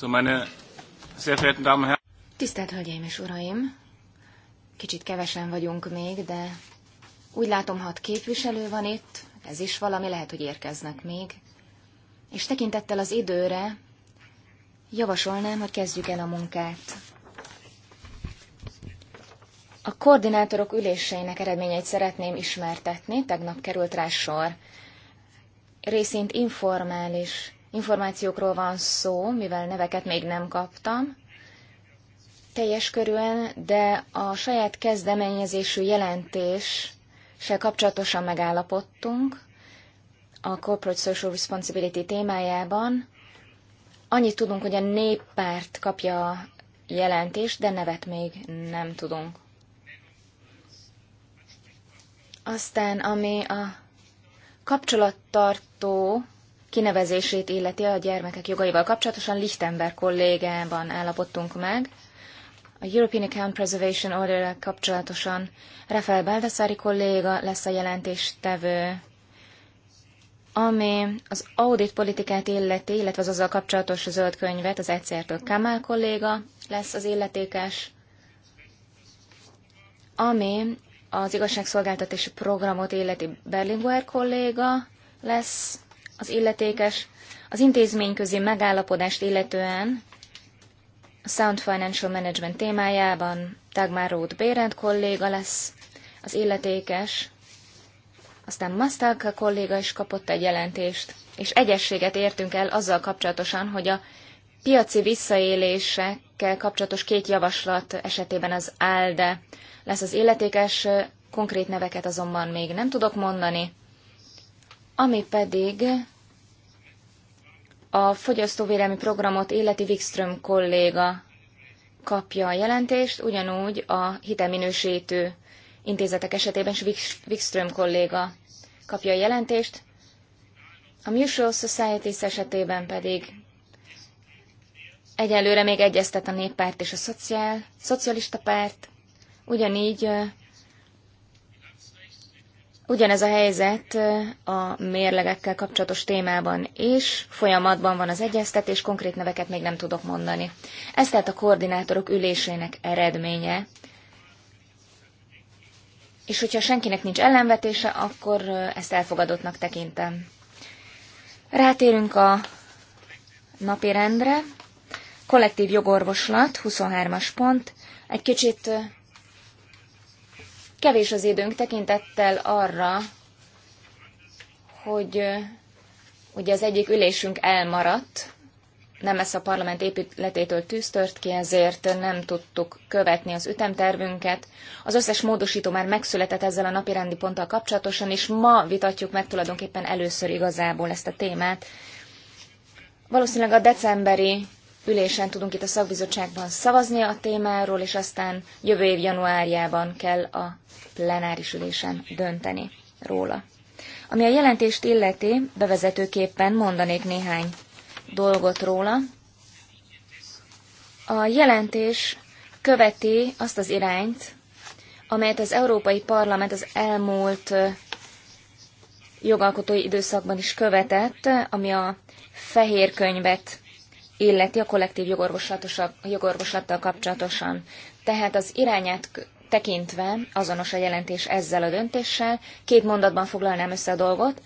So, meine sehr verehrten Damen und Herren. Tisztelt Hölgyeim és Uraim! Kicsit kevesen vagyunk még, de úgy látom, hat képviselő van itt, ez is valami, lehet, hogy érkeznek még. És tekintettel az időre, javasolnám, hogy kezdjük el a munkát. A koordinátorok üléseinek eredményeit szeretném ismertetni, tegnap került rá sor. Részint informális információkról van szó, mivel neveket még nem kaptam teljes körülön, de a saját kezdeményezésű se kapcsolatosan megállapodtunk a Corporate Social Responsibility témájában. Annyit tudunk, hogy a néppárt kapja a jelentést, de nevet még nem tudunk. Aztán, ami a kapcsolattartó kinevezését illeti a gyermekek jogaival kapcsolatosan Lichtenberg kollégában állapodtunk meg. A European Account Preservation order kapcsolatosan Rafael Baldassari kolléga lesz a jelentéstevő, ami az audit politikát illeti, illetve az azzal kapcsolatos zöld könyvet az egyszertől Kamal kolléga lesz az illetékes, ami az igazságszolgáltatási programot illeti Berlinguer kolléga lesz, az illetékes, az intézményközi megállapodást illetően a Sound Financial Management témájában Dagmar Roth Bérend kolléga lesz az illetékes, aztán Mastalka kolléga is kapott egy jelentést, és egyességet értünk el azzal kapcsolatosan, hogy a piaci visszaélésekkel kapcsolatos két javaslat esetében az ALDE lesz az illetékes, konkrét neveket azonban még nem tudok mondani, ami pedig a fogyasztóvédelmi programot életi Wikström kolléga kapja a jelentést, ugyanúgy a hitelminősítő intézetek esetében is Wikström kolléga kapja a jelentést, a Mutual Societies esetében pedig egyelőre még egyeztet a néppárt és a szociál, szocialista párt, ugyanígy Ugyanez a helyzet a mérlegekkel kapcsolatos témában is, folyamatban van az egyeztetés, konkrét neveket még nem tudok mondani. Ez tehát a koordinátorok ülésének eredménye. És hogyha senkinek nincs ellenvetése, akkor ezt elfogadottnak tekintem. Rátérünk a napi rendre. Kollektív jogorvoslat, 23-as pont. Egy kicsit Kevés az időnk tekintettel arra, hogy ugye az egyik ülésünk elmaradt, nem ez a parlament épületétől tűztört ki, ezért nem tudtuk követni az ütemtervünket. Az összes módosító már megszületett ezzel a napirendi ponttal kapcsolatosan, és ma vitatjuk meg tulajdonképpen először igazából ezt a témát. Valószínűleg a decemberi ülésen tudunk itt a szakbizottságban szavazni a témáról, és aztán jövő év januárjában kell a plenáris ülésen dönteni róla. Ami a jelentést illeti, bevezetőképpen mondanék néhány dolgot róla. A jelentés követi azt az irányt, amelyet az Európai Parlament az elmúlt jogalkotói időszakban is követett, ami a fehér könyvet illeti a kollektív jogorvoslattal kapcsolatosan. Tehát az irányát tekintve azonos a jelentés ezzel a döntéssel. Két mondatban foglalnám össze a dolgot.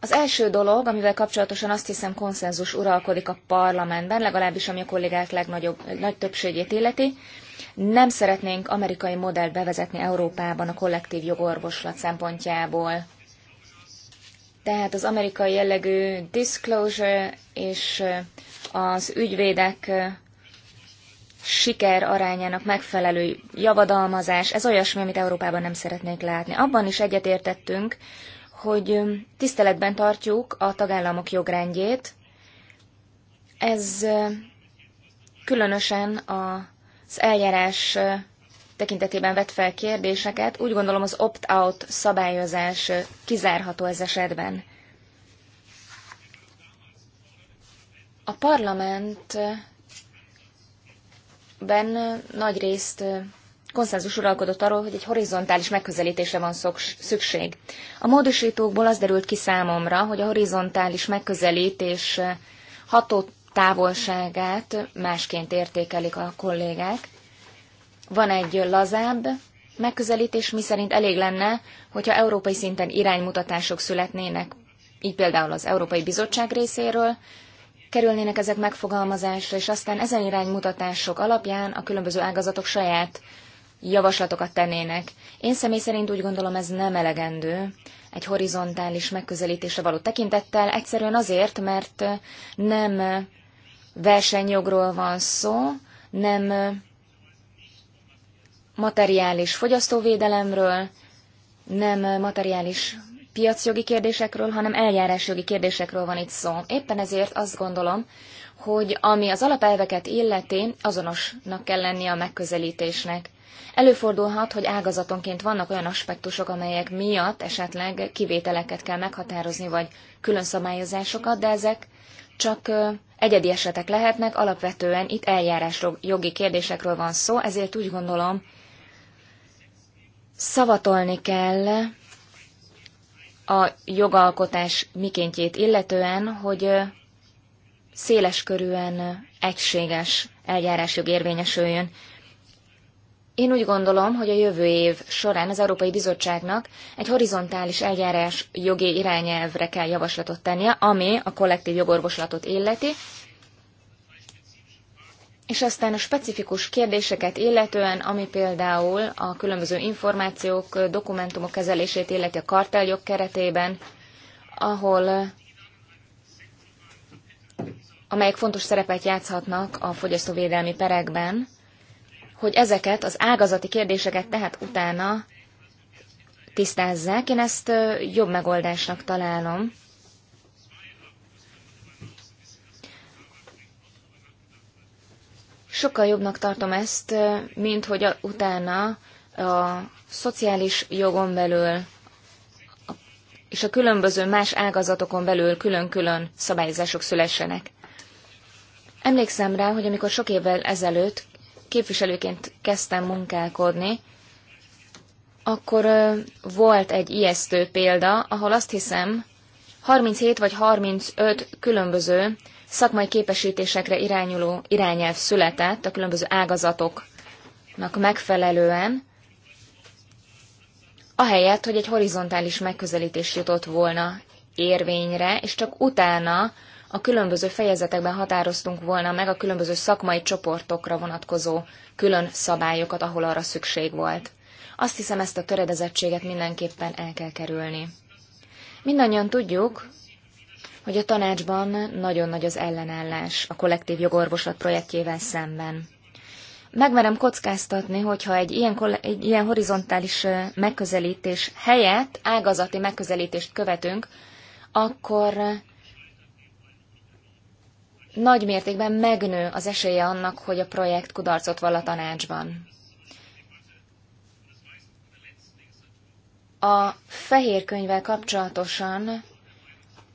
Az első dolog, amivel kapcsolatosan azt hiszem konszenzus uralkodik a parlamentben, legalábbis ami a kollégák legnagyobb, nagy többségét illeti, nem szeretnénk amerikai modellt bevezetni Európában a kollektív jogorvoslat szempontjából. Tehát az amerikai jellegű disclosure és az ügyvédek siker arányának megfelelő javadalmazás, ez olyasmi, amit Európában nem szeretnék látni. Abban is egyetértettünk, hogy tiszteletben tartjuk a tagállamok jogrendjét. Ez különösen az eljárás tekintetében vett fel kérdéseket. Úgy gondolom az opt-out szabályozás kizárható ez esetben. A parlamentben nagy részt konszenzus uralkodott arról, hogy egy horizontális megközelítésre van szükség. A módosítókból az derült ki számomra, hogy a horizontális megközelítés hatott távolságát másként értékelik a kollégák. Van egy lazább megközelítés, miszerint elég lenne, hogyha európai szinten iránymutatások születnének, így például az Európai Bizottság részéről, kerülnének ezek megfogalmazásra, és aztán ezen iránymutatások alapján a különböző ágazatok saját javaslatokat tennének. Én személy szerint úgy gondolom ez nem elegendő egy horizontális megközelítésre való tekintettel, egyszerűen azért, mert nem versenyjogról van szó, nem materiális fogyasztóvédelemről, nem materiális piacjogi kérdésekről, hanem eljárásjogi kérdésekről van itt szó. Éppen ezért azt gondolom, hogy ami az alapelveket illeti, azonosnak kell lennie a megközelítésnek. Előfordulhat, hogy ágazatonként vannak olyan aspektusok, amelyek miatt esetleg kivételeket kell meghatározni, vagy külön szabályozásokat, de ezek csak egyedi esetek lehetnek, alapvetően itt eljárásjogi kérdésekről van szó, ezért úgy gondolom, szavatolni kell a jogalkotás mikéntjét illetően, hogy széleskörűen egységes eljárásjog érvényesüljön. Én úgy gondolom, hogy a jövő év során az Európai Bizottságnak egy horizontális eljárás jogi irányelvre kell javaslatot tennie, ami a kollektív jogorvoslatot illeti, és aztán a specifikus kérdéseket illetően, ami például a különböző információk, dokumentumok kezelését illeti a karteljog keretében, ahol amelyek fontos szerepet játszhatnak a fogyasztóvédelmi perekben, hogy ezeket az ágazati kérdéseket tehát utána tisztázzák. Én ezt jobb megoldásnak találom, Sokkal jobbnak tartom ezt, mint hogy a, utána a szociális jogon belül és a különböző más ágazatokon belül külön-külön szabályozások szülessenek. Emlékszem rá, hogy amikor sok évvel ezelőtt képviselőként kezdtem munkálkodni, akkor volt egy ijesztő példa, ahol azt hiszem, 37 vagy 35 különböző szakmai képesítésekre irányuló irányelv született a különböző ágazatoknak megfelelően, ahelyett, hogy egy horizontális megközelítés jutott volna érvényre, és csak utána a különböző fejezetekben határoztunk volna meg a különböző szakmai csoportokra vonatkozó külön szabályokat, ahol arra szükség volt. Azt hiszem, ezt a töredezettséget mindenképpen el kell kerülni. Mindannyian tudjuk, hogy a tanácsban nagyon nagy az ellenállás a kollektív jogorvoslat projektjével szemben. Megmerem kockáztatni, hogyha egy ilyen, egy ilyen horizontális megközelítés helyett ágazati megközelítést követünk, akkor nagy mértékben megnő az esélye annak, hogy a projekt kudarcot vall a tanácsban. A fehér könyvvel kapcsolatosan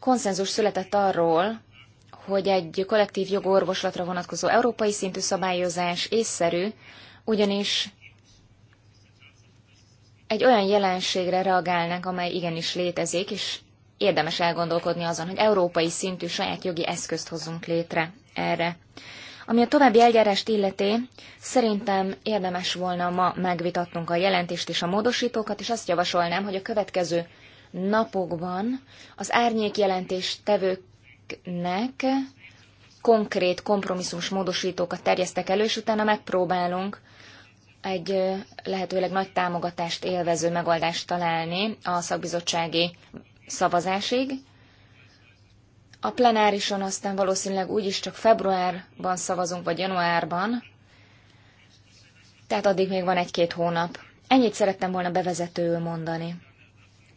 konszenzus született arról, hogy egy kollektív jogorvoslatra vonatkozó európai szintű szabályozás észszerű, ugyanis egy olyan jelenségre reagálnánk, amely igenis létezik, és érdemes elgondolkodni azon, hogy európai szintű saját jogi eszközt hozzunk létre erre. Ami a további eljárást illeti, szerintem érdemes volna ma megvitatnunk a jelentést és a módosítókat, és azt javasolnám, hogy a következő napokban az árnyék jelentés tevőknek konkrét kompromisszumos módosítókat terjesztek elő, és utána megpróbálunk egy lehetőleg nagy támogatást élvező megoldást találni a szakbizottsági szavazásig. A plenárison aztán valószínűleg úgyis csak februárban szavazunk, vagy januárban, tehát addig még van egy-két hónap. Ennyit szerettem volna bevezetőül mondani.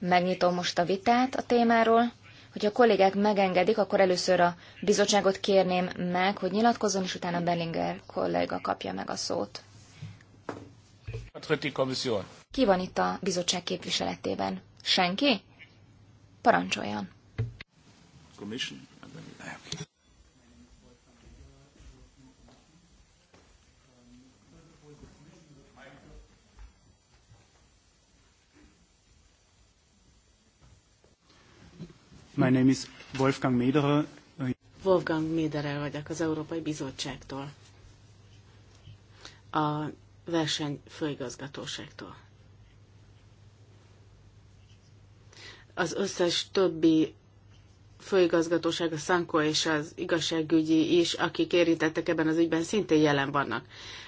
Megnyitom most a vitát a témáról. Hogyha a kollégák megengedik, akkor először a bizottságot kérném meg, hogy nyilatkozzon, és utána Bellinger kolléga kapja meg a szót. Ki van itt a bizottság képviseletében? Senki? Parancsoljon. Commission. My name is Wolfgang Mederer. Wolfgang Mederer vagyok az Európai Bizottságtól. A versenyfőigazgatóságtól. Az összes többi főigazgatóság, a Szankó és az igazságügyi is, akik érintettek ebben az ügyben, szintén jelen vannak.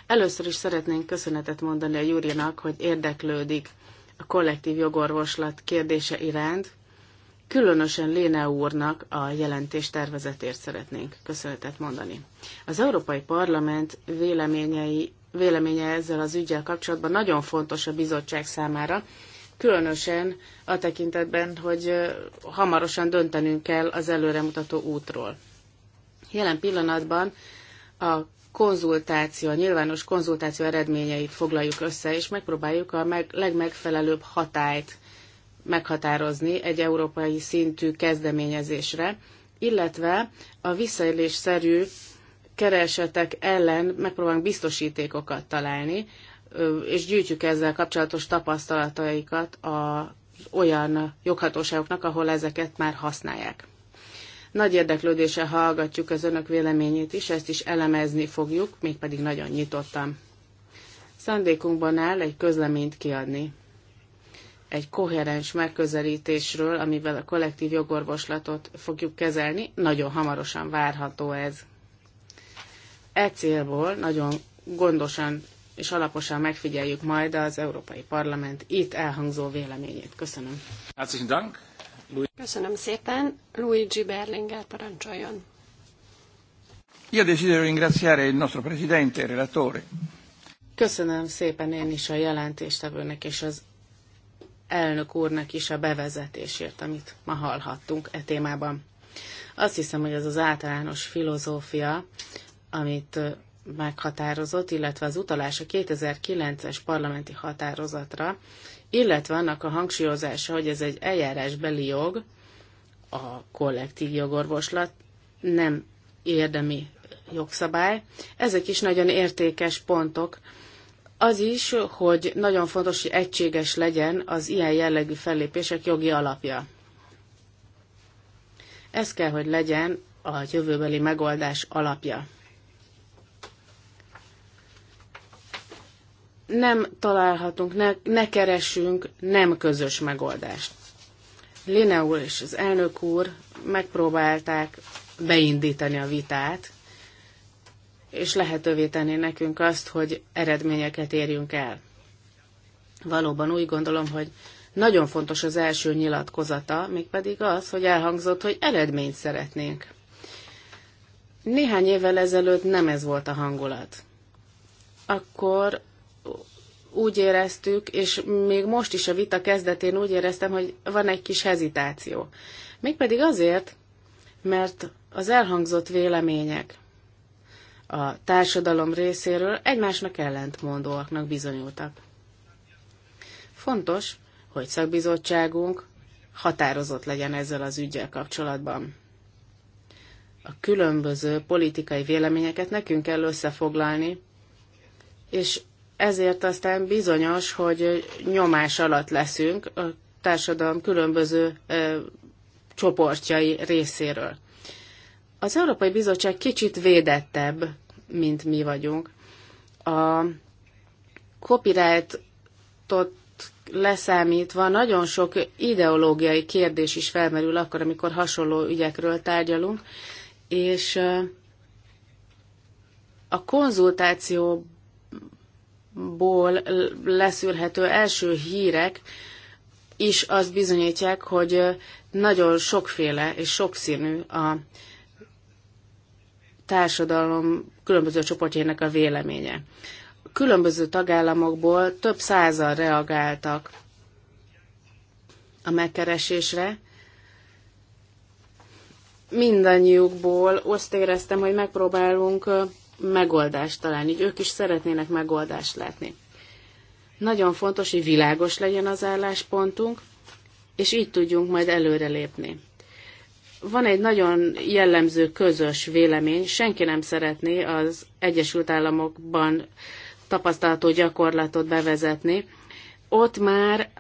Először is szeretnénk köszönetet mondani a Júrinak, hogy érdeklődik a kollektív jogorvoslat kérdése iránt, Különösen Léne úrnak a jelentés tervezetért szeretnénk köszönetet mondani. Az Európai Parlament véleményei, véleménye ezzel az ügyel kapcsolatban nagyon fontos a bizottság számára, különösen a tekintetben, hogy hamarosan döntenünk kell az előremutató útról. Jelen pillanatban a konzultáció, a nyilvános konzultáció eredményeit foglaljuk össze, és megpróbáljuk a meg, legmegfelelőbb hatályt meghatározni egy európai szintű kezdeményezésre, illetve a visszaélésszerű keresetek ellen megpróbálunk biztosítékokat találni, és gyűjtjük ezzel kapcsolatos tapasztalataikat a olyan joghatóságoknak, ahol ezeket már használják. Nagy érdeklődéssel hallgatjuk az önök véleményét is, ezt is elemezni fogjuk, mégpedig nagyon nyitottan. Szándékunkban áll egy közleményt kiadni egy koherens megközelítésről, amivel a kollektív jogorvoslatot fogjuk kezelni. Nagyon hamarosan várható ez. E célból nagyon gondosan és alaposan megfigyeljük majd az Európai Parlament itt elhangzó véleményét. Köszönöm. Köszönöm szépen. Luigi Berlinger parancsoljon. Io desidero ringraziare il nostro presidente, e relatore. Köszönöm szépen én is a jelentéstevőnek és az elnök úrnak is a bevezetésért, amit ma hallhattunk e témában. Azt hiszem, hogy ez az általános filozófia, amit meghatározott, illetve az utalás a 2009-es parlamenti határozatra, illetve annak a hangsúlyozása, hogy ez egy eljárásbeli jog, a kollektív jogorvoslat, nem érdemi jogszabály. Ezek is nagyon értékes pontok, az is, hogy nagyon fontos, hogy egységes legyen az ilyen jellegű fellépések jogi alapja. Ez kell, hogy legyen a jövőbeli megoldás alapja. Nem találhatunk, ne, ne keressünk nem közös megoldást. Lina úr és az elnök úr megpróbálták beindítani a vitát, és lehetővé tenni nekünk azt, hogy eredményeket érjünk el. Valóban úgy gondolom, hogy nagyon fontos az első nyilatkozata, mégpedig az, hogy elhangzott, hogy eredményt szeretnénk. Néhány évvel ezelőtt nem ez volt a hangulat. Akkor úgy éreztük, és még most is a vita kezdetén úgy éreztem, hogy van egy kis hezitáció. Mégpedig azért, mert az elhangzott vélemények, a társadalom részéről egymásnak ellentmondóaknak bizonyultak. Fontos, hogy szakbizottságunk határozott legyen ezzel az ügyel kapcsolatban. A különböző politikai véleményeket nekünk kell összefoglalni, és ezért aztán bizonyos, hogy nyomás alatt leszünk a társadalom különböző ö, csoportjai részéről. Az Európai Bizottság kicsit védettebb, mint mi vagyunk. A copyrightot leszámítva nagyon sok ideológiai kérdés is felmerül akkor, amikor hasonló ügyekről tárgyalunk, és a konzultációból leszűrhető első hírek is azt bizonyítják, hogy nagyon sokféle és sokszínű a társadalom különböző csoportjainak a véleménye. Különböző tagállamokból több százal reagáltak a megkeresésre. Mindannyiukból azt éreztem, hogy megpróbálunk megoldást találni, így ők is szeretnének megoldást látni. Nagyon fontos, hogy világos legyen az álláspontunk, és így tudjunk majd előrelépni van egy nagyon jellemző közös vélemény, senki nem szeretné az Egyesült Államokban tapasztalható gyakorlatot bevezetni. Ott már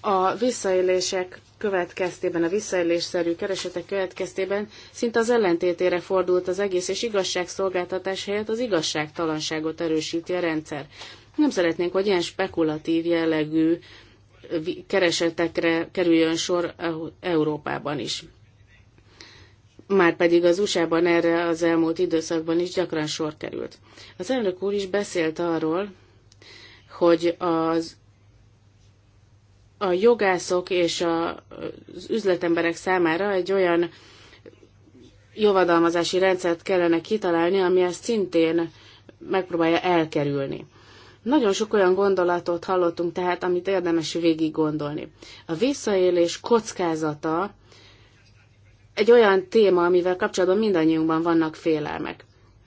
a visszaélések következtében, a visszaélésszerű keresetek következtében szinte az ellentétére fordult az egész, és igazságszolgáltatás helyett az igazságtalanságot erősíti a rendszer. Nem szeretnénk, hogy ilyen spekulatív jellegű keresetekre kerüljön sor Európában is már pedig az USA-ban erre az elmúlt időszakban is gyakran sor került. Az elnök úr is beszélt arról, hogy az a jogászok és a, az üzletemberek számára egy olyan javadalmazási rendszert kellene kitalálni, ami ezt szintén megpróbálja elkerülni. Nagyon sok olyan gondolatot hallottunk tehát, amit érdemes végig gondolni. A visszaélés kockázata egy olyan téma, amivel kapcsolatban mindannyiunkban vannak félelmek.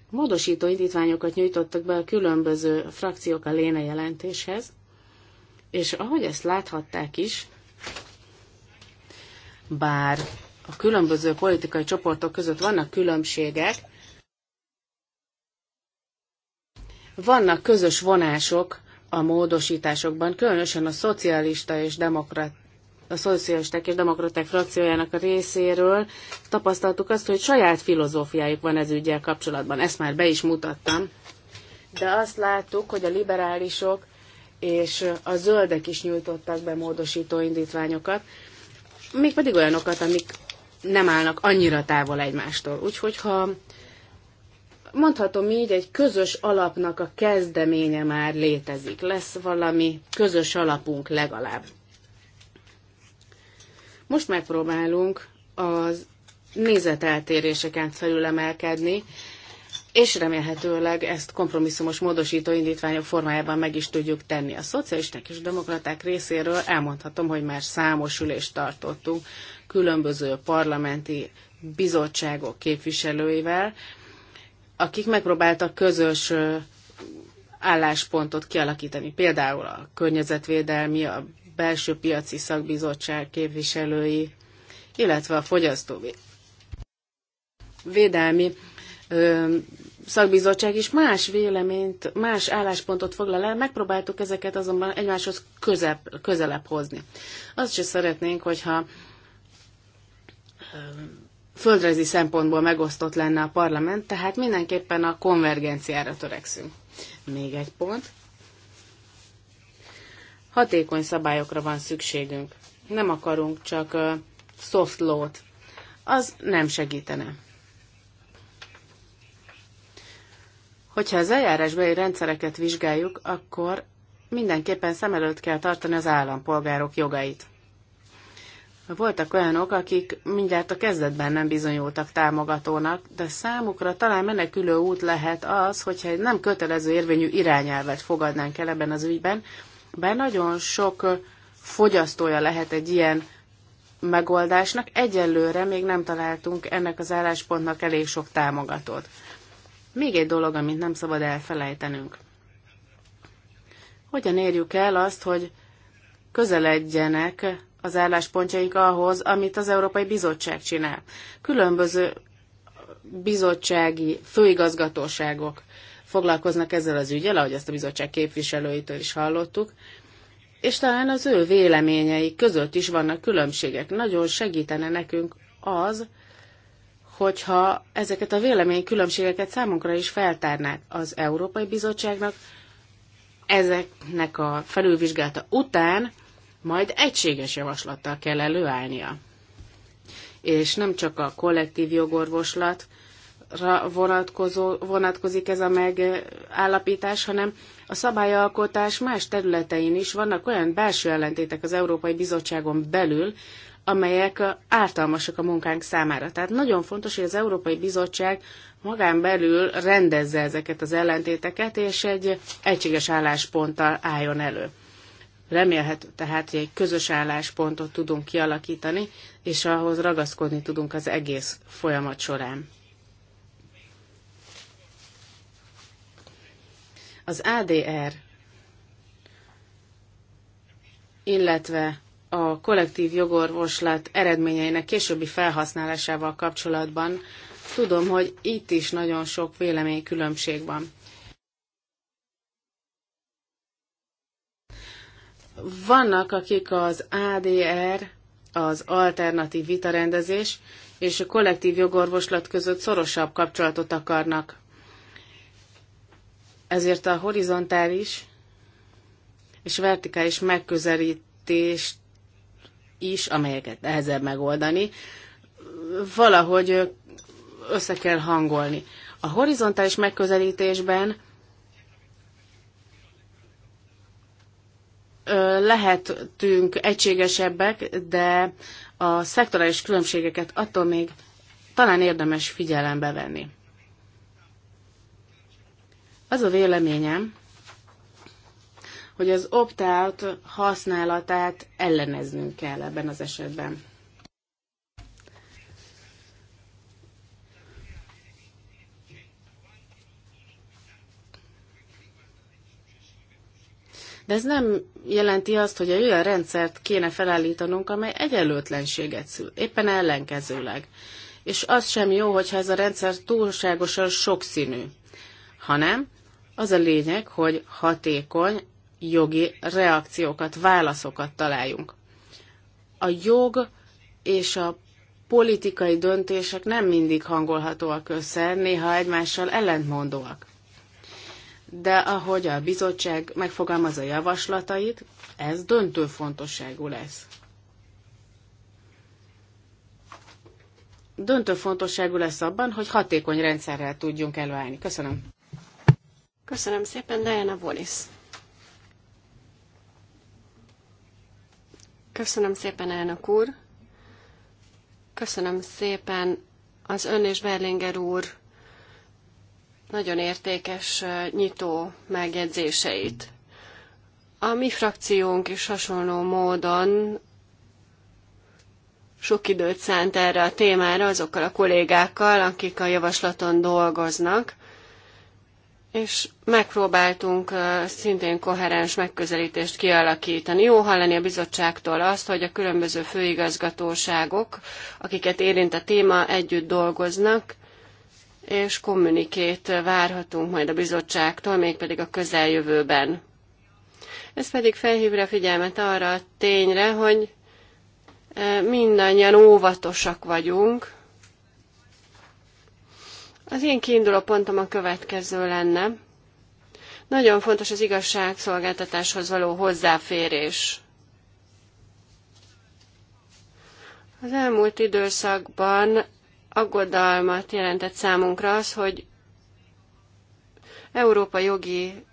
Módosító indítványokat nyújtottak be a különböző frakciók a léne jelentéshez, és ahogy ezt láthatták is, bár a különböző politikai csoportok között vannak különbségek, vannak közös vonások a módosításokban, különösen a szocialista és demokrat, a szocialisták és demokraták frakciójának a részéről tapasztaltuk azt, hogy saját filozófiájuk van ez ügyel kapcsolatban. Ezt már be is mutattam. De azt láttuk, hogy a liberálisok és a zöldek is nyújtottak be módosító indítványokat, Még pedig olyanokat, amik nem állnak annyira távol egymástól. Úgyhogy ha mondhatom így, egy közös alapnak a kezdeménye már létezik. Lesz valami közös alapunk legalább. Most megpróbálunk a nézeteltéréseken emelkedni, és remélhetőleg ezt kompromisszumos módosító indítványok formájában meg is tudjuk tenni. A szocialisták és demokraták részéről elmondhatom, hogy már számos ülést tartottunk különböző parlamenti bizottságok képviselőivel, akik megpróbáltak közös álláspontot kialakítani, például a környezetvédelmi, a belső piaci szakbizottság képviselői, illetve a fogyasztói védelmi szakbizottság is más véleményt, más álláspontot foglal el, megpróbáltuk ezeket azonban egymáshoz közebb, közelebb hozni. Azt sem szeretnénk, hogyha földrezi földrajzi szempontból megosztott lenne a parlament, tehát mindenképpen a konvergenciára törekszünk. Még egy pont. Hatékony szabályokra van szükségünk. Nem akarunk csak uh, soft law-t. Az nem segítene. Hogyha az eljárásbeli rendszereket vizsgáljuk, akkor mindenképpen szem előtt kell tartani az állampolgárok jogait. Voltak olyanok, akik mindjárt a kezdetben nem bizonyultak támogatónak, de számukra talán menekülő út lehet az, hogyha egy nem kötelező érvényű irányelvet fogadnánk el ebben az ügyben, bár nagyon sok fogyasztója lehet egy ilyen megoldásnak, egyelőre még nem találtunk ennek az álláspontnak elég sok támogatót. Még egy dolog, amit nem szabad elfelejtenünk. Hogyan érjük el azt, hogy közeledjenek az álláspontjaink ahhoz, amit az Európai Bizottság csinál. Különböző bizottsági főigazgatóságok foglalkoznak ezzel az ügyel, ahogy ezt a bizottság képviselőitől is hallottuk, és talán az ő véleményei között is vannak különbségek. Nagyon segítene nekünk az, hogyha ezeket a vélemény különbségeket számunkra is feltárnák az Európai Bizottságnak, ezeknek a felülvizsgálata után majd egységes javaslattal kell előállnia. És nem csak a kollektív jogorvoslat, vonatkozó, vonatkozik ez a megállapítás, hanem a szabályalkotás más területein is vannak olyan belső ellentétek az Európai Bizottságon belül, amelyek ártalmasak a munkánk számára. Tehát nagyon fontos, hogy az Európai Bizottság magán belül rendezze ezeket az ellentéteket, és egy egységes állásponttal álljon elő. Remélhető tehát, hogy egy közös álláspontot tudunk kialakítani, és ahhoz ragaszkodni tudunk az egész folyamat során. Az ADR, illetve a kollektív jogorvoslat eredményeinek későbbi felhasználásával kapcsolatban tudom, hogy itt is nagyon sok vélemény különbség van. Vannak, akik az ADR, az alternatív vitarendezés és a kollektív jogorvoslat között szorosabb kapcsolatot akarnak ezért a horizontális és vertikális megközelítést is, amelyeket nehezebb megoldani, valahogy össze kell hangolni. A horizontális megközelítésben lehetünk egységesebbek, de a szektorális különbségeket attól még talán érdemes figyelembe venni. Az a véleményem, hogy az opt-out használatát elleneznünk kell ebben az esetben. De ez nem jelenti azt, hogy egy olyan rendszert kéne felállítanunk, amely egyenlőtlenséget szül, éppen ellenkezőleg. És az sem jó, hogyha ez a rendszer túlságosan sokszínű, hanem az a lényeg, hogy hatékony jogi reakciókat, válaszokat találjunk. A jog és a politikai döntések nem mindig hangolhatóak össze, néha egymással ellentmondóak. De ahogy a bizottság megfogalmazza javaslatait, ez döntő fontosságú lesz. Döntő fontosságú lesz abban, hogy hatékony rendszerrel tudjunk előállni. Köszönöm. Köszönöm szépen, Diana Wallis. Köszönöm szépen, elnök úr. Köszönöm szépen az ön és Berlinger úr nagyon értékes nyitó megjegyzéseit. A mi frakciónk is hasonló módon sok időt szánt erre a témára azokkal a kollégákkal, akik a javaslaton dolgoznak, és megpróbáltunk szintén koherens megközelítést kialakítani. Jó hallani a bizottságtól azt, hogy a különböző főigazgatóságok, akiket érint a téma, együtt dolgoznak, és kommunikét várhatunk majd a bizottságtól, mégpedig a közeljövőben. Ez pedig felhívja a figyelmet arra a tényre, hogy mindannyian óvatosak vagyunk, az én kiinduló pontom a következő lenne. Nagyon fontos az igazságszolgáltatáshoz való hozzáférés. Az elmúlt időszakban aggodalmat jelentett számunkra az, hogy Európa jogi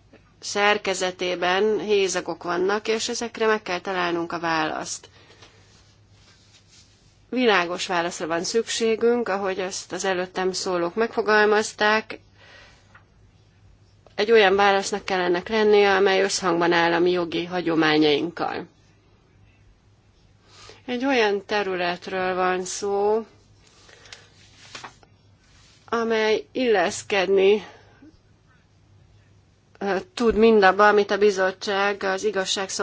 szerkezetében hézagok vannak, és ezekre meg kell találnunk a választ. Világos válaszra van szükségünk, ahogy azt az előttem szólók megfogalmazták. Egy olyan válasznak kell ennek lennie, amely összhangban áll a mi jogi hagyományainkkal. Egy olyan területről van szó, amely illeszkedni tud mindabba, amit a bizottság az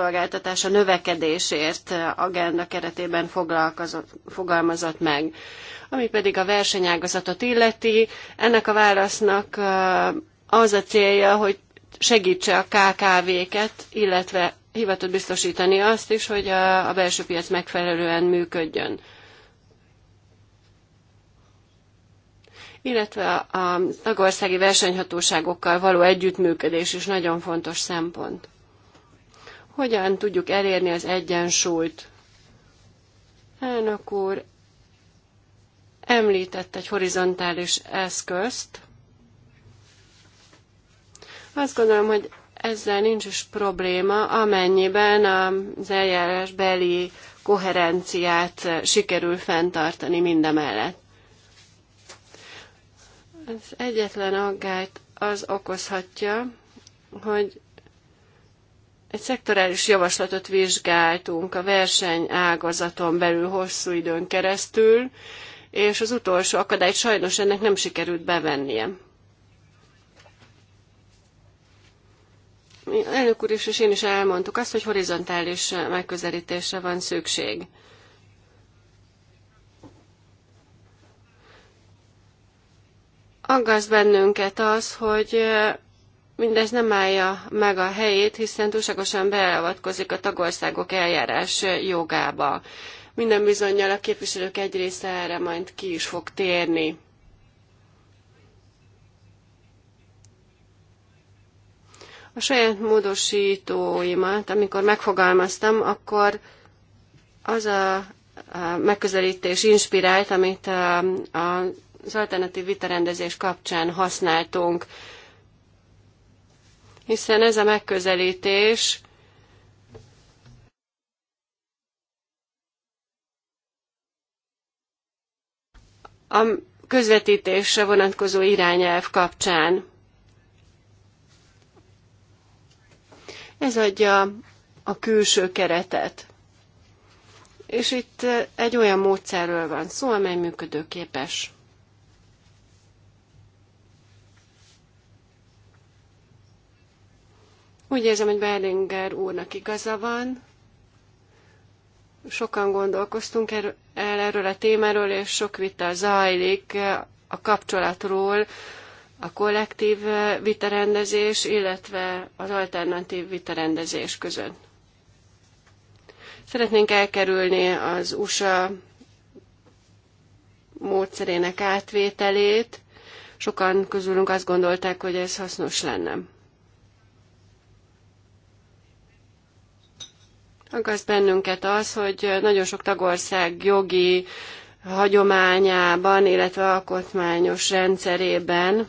a növekedésért agenda keretében fogalmazott meg. Ami pedig a versenyágazatot illeti, ennek a válasznak az a célja, hogy segítse a KKV-ket, illetve hivatott biztosítani azt is, hogy a belső piac megfelelően működjön. illetve a tagországi versenyhatóságokkal való együttműködés is nagyon fontos szempont. Hogyan tudjuk elérni az egyensúlyt? Elnök úr említett egy horizontális eszközt. Azt gondolom, hogy ezzel nincs is probléma, amennyiben az eljárásbeli koherenciát sikerül fenntartani mindemellett. Az egyetlen aggályt az okozhatja, hogy egy szektorális javaslatot vizsgáltunk a verseny ágazaton belül hosszú időn keresztül, és az utolsó akadályt sajnos ennek nem sikerült bevennie. Elnök úr is és én is elmondtuk azt, hogy horizontális megközelítésre van szükség. Aggaszt bennünket az, hogy mindez nem állja meg a helyét, hiszen túlságosan beavatkozik a tagországok eljárás jogába. Minden bizonyal a képviselők egy része erre majd ki is fog térni. A saját módosítóimat, amikor megfogalmaztam, akkor az a megközelítés inspirált, amit a az alternatív vitarendezés kapcsán használtunk. Hiszen ez a megközelítés a közvetítésre vonatkozó irányelv kapcsán. Ez adja a külső keretet. És itt egy olyan módszerről van szó, amely működőképes. Úgy érzem, hogy Berlinger úrnak igaza van. Sokan gondolkoztunk el erről a témáról, és sok vita zajlik a kapcsolatról, a kollektív vitarendezés, illetve az alternatív vitarendezés között. Szeretnénk elkerülni az USA módszerének átvételét. Sokan közülünk azt gondolták, hogy ez hasznos lenne. Aggaszt bennünket az, hogy nagyon sok tagország jogi hagyományában, illetve alkotmányos rendszerében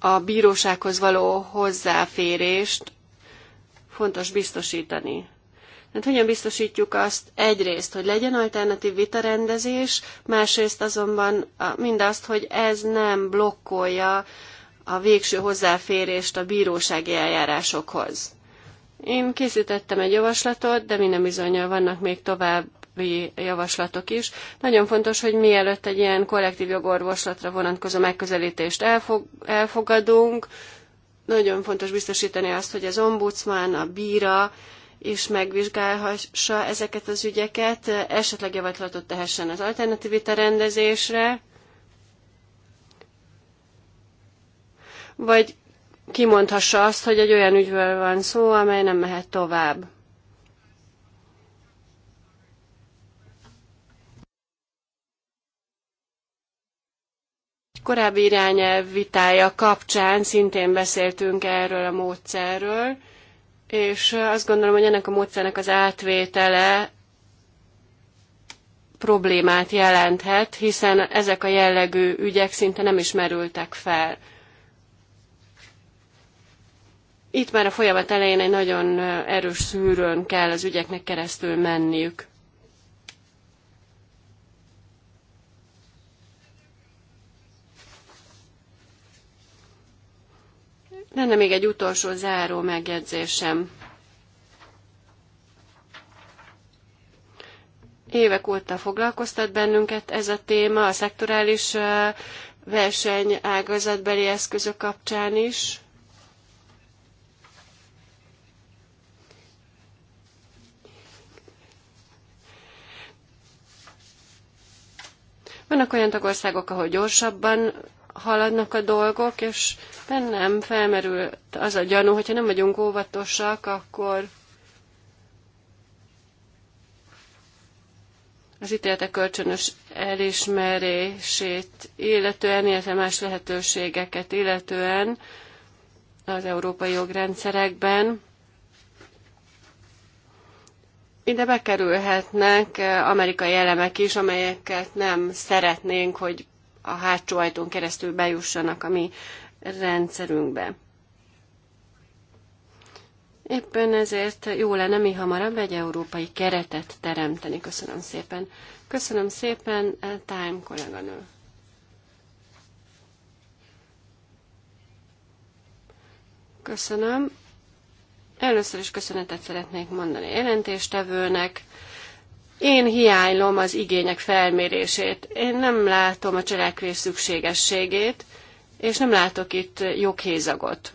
a bírósághoz való hozzáférést fontos biztosítani. Tehát hogyan biztosítjuk azt egyrészt, hogy legyen alternatív vitarendezés, másrészt azonban mindazt, hogy ez nem blokkolja a végső hozzáférést a bírósági eljárásokhoz. Én készítettem egy javaslatot, de minden bizonyal vannak még tovább javaslatok is. Nagyon fontos, hogy mielőtt egy ilyen kollektív jogorvoslatra vonatkozó megközelítést elfog, elfogadunk, nagyon fontos biztosítani azt, hogy az ombudsman, a bíra is megvizsgálhassa ezeket az ügyeket, esetleg javaslatot tehessen az alternativita rendezésre, vagy kimondhassa azt, hogy egy olyan ügyről van szó, amely nem mehet tovább. korábbi irányelv vitája kapcsán szintén beszéltünk erről a módszerről, és azt gondolom, hogy ennek a módszernek az átvétele problémát jelenthet, hiszen ezek a jellegű ügyek szinte nem is merültek fel. Itt már a folyamat elején egy nagyon erős szűrőn kell az ügyeknek keresztül menniük. Lenne még egy utolsó záró megjegyzésem. Évek óta foglalkoztat bennünket ez a téma a szektorális verseny ágazatbeli eszközök kapcsán is. Vannak olyan tagországok, ahol gyorsabban haladnak a dolgok, és bennem felmerül az a gyanú, hogyha nem vagyunk óvatosak, akkor az ítéletek kölcsönös elismerését illetően, illetve más lehetőségeket illetően az európai jogrendszerekben ide bekerülhetnek eh, amerikai elemek is, amelyeket nem szeretnénk, hogy a hátsó ajtón keresztül bejussanak a mi rendszerünkbe. Éppen ezért jó lenne mi hamarabb egy európai keretet teremteni. Köszönöm szépen. Köszönöm szépen, eh, Time kolléganő. Köszönöm. Először is köszönetet szeretnék mondani jelentéstevőnek. Én hiánylom az igények felmérését. Én nem látom a cselekvés szükségességét, és nem látok itt joghézagot.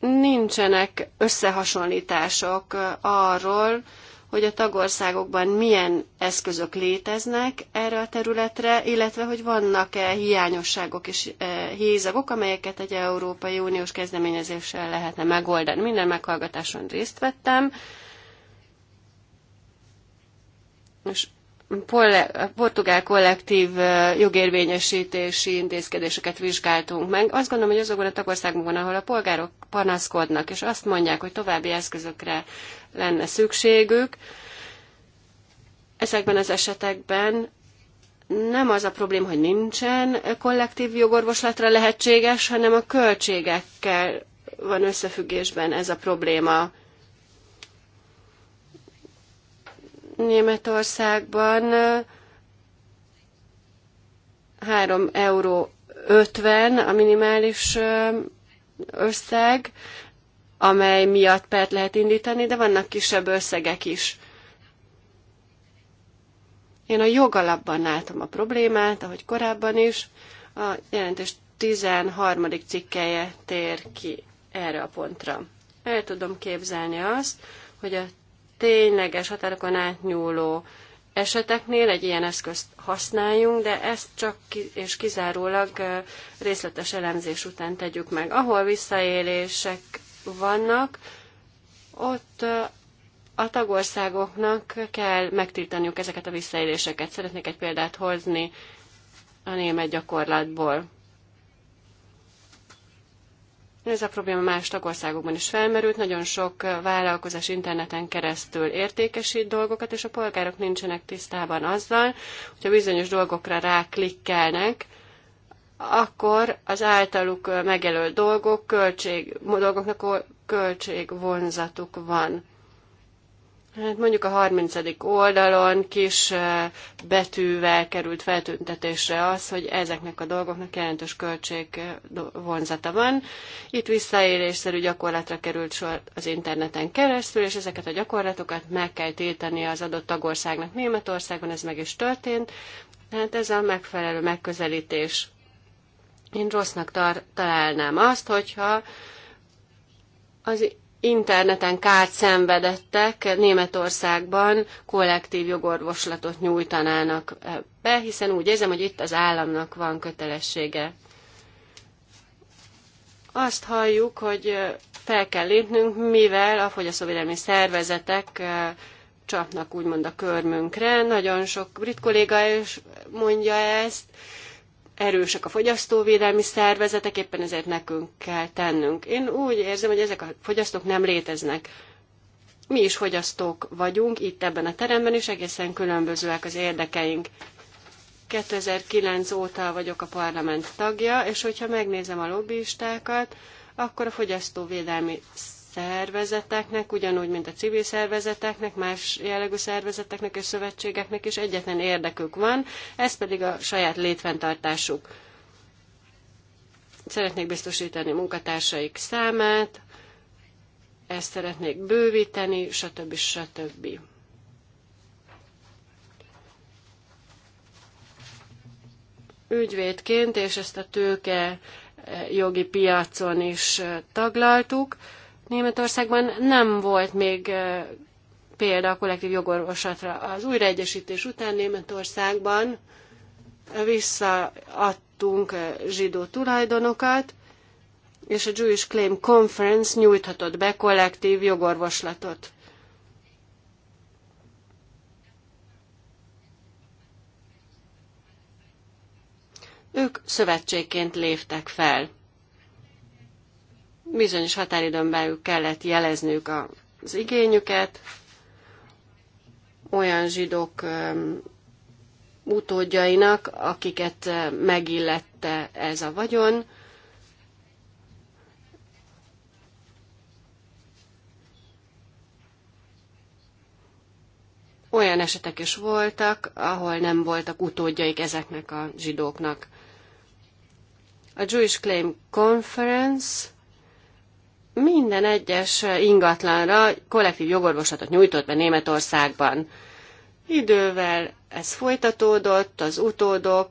Nincsenek összehasonlítások arról, hogy a tagországokban milyen eszközök léteznek erre a területre, illetve hogy vannak-e hiányosságok és eh, hézagok, amelyeket egy Európai Uniós kezdeményezéssel lehetne megoldani. Minden meghallgatáson részt vettem, és portugál kollektív eh, jogérvényesítési intézkedéseket vizsgáltunk meg. Azt gondolom, hogy azokban a tagországokban, ahol a polgárok panaszkodnak, és azt mondják, hogy további eszközökre lenne szükségük. Ezekben az esetekben nem az a probléma, hogy nincsen kollektív jogorvoslatra lehetséges, hanem a költségekkel van összefüggésben ez a probléma. Németországban 3,50 eh, euró a minimális eh, összeg, amely miatt pert lehet indítani, de vannak kisebb összegek is. Én a jogalapban látom a problémát, ahogy korábban is. A jelentés 13. cikkelje tér ki erre a pontra. El tudom képzelni azt, hogy a tényleges határokon átnyúló eseteknél egy ilyen eszközt használjunk, de ezt csak ki, és kizárólag részletes elemzés után tegyük meg. Ahol visszaélések vannak, ott a tagországoknak kell megtiltaniuk ezeket a visszaéléseket. Szeretnék egy példát hozni a német gyakorlatból. Ez a probléma más tagországokban is felmerült. Nagyon sok vállalkozás interneten keresztül értékesít dolgokat, és a polgárok nincsenek tisztában azzal, hogyha bizonyos dolgokra ráklikkelnek, akkor az általuk megjelölt dolgok költség, dolgoknak költségvonzatuk van. Hát mondjuk a 30. oldalon kis betűvel került feltüntetésre az, hogy ezeknek a dolgoknak jelentős költség vonzata van. Itt visszaélésszerű gyakorlatra került sor az interneten keresztül, és ezeket a gyakorlatokat meg kell tiltani az adott tagországnak. Németországban ez meg is történt, hát ez a megfelelő megközelítés. Én rossznak tar- találnám azt, hogyha az interneten kárt szenvedettek Németországban kollektív jogorvoslatot nyújtanának be, hiszen úgy érzem, hogy itt az államnak van kötelessége. Azt halljuk, hogy fel kell lépnünk, mivel a fogyasztóvédelmi szervezetek eh, csapnak úgymond a körmünkre. Nagyon sok brit kolléga is mondja ezt, erősek a fogyasztóvédelmi szervezetek, éppen ezért nekünk kell tennünk. Én úgy érzem, hogy ezek a fogyasztók nem léteznek. Mi is fogyasztók vagyunk itt ebben a teremben, és egészen különbözőek az érdekeink. 2009 óta vagyok a parlament tagja, és hogyha megnézem a lobbistákat, akkor a fogyasztóvédelmi szervezeteknek, ugyanúgy, mint a civil szervezeteknek, más jellegű szervezeteknek és szövetségeknek is egyetlen érdekük van, ez pedig a saját létfenntartásuk. Szeretnék biztosítani munkatársaik számát, ezt szeretnék bővíteni, stb. stb. Ügyvédként, és ezt a tőke eh, jogi piacon is eh, taglaltuk. Németországban nem volt még példa a kollektív jogorvoslatra. Az újraegyesítés után Németországban visszaadtunk zsidó tulajdonokat, és a Jewish Claim Conference nyújthatott be kollektív jogorvoslatot. Ők szövetségként léptek fel bizonyos határidőn belül kellett jelezniük az igényüket, olyan zsidók utódjainak, akiket megillette ez a vagyon. Olyan esetek is voltak, ahol nem voltak utódjaik ezeknek a zsidóknak. A Jewish Claim Conference minden egyes ingatlanra kollektív jogorvoslatot nyújtott be Németországban. Idővel ez folytatódott, az utódok,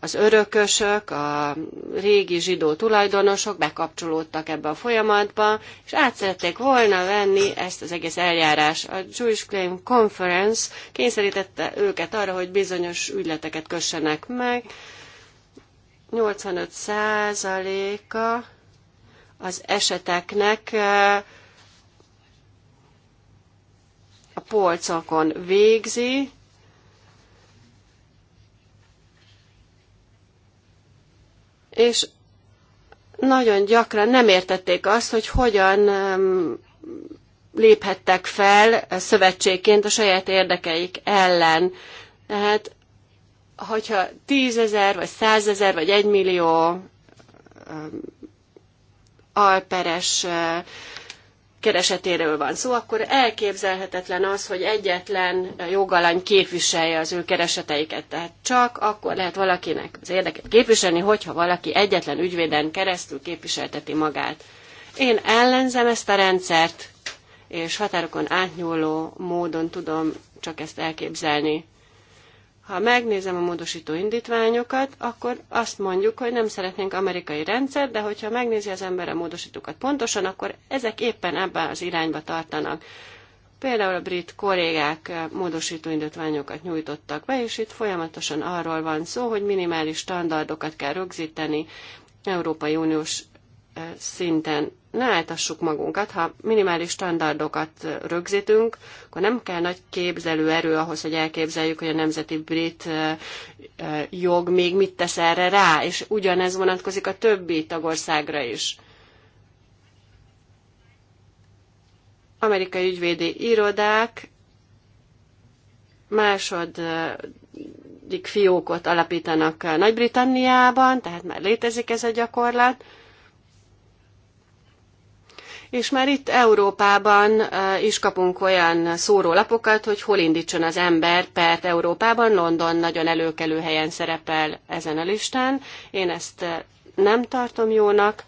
az örökösök, a régi zsidó tulajdonosok bekapcsolódtak ebbe a folyamatba, és át szerették volna venni ezt az egész eljárás. A Jewish Claim Conference kényszerítette őket arra, hogy bizonyos ügyleteket kössenek meg. 85 százaléka az eseteknek a polcokon végzi, és nagyon gyakran nem értették azt, hogy hogyan léphettek fel szövetségként a saját érdekeik ellen. Tehát, hogyha tízezer, vagy százezer, vagy egymillió alperes keresetéről van szó, akkor elképzelhetetlen az, hogy egyetlen jogalany képviselje az ő kereseteiket. Tehát csak akkor lehet valakinek az érdeket képviselni, hogyha valaki egyetlen ügyvéden keresztül képviselteti magát. Én ellenzem ezt a rendszert, és határokon átnyúló módon tudom csak ezt elképzelni. Ha megnézem a módosító indítványokat, akkor azt mondjuk, hogy nem szeretnénk amerikai rendszert, de hogyha megnézi az ember a módosítókat pontosan, akkor ezek éppen ebben az irányba tartanak. Például a brit kollégák módosító indítványokat nyújtottak be, és itt folyamatosan arról van szó, hogy minimális standardokat kell rögzíteni Európai Uniós szinten ne álltassuk magunkat, ha minimális standardokat rögzítünk, akkor nem kell nagy képzelő erő ahhoz, hogy elképzeljük, hogy a nemzeti brit jog még mit tesz erre rá, és ugyanez vonatkozik a többi tagországra is. Amerikai ügyvédi irodák második fiókot alapítanak Nagy-Britanniában, tehát már létezik ez a gyakorlat, és már itt Európában is kapunk olyan szórólapokat, hogy hol indítson az ember pert Európában. London nagyon előkelő helyen szerepel ezen a listán. Én ezt nem tartom jónak,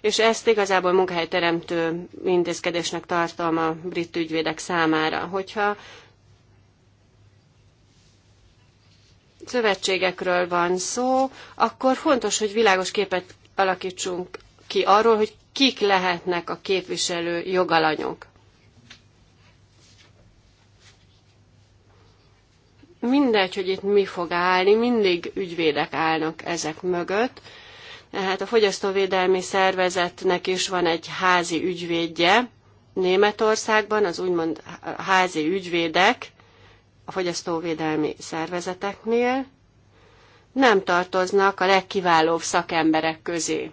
és ezt igazából munkahelyteremtő intézkedésnek tartom a brit ügyvédek számára. Hogyha szövetségekről van szó, akkor fontos, hogy világos képet alakítsunk ki arról, hogy kik lehetnek a képviselő jogalanyok. Mindegy, hogy itt mi fog állni, mindig ügyvédek állnak ezek mögött. Tehát a fogyasztóvédelmi szervezetnek is van egy házi ügyvédje Németországban, az úgymond házi ügyvédek a fogyasztóvédelmi szervezeteknél nem tartoznak a legkiválóbb szakemberek közé.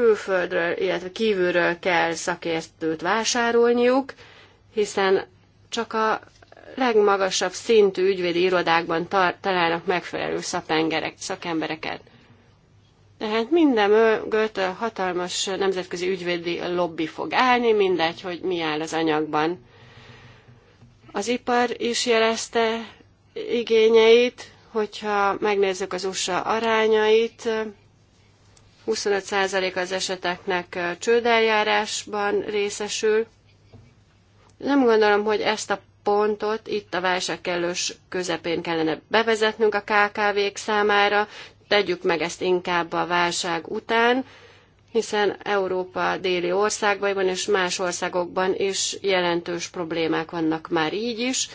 külföldről, illetve kívülről kell szakértőt vásárolniuk, hiszen csak a legmagasabb szintű ügyvédi irodákban találnak megfelelő szakembereket. Tehát minden mögött hatalmas nemzetközi ügyvédi lobby fog állni, mindegy, hogy mi áll az anyagban. Az ipar is jelezte igényeit, hogyha megnézzük az USA arányait, 25% az eseteknek csődeljárásban részesül. Nem gondolom, hogy ezt a pontot itt a válság kellős közepén kellene bevezetnünk a KKV-k számára, tegyük meg ezt inkább a válság után, hiszen Európa déli országaiban és más országokban is jelentős problémák vannak már így is,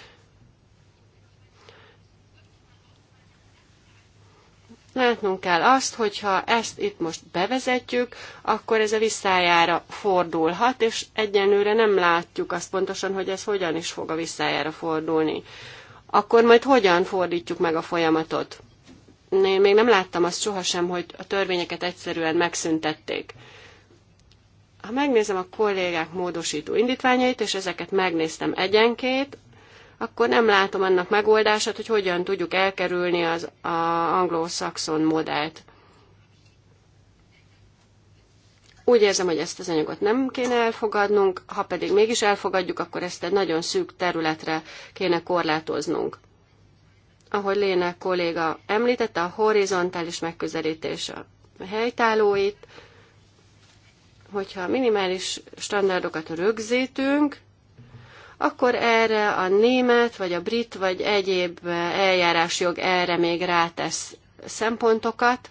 Látnunk kell azt, hogyha ezt itt most bevezetjük, akkor ez a visszájára fordulhat, és egyenlőre nem látjuk azt pontosan, hogy ez hogyan is fog a visszájára fordulni. Akkor majd hogyan fordítjuk meg a folyamatot? Én még nem láttam azt sohasem, hogy a törvényeket egyszerűen megszüntették. Ha megnézem a kollégák módosító indítványait, és ezeket megnéztem egyenként, akkor nem látom annak megoldását, hogy hogyan tudjuk elkerülni az a anglo-szaxon modellt. Úgy érzem, hogy ezt az anyagot nem kéne elfogadnunk, ha pedig mégis elfogadjuk, akkor ezt egy nagyon szűk területre kéne korlátoznunk. Ahogy Léne kolléga említette, a horizontális megközelítés a helytállóit, hogyha minimális standardokat rögzítünk, akkor erre a német, vagy a brit, vagy egyéb eljárásjog erre még rátesz szempontokat,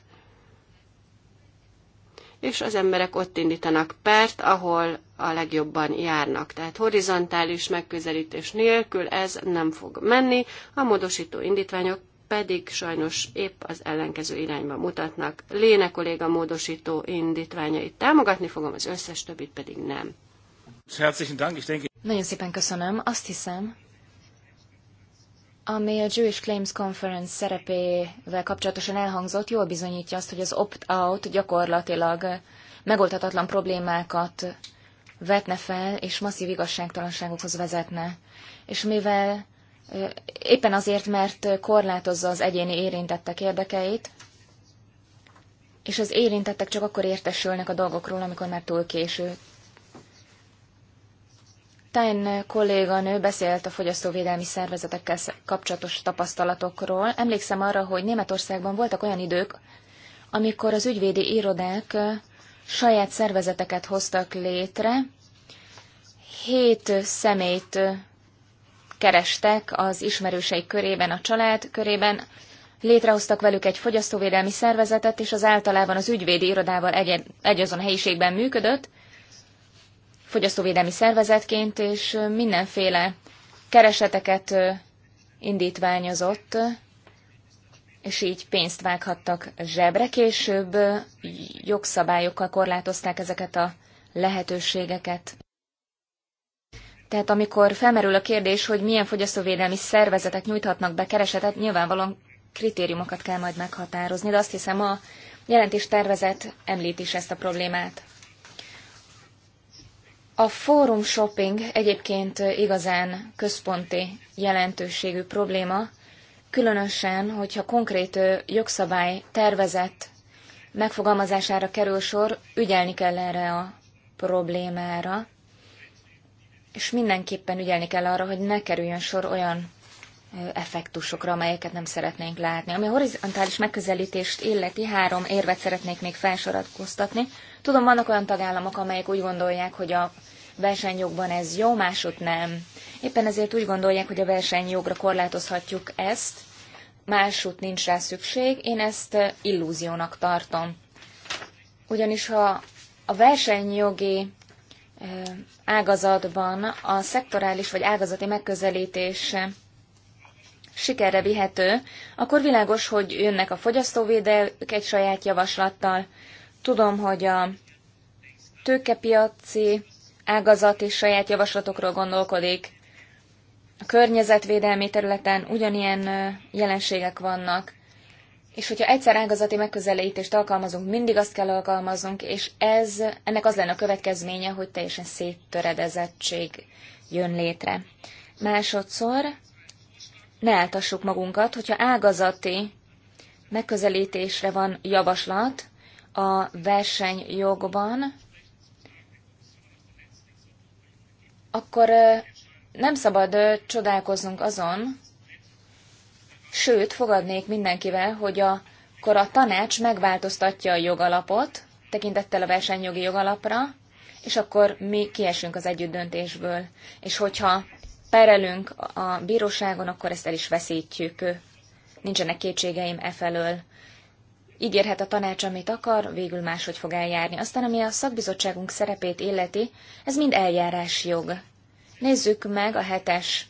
és az emberek ott indítanak pert, ahol a legjobban járnak. Tehát horizontális megközelítés nélkül ez nem fog menni, a módosító indítványok pedig sajnos épp az ellenkező irányba mutatnak. Léne kolléga módosító indítványait támogatni fogom, az összes többit pedig nem. Herzlichen Dank, ich denke... Nagyon szépen köszönöm. Azt hiszem, ami a Jewish Claims Conference szerepével kapcsolatosan elhangzott, jól bizonyítja azt, hogy az opt-out gyakorlatilag megoldhatatlan problémákat vetne fel, és masszív igazságtalanságokhoz vezetne. És mivel éppen azért, mert korlátozza az egyéni érintettek érdekeit, és az érintettek csak akkor értesülnek a dolgokról, amikor már túl késő. Tájn kolléganő beszélt a fogyasztóvédelmi szervezetekkel kapcsolatos tapasztalatokról. Emlékszem arra, hogy Németországban voltak olyan idők, amikor az ügyvédi irodák saját szervezeteket hoztak létre, hét szemét kerestek az ismerőseik körében, a család körében, létrehoztak velük egy fogyasztóvédelmi szervezetet, és az általában az ügyvédi irodával egy, egy azon helyiségben működött, fogyasztóvédelmi szervezetként, és mindenféle kereseteket indítványozott, és így pénzt vághattak zsebre. Később jogszabályokkal korlátozták ezeket a lehetőségeket. Tehát amikor felmerül a kérdés, hogy milyen fogyasztóvédelmi szervezetek nyújthatnak be keresetet, nyilvánvalóan kritériumokat kell majd meghatározni, de azt hiszem a jelentés tervezet említ is ezt a problémát. A fórum shopping egyébként igazán központi jelentőségű probléma, különösen, hogyha konkrét jogszabály tervezett megfogalmazására kerül sor, ügyelni kell erre a problémára, és mindenképpen ügyelni kell arra, hogy ne kerüljön sor olyan effektusokra, amelyeket nem szeretnénk látni. Ami a horizontális megközelítést illeti, három érvet szeretnék még felsoratkoztatni. Tudom, vannak olyan tagállamok, amelyek úgy gondolják, hogy a versenyjogban ez jó, másod nem. Éppen ezért úgy gondolják, hogy a versenyjogra korlátozhatjuk ezt, másút nincs rá szükség, én ezt illúziónak tartom. Ugyanis ha a versenyjogi ágazatban a szektorális vagy ágazati megközelítés sikerre vihető, akkor világos, hogy jönnek a fogyasztóvédők egy saját javaslattal. Tudom, hogy a tőkepiaci ágazat és saját javaslatokról gondolkodik. A környezetvédelmi területen ugyanilyen jelenségek vannak, és hogyha egyszer ágazati megközelítést alkalmazunk, mindig azt kell alkalmaznunk, és ez, ennek az lenne a következménye, hogy teljesen széttöredezettség jön létre. Másodszor ne eltassuk magunkat, hogyha ágazati megközelítésre van javaslat a versenyjogban, akkor nem szabad csodálkoznunk azon, sőt, fogadnék mindenkivel, hogy a, akkor a tanács megváltoztatja a jogalapot, tekintettel a versenyjogi jogalapra, és akkor mi kiesünk az együttdöntésből. És hogyha perelünk a bíróságon, akkor ezt el is veszítjük. Nincsenek kétségeim e felől ígérhet a tanács, amit akar, végül máshogy fog eljárni. Aztán, ami a szakbizottságunk szerepét illeti, ez mind eljárási jog. Nézzük meg a hetes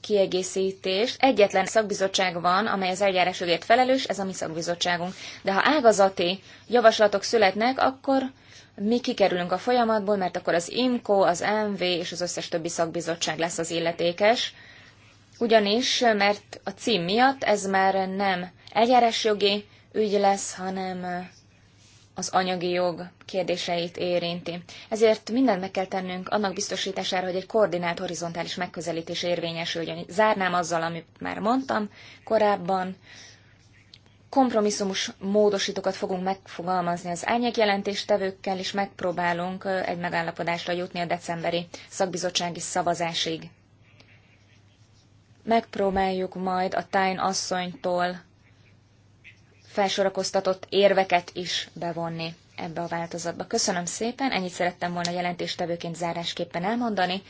kiegészítés. Egyetlen szakbizottság van, amely az jogért felelős, ez a mi szakbizottságunk. De ha ágazati javaslatok születnek, akkor mi kikerülünk a folyamatból, mert akkor az IMCO, az MV és az összes többi szakbizottság lesz az illetékes. Ugyanis, mert a cím miatt ez már nem eljárásjogi ügy lesz, hanem az anyagi jog kérdéseit érinti. Ezért mindent meg kell tennünk annak biztosítására, hogy egy koordinált horizontális megközelítés érvényesüljön. Zárnám azzal, amit már mondtam korábban. Kompromisszumos módosítókat fogunk megfogalmazni az árnyék és megpróbálunk egy megállapodásra jutni a decemberi szakbizottsági szavazásig. Megpróbáljuk majd a Tájn asszonytól felsorakoztatott érveket is bevonni ebbe a változatba. Köszönöm szépen, ennyit szerettem volna jelentéstevőként zárásképpen elmondani,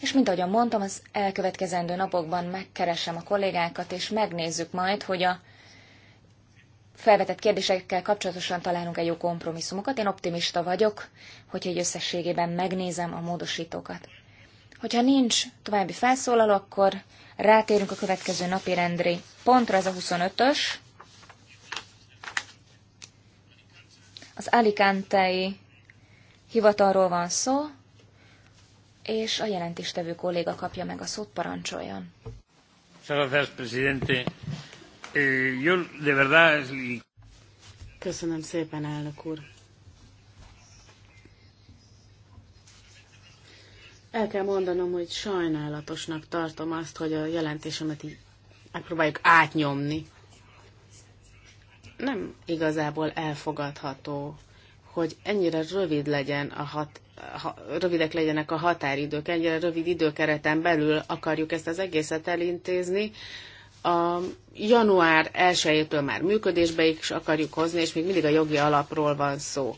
és mint ahogyan mondtam, az elkövetkezendő napokban megkeresem a kollégákat, és megnézzük majd, hogy a felvetett kérdésekkel kapcsolatosan találunk egy jó kompromisszumokat. Én optimista vagyok, hogyha egy összességében megnézem a módosítókat. Hogyha nincs további felszólaló, akkor rátérünk a következő napi rendri pontra, ez a 25-ös, Az Alicantei hivatalról van szó, és a jelentéstevő kolléga kapja meg a szót, parancsoljon. Eh, Köszönöm szépen, elnök úr. El kell mondanom, hogy sajnálatosnak tartom azt, hogy a jelentésemet így megpróbáljuk átnyomni nem igazából elfogadható, hogy ennyire rövid legyen a hat, ha, rövidek legyenek a határidők, ennyire rövid időkereten belül akarjuk ezt az egészet elintézni. A január 1-től már működésbe is akarjuk hozni, és még mindig a jogi alapról van szó.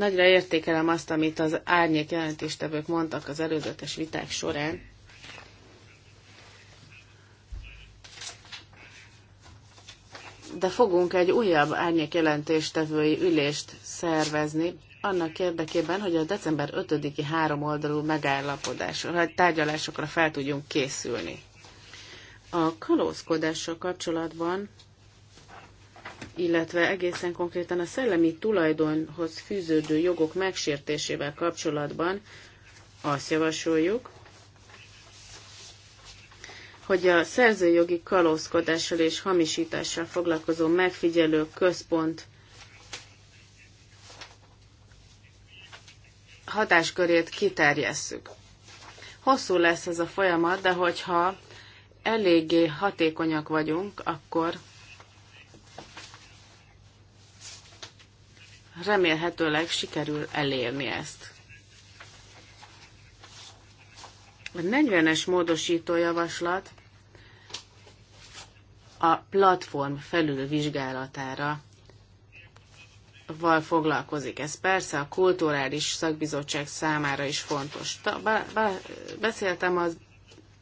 Nagyra értékelem azt, amit az árnyék jelentéstevők mondtak az előzetes viták során. De fogunk egy újabb árnyék jelentéstevői ülést szervezni, annak érdekében, hogy a december 5-i oldalú megállapodásra, hogy tárgyalásokra fel tudjunk készülni. A kalózkodással kapcsolatban illetve egészen konkrétan a szellemi tulajdonhoz fűződő jogok megsértésével kapcsolatban azt javasoljuk, hogy a szerzőjogi kalózkodással és hamisítással foglalkozó megfigyelő központ hatáskörét kiterjesszük. Hosszú lesz ez a folyamat, de hogyha eléggé hatékonyak vagyunk, akkor remélhetőleg sikerül elérni ezt. A 40-es módosító javaslat a platform felülvizsgálatára val foglalkozik. Ez persze a kulturális szakbizottság számára is fontos. beszéltem a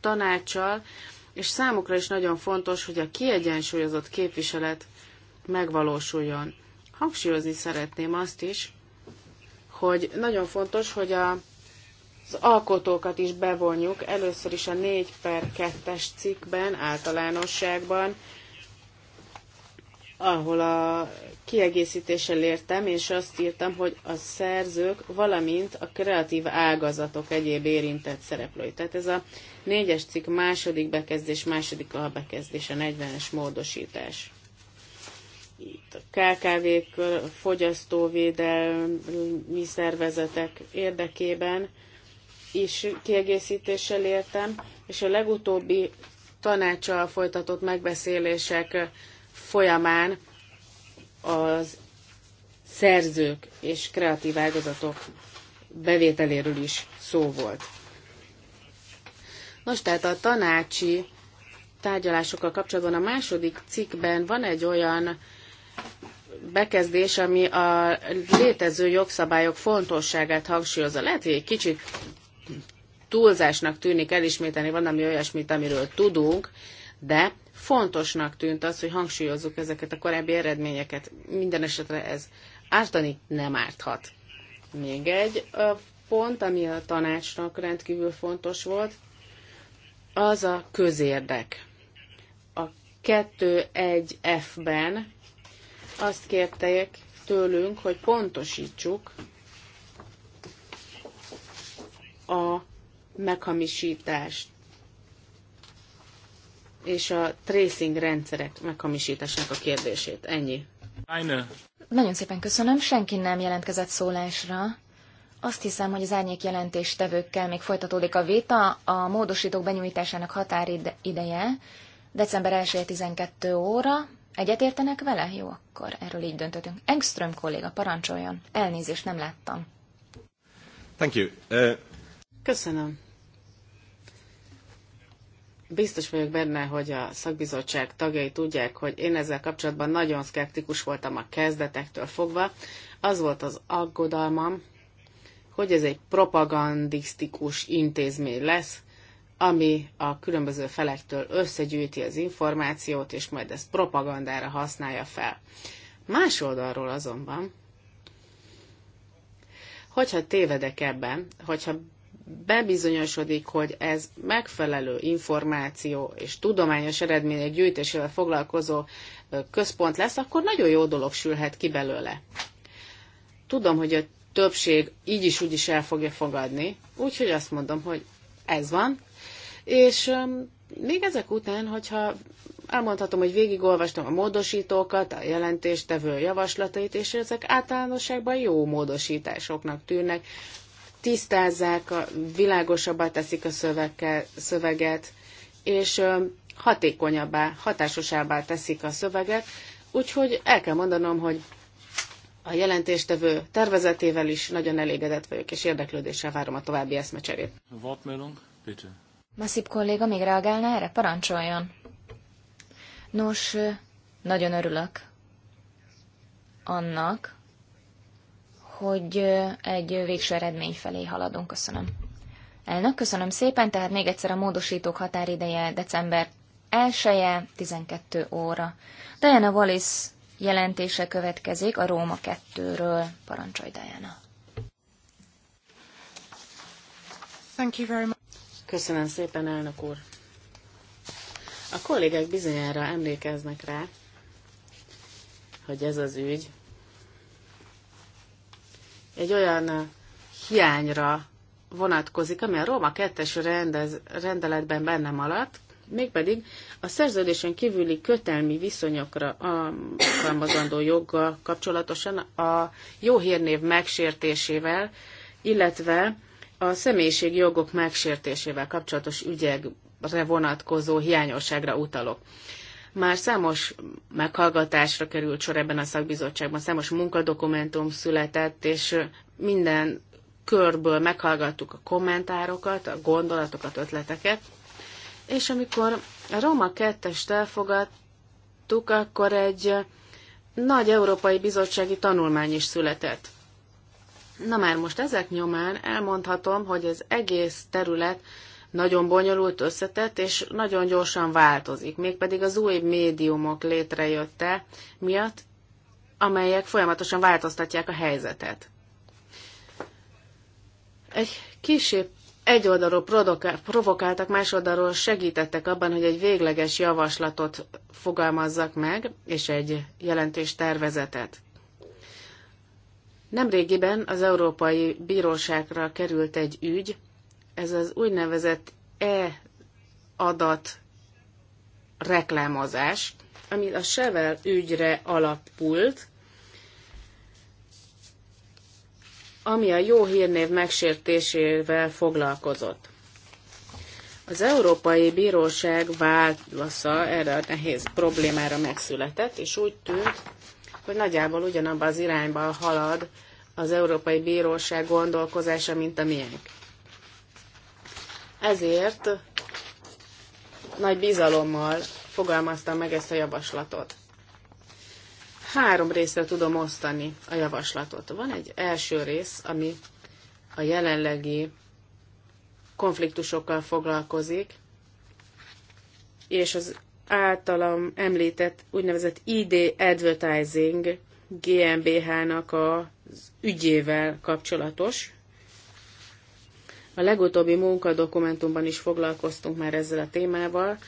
tanácssal, és számukra is nagyon fontos, hogy a kiegyensúlyozott képviselet megvalósuljon. Hangsúlyozni szeretném azt is, hogy nagyon fontos, hogy a, az alkotókat is bevonjuk. Először is a 4 per 2-es cikkben, általánosságban, ahol a kiegészítéssel értem, és azt írtam, hogy a szerzők, valamint a kreatív ágazatok egyéb érintett szereplői. Tehát ez a négyes cikk második bekezdés, második albekezdés, a 40-es módosítás itt a KKV-k, fogyasztóvédelmi szervezetek érdekében is kiegészítéssel értem, és a legutóbbi tanácssal folytatott megbeszélések folyamán az szerzők és kreatív ágazatok bevételéről is szó volt. Nos, tehát a tanácsi tárgyalásokkal kapcsolatban a második cikkben van egy olyan bekezdés, ami a létező jogszabályok fontosságát hangsúlyozza. Lehet, hogy egy kicsit túlzásnak tűnik elismételni valami olyasmit, amiről tudunk, de fontosnak tűnt az, hogy hangsúlyozzuk ezeket a korábbi eredményeket. Minden esetre ez ártani nem árthat. Még egy pont, ami a tanácsnak rendkívül fontos volt, az a közérdek. A 2.1.F-ben azt kérték tőlünk, hogy pontosítsuk a meghamisítást és a tracing rendszerek meghamisításának a kérdését. Ennyi. Nagyon szépen köszönöm. Senki nem jelentkezett szólásra. Azt hiszem, hogy az árnyék jelentéstevőkkel még folytatódik a véta. A módosítók benyújtásának határideje december 1 12 óra, Egyetértenek vele? Jó, akkor erről így döntöttünk. Engström kolléga, parancsoljon. Elnézést, nem láttam. Thank you. Uh... Köszönöm. Biztos vagyok benne, hogy a szakbizottság tagjai tudják, hogy én ezzel kapcsolatban nagyon szkeptikus voltam a kezdetektől fogva. Az volt az aggodalmam, hogy ez egy propagandisztikus intézmény lesz, ami a különböző felektől összegyűjti az információt, és majd ezt propagandára használja fel. Más oldalról azonban, hogyha tévedek ebben, hogyha bebizonyosodik, hogy ez megfelelő információ és tudományos eredmények gyűjtésével foglalkozó központ lesz, akkor nagyon jó dolog sülhet ki belőle. Tudom, hogy a többség így is úgy is el fogja fogadni, úgyhogy azt mondom, hogy ez van, és még ezek után, hogyha elmondhatom, hogy végigolvastam a módosítókat, a jelentéstevő javaslatait, és ezek általánosságban jó módosításoknak tűnnek. Tisztázzák, világosabbá teszik a szövegke, szöveget, és hatékonyabbá, hatásosabbá teszik a szöveget, úgyhogy el kell mondanom, hogy a jelentéstevő tervezetével is nagyon elégedett vagyok, és érdeklődéssel várom a további eszmecserét. Wortmeldung, bitte. Masszib kolléga még reagálna erre? Parancsoljon! Nos, nagyon örülök annak, hogy egy végső eredmény felé haladunk. Köszönöm. Elnök, köszönöm szépen, tehát még egyszer a módosítók határideje december 1-e, 12 óra. Diana Wallis jelentése következik a Róma 2-ről. Parancsolj, Diana! Thank you very much. Köszönöm szépen, elnök úr. A kollégák bizonyára emlékeznek rá, hogy ez az ügy egy olyan hiányra vonatkozik, ami a Róma 2-es rendez, rendeletben benne maradt, mégpedig a szerződésen kívüli kötelmi viszonyokra alkalmazandó joggal kapcsolatosan a jó hírnév megsértésével, illetve a személyiség jogok megsértésével kapcsolatos ügyekre vonatkozó hiányosságra utalok. Már számos meghallgatásra került sor ebben a szakbizottságban, számos munkadokumentum született, és minden körből meghallgattuk a kommentárokat, a gondolatokat, ötleteket, és amikor a Roma 2-est elfogadtuk, akkor egy nagy európai bizottsági tanulmány is született. Na már most ezek nyomán elmondhatom, hogy az egész terület nagyon bonyolult, összetett, és nagyon gyorsan változik, mégpedig az új médiumok létrejötte miatt, amelyek folyamatosan változtatják a helyzetet. Egy kisebb egy oldalról provokáltak, más oldalról segítettek abban, hogy egy végleges javaslatot fogalmazzak meg, és egy jelentés tervezetet. Nemrégiben az Európai Bíróságra került egy ügy, ez az úgynevezett e-adat reklámozás, ami a Sevel ügyre alapult, ami a jó hírnév megsértésével foglalkozott. Az Európai Bíróság válasza erre a nehéz problémára megszületett, és úgy tűnt, hogy nagyjából ugyanabba az irányba halad az Európai Bíróság gondolkozása, mint a miénk. Ezért nagy bizalommal fogalmaztam meg ezt a javaslatot. Három részre tudom osztani a javaslatot. Van egy első rész, ami a jelenlegi konfliktusokkal foglalkozik, és az általam említett úgynevezett ID Advertising GmbH-nak az ügyével kapcsolatos. A legutóbbi munkadokumentumban is foglalkoztunk már ezzel a témával,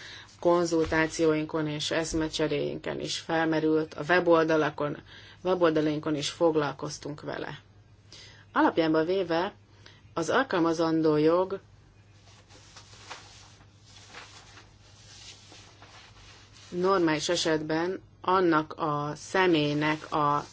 konzultációinkon és eszmecseréinken is felmerült, a weboldalakon, weboldalinkon is foglalkoztunk vele. Alapjában véve az alkalmazandó jog normális esetben annak a személynek a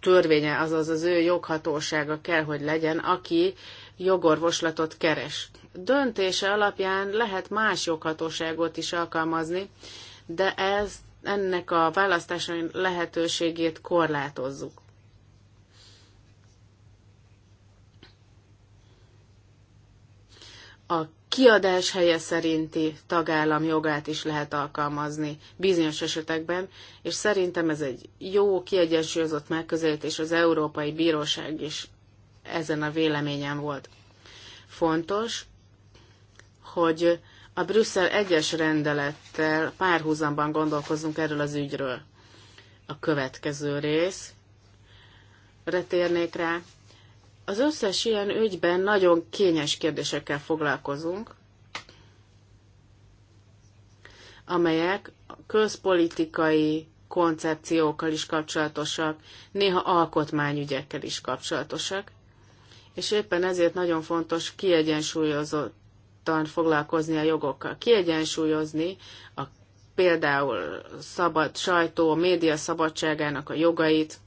törvénye, azaz az ő joghatósága kell, hogy legyen, aki jogorvoslatot keres. Döntése alapján lehet más joghatóságot is alkalmazni, de ez ennek a választási lehetőségét korlátozzuk. A kiadás helye szerinti tagállam jogát is lehet alkalmazni bizonyos esetekben, és szerintem ez egy jó, kiegyensúlyozott megközelítés, az Európai Bíróság is ezen a véleményen volt. Fontos, hogy a Brüsszel egyes rendelettel párhuzamban gondolkozunk erről az ügyről. A következő rész, retérnék rá, az összes ilyen ügyben nagyon kényes kérdésekkel foglalkozunk, amelyek közpolitikai koncepciókkal is kapcsolatosak, néha alkotmányügyekkel is kapcsolatosak, és éppen ezért nagyon fontos kiegyensúlyozottan foglalkozni a jogokkal. Kiegyensúlyozni a például szabad sajtó, média szabadságának a jogait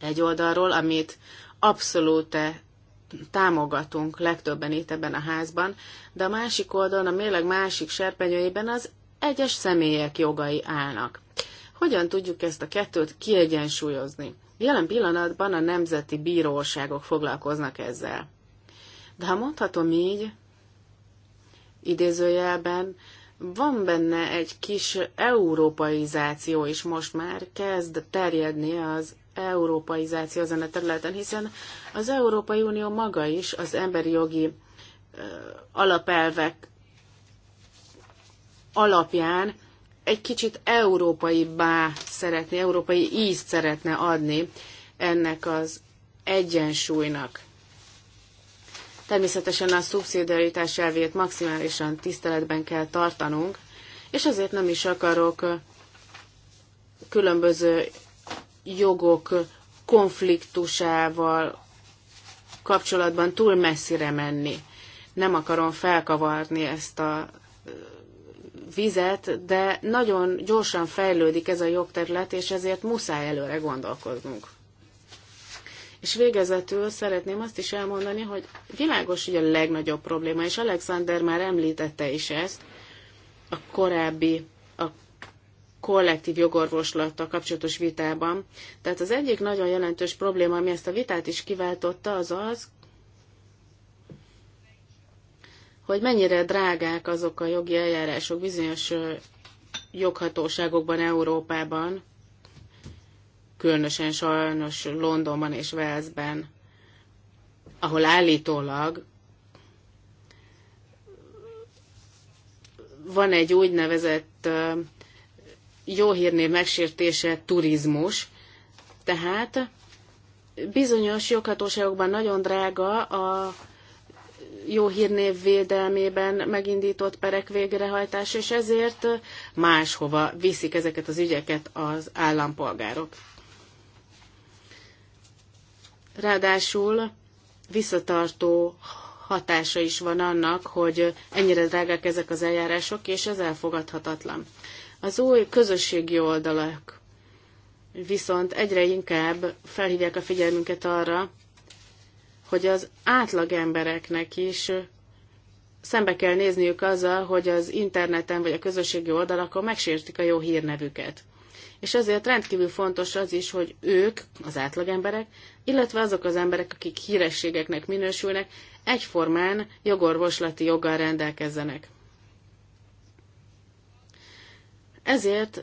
egy oldalról, amit abszolút eh, támogatunk legtöbben itt ebben a házban, de a másik oldalon, a mérleg másik serpenyőjében az egyes személyek jogai állnak. Hogyan tudjuk ezt a kettőt kiegyensúlyozni? Jelen pillanatban a nemzeti bíróságok foglalkoznak ezzel. De ha mondhatom így, idézőjelben, van benne egy kis európaizáció is most már, kezd terjedni az európaizáció ezen a területen, hiszen az Európai Unió maga is az emberi jogi alapelvek alapján egy kicsit európai bá szeretné, európai ízt szeretne adni ennek az egyensúlynak. Természetesen a szubszidiaritás elvét maximálisan tiszteletben kell tartanunk, és azért nem is akarok különböző jogok konfliktusával kapcsolatban túl messzire menni. Nem akarom felkavarni ezt a vizet, de nagyon gyorsan fejlődik ez a jogterület, és ezért muszáj előre gondolkoznunk. És végezetül szeretném azt is elmondani, hogy világos, hogy a legnagyobb probléma, és Alexander már említette is ezt a korábbi kollektív jogorvoslattal kapcsolatos vitában. Tehát az egyik nagyon jelentős probléma, ami ezt a vitát is kiváltotta, az az, hogy mennyire drágák azok a jogi eljárások bizonyos joghatóságokban Európában, különösen sajnos Londonban és Walesben, ahol állítólag van egy úgynevezett jó hírnév megsértése turizmus, tehát bizonyos joghatóságokban nagyon drága a jó hírnév védelmében megindított perek végrehajtás, és ezért máshova viszik ezeket az ügyeket az állampolgárok. Ráadásul visszatartó hatása is van annak, hogy ennyire drágák ezek az eljárások, és ez elfogadhatatlan. Az új közösségi oldalak viszont egyre inkább felhívják a figyelmünket arra, hogy az átlagembereknek is szembe kell nézniük azzal, hogy az interneten vagy a közösségi oldalakon megsértik a jó hírnevüket. És ezért rendkívül fontos az is, hogy ők, az átlagemberek, illetve azok az emberek, akik hírességeknek minősülnek, egyformán jogorvoslati joggal rendelkezzenek. Ezért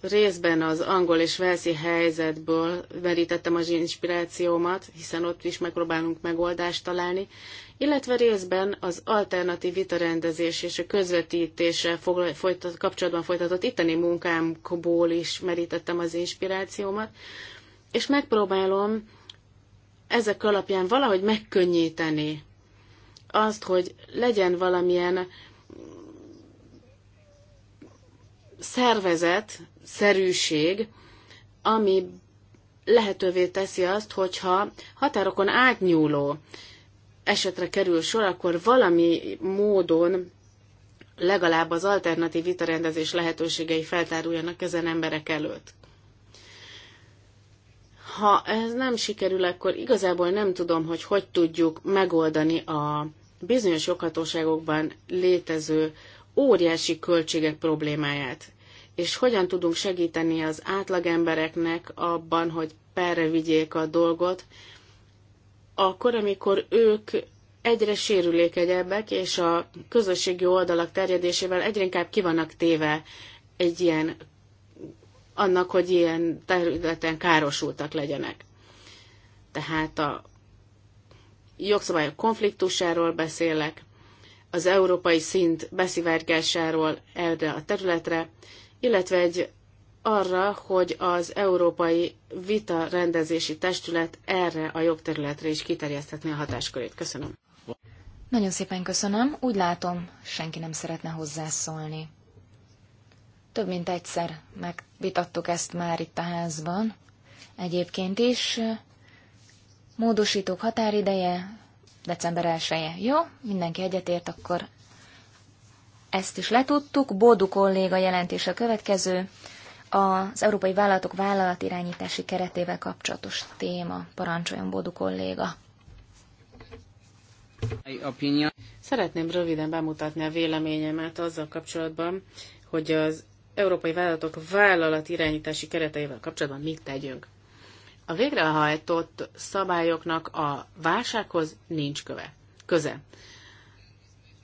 részben az angol és velszi helyzetből verítettem az inspirációmat, hiszen ott is megpróbálunk megoldást találni, illetve részben az alternatív vitarendezés és a közvetítése folytat, kapcsolatban folytatott itteni munkámból is merítettem az inspirációmat, és megpróbálom ezek alapján valahogy megkönnyíteni azt, hogy legyen valamilyen szervezet, szerűség, ami lehetővé teszi azt, hogyha határokon átnyúló esetre kerül sor, akkor valami módon legalább az alternatív vitarendezés lehetőségei feltáruljanak ezen emberek előtt. Ha ez nem sikerül, akkor igazából nem tudom, hogy hogy tudjuk megoldani a bizonyos joghatóságokban létező óriási költségek problémáját és hogyan tudunk segíteni az átlagembereknek abban, hogy perre vigyék a dolgot, akkor, amikor ők egyre sérülékenyebbek, és a közösségi oldalak terjedésével egyre inkább kivannak téve egy ilyen, annak, hogy ilyen területen károsultak legyenek. Tehát a jogszabályok konfliktusáról beszélek, az európai szint beszivárgásáról erre a területre, illetve egy arra, hogy az Európai Vita Rendezési Testület erre a jogterületre is kiterjesztetné a hatáskörét. Köszönöm. Nagyon szépen köszönöm. Úgy látom, senki nem szeretne hozzászólni. Több mint egyszer megvitattuk ezt már itt a házban. Egyébként is módosítók határideje december 1 -e. Jó, mindenki egyetért, akkor ezt is letudtuk. Bódu kolléga jelentése következő. Az európai vállalatok vállalatirányítási keretével kapcsolatos téma. Parancsoljon Bódu kolléga. Szeretném röviden bemutatni a véleményemet azzal kapcsolatban, hogy az európai vállalatok vállalatirányítási irányítási kereteivel kapcsolatban mit tegyünk. A végrehajtott szabályoknak a válsághoz nincs köve. köze.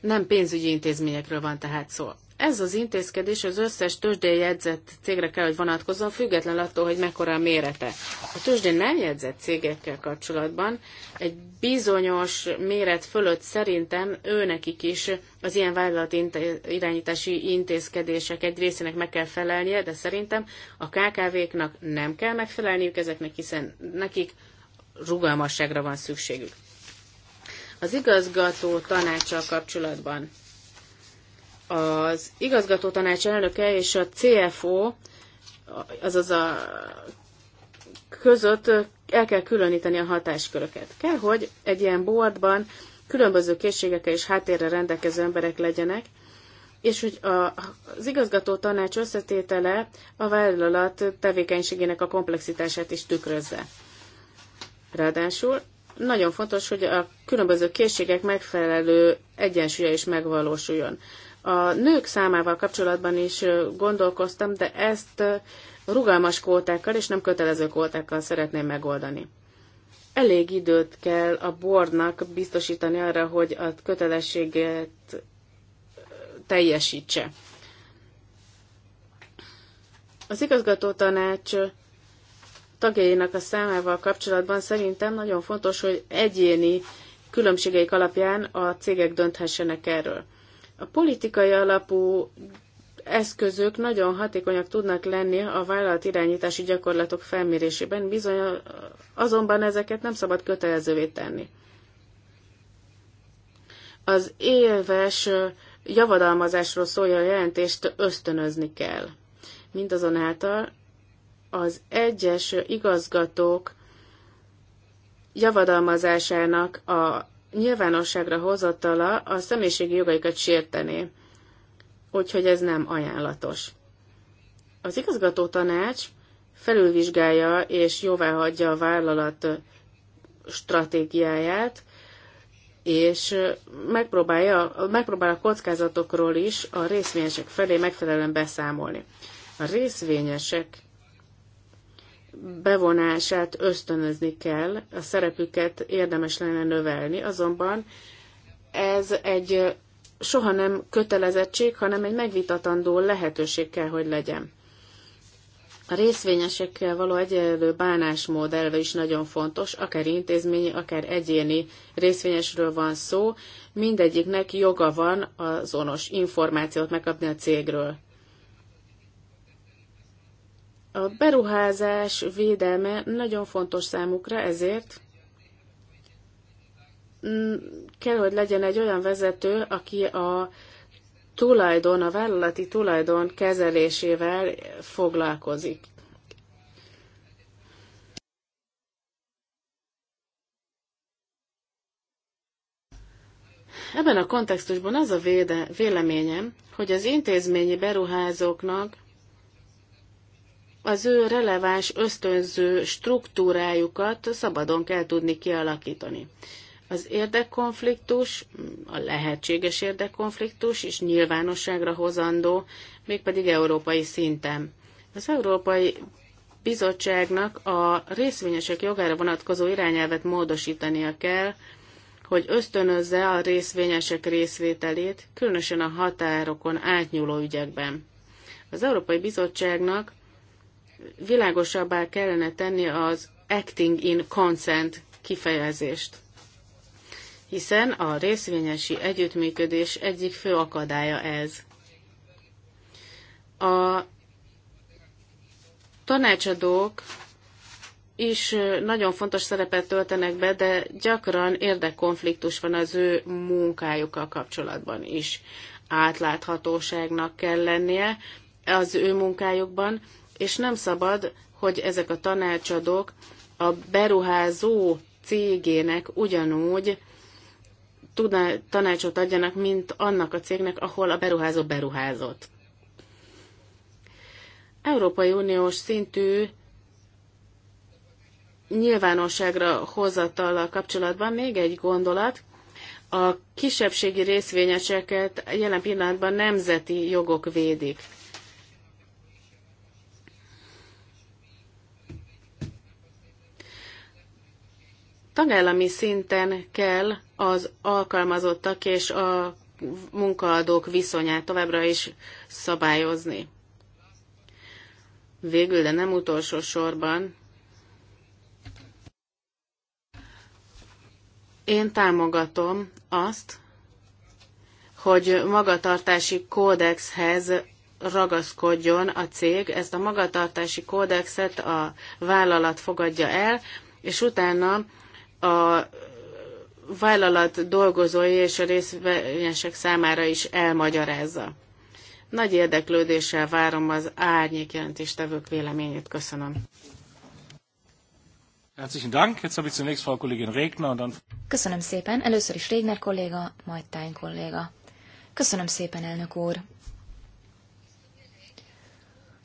Nem pénzügyi intézményekről van tehát szó. Ez az intézkedés az összes tőzsdén jegyzett cégre kell, hogy vonatkozzon, független attól, hogy mekkora a mérete. A tőzsdén nem jegyzett cégekkel kapcsolatban egy bizonyos méret fölött szerintem őnekik is az ilyen vállalati irányítási intézkedések egy részének meg kell felelnie, de szerintem a KKV-knak nem kell megfelelniük ezeknek, hiszen nekik rugalmasságra van szükségük. Az igazgató tanácssal kapcsolatban az igazgató tanács elnöke és a CFO, azaz a között el kell különíteni a hatásköröket. Kell, hogy egy ilyen boardban különböző készségekkel és háttérre rendelkező emberek legyenek, és hogy a, az igazgató tanács összetétele a vállalat tevékenységének a komplexitását is tükrözze. Ráadásul nagyon fontos, hogy a különböző készségek megfelelő egyensúlya is megvalósuljon. A nők számával kapcsolatban is gondolkoztam, de ezt rugalmas kótákkal és nem kötelező kótákkal szeretném megoldani. Elég időt kell a bornak biztosítani arra, hogy a kötelességet teljesítse. Az igazgató tanács tagjainak a számával kapcsolatban szerintem nagyon fontos, hogy egyéni különbségeik alapján a cégek dönthessenek erről. A politikai alapú eszközök nagyon hatékonyak tudnak lenni a vállalat irányítási gyakorlatok felmérésében, bizony azonban ezeket nem szabad kötelezővé tenni. Az éves javadalmazásról szóló jelentést ösztönözni kell. Mindazonáltal az egyes igazgatók javadalmazásának a nyilvánosságra hozatala a személyiségi jogaikat sértené, úgyhogy ez nem ajánlatos. Az igazgató tanács felülvizsgálja és jóváhagyja a vállalat stratégiáját, és megpróbálja, megpróbál a kockázatokról is a részvényesek felé megfelelően beszámolni. A részvényesek bevonását ösztönözni kell, a szerepüket érdemes lenne növelni, azonban ez egy soha nem kötelezettség, hanem egy megvitatandó lehetőség kell, hogy legyen. A részvényesekkel való egyenlő bánásmód elve is nagyon fontos, akár intézményi, akár egyéni részvényesről van szó, mindegyiknek joga van azonos információt megkapni a cégről. A beruházás védelme nagyon fontos számukra, ezért mm, kell, hogy legyen egy olyan vezető, aki a tulajdon, a vállalati tulajdon kezelésével foglalkozik. Ebben a kontextusban az a véde, véleményem, hogy az intézményi beruházóknak az ő releváns ösztönző struktúrájukat szabadon kell tudni kialakítani. Az érdekkonfliktus, a lehetséges érdekkonfliktus is nyilvánosságra hozandó, mégpedig európai szinten. Az Európai Bizottságnak a részvényesek jogára vonatkozó irányelvet módosítania kell, hogy ösztönözze a részvényesek részvételét, különösen a határokon átnyúló ügyekben. Az Európai Bizottságnak világosabbá kellene tenni az acting in consent kifejezést. Hiszen a részvényesi együttműködés egyik fő akadálya ez. A tanácsadók is nagyon fontos szerepet töltenek be, de gyakran érdekkonfliktus van az ő munkájukkal kapcsolatban is. Átláthatóságnak kell lennie az ő munkájukban, és nem szabad, hogy ezek a tanácsadók a beruházó cégének ugyanúgy tanácsot adjanak, mint annak a cégnek, ahol a beruházó beruházott. Európai Uniós szintű nyilvánosságra hozatallal kapcsolatban még egy gondolat. A kisebbségi részvényeseket jelen pillanatban nemzeti jogok védik. Tagállami szinten kell az alkalmazottak és a munkaadók viszonyát továbbra is szabályozni. Végül, de nem utolsó sorban, én támogatom azt, hogy magatartási kódexhez ragaszkodjon a cég, ezt a magatartási kódexet a vállalat fogadja el, és utána a vállalat dolgozói és a részvényesek számára is elmagyarázza. Nagy érdeklődéssel várom az árnyék jelentéstevők véleményét. Köszönöm. Herzlichen Dank. Jetzt habe ich zunächst Frau Kollegin Regner und dann... Köszönöm szépen. Először is Régner kolléga, majd Tány kolléga. Köszönöm szépen, elnök úr.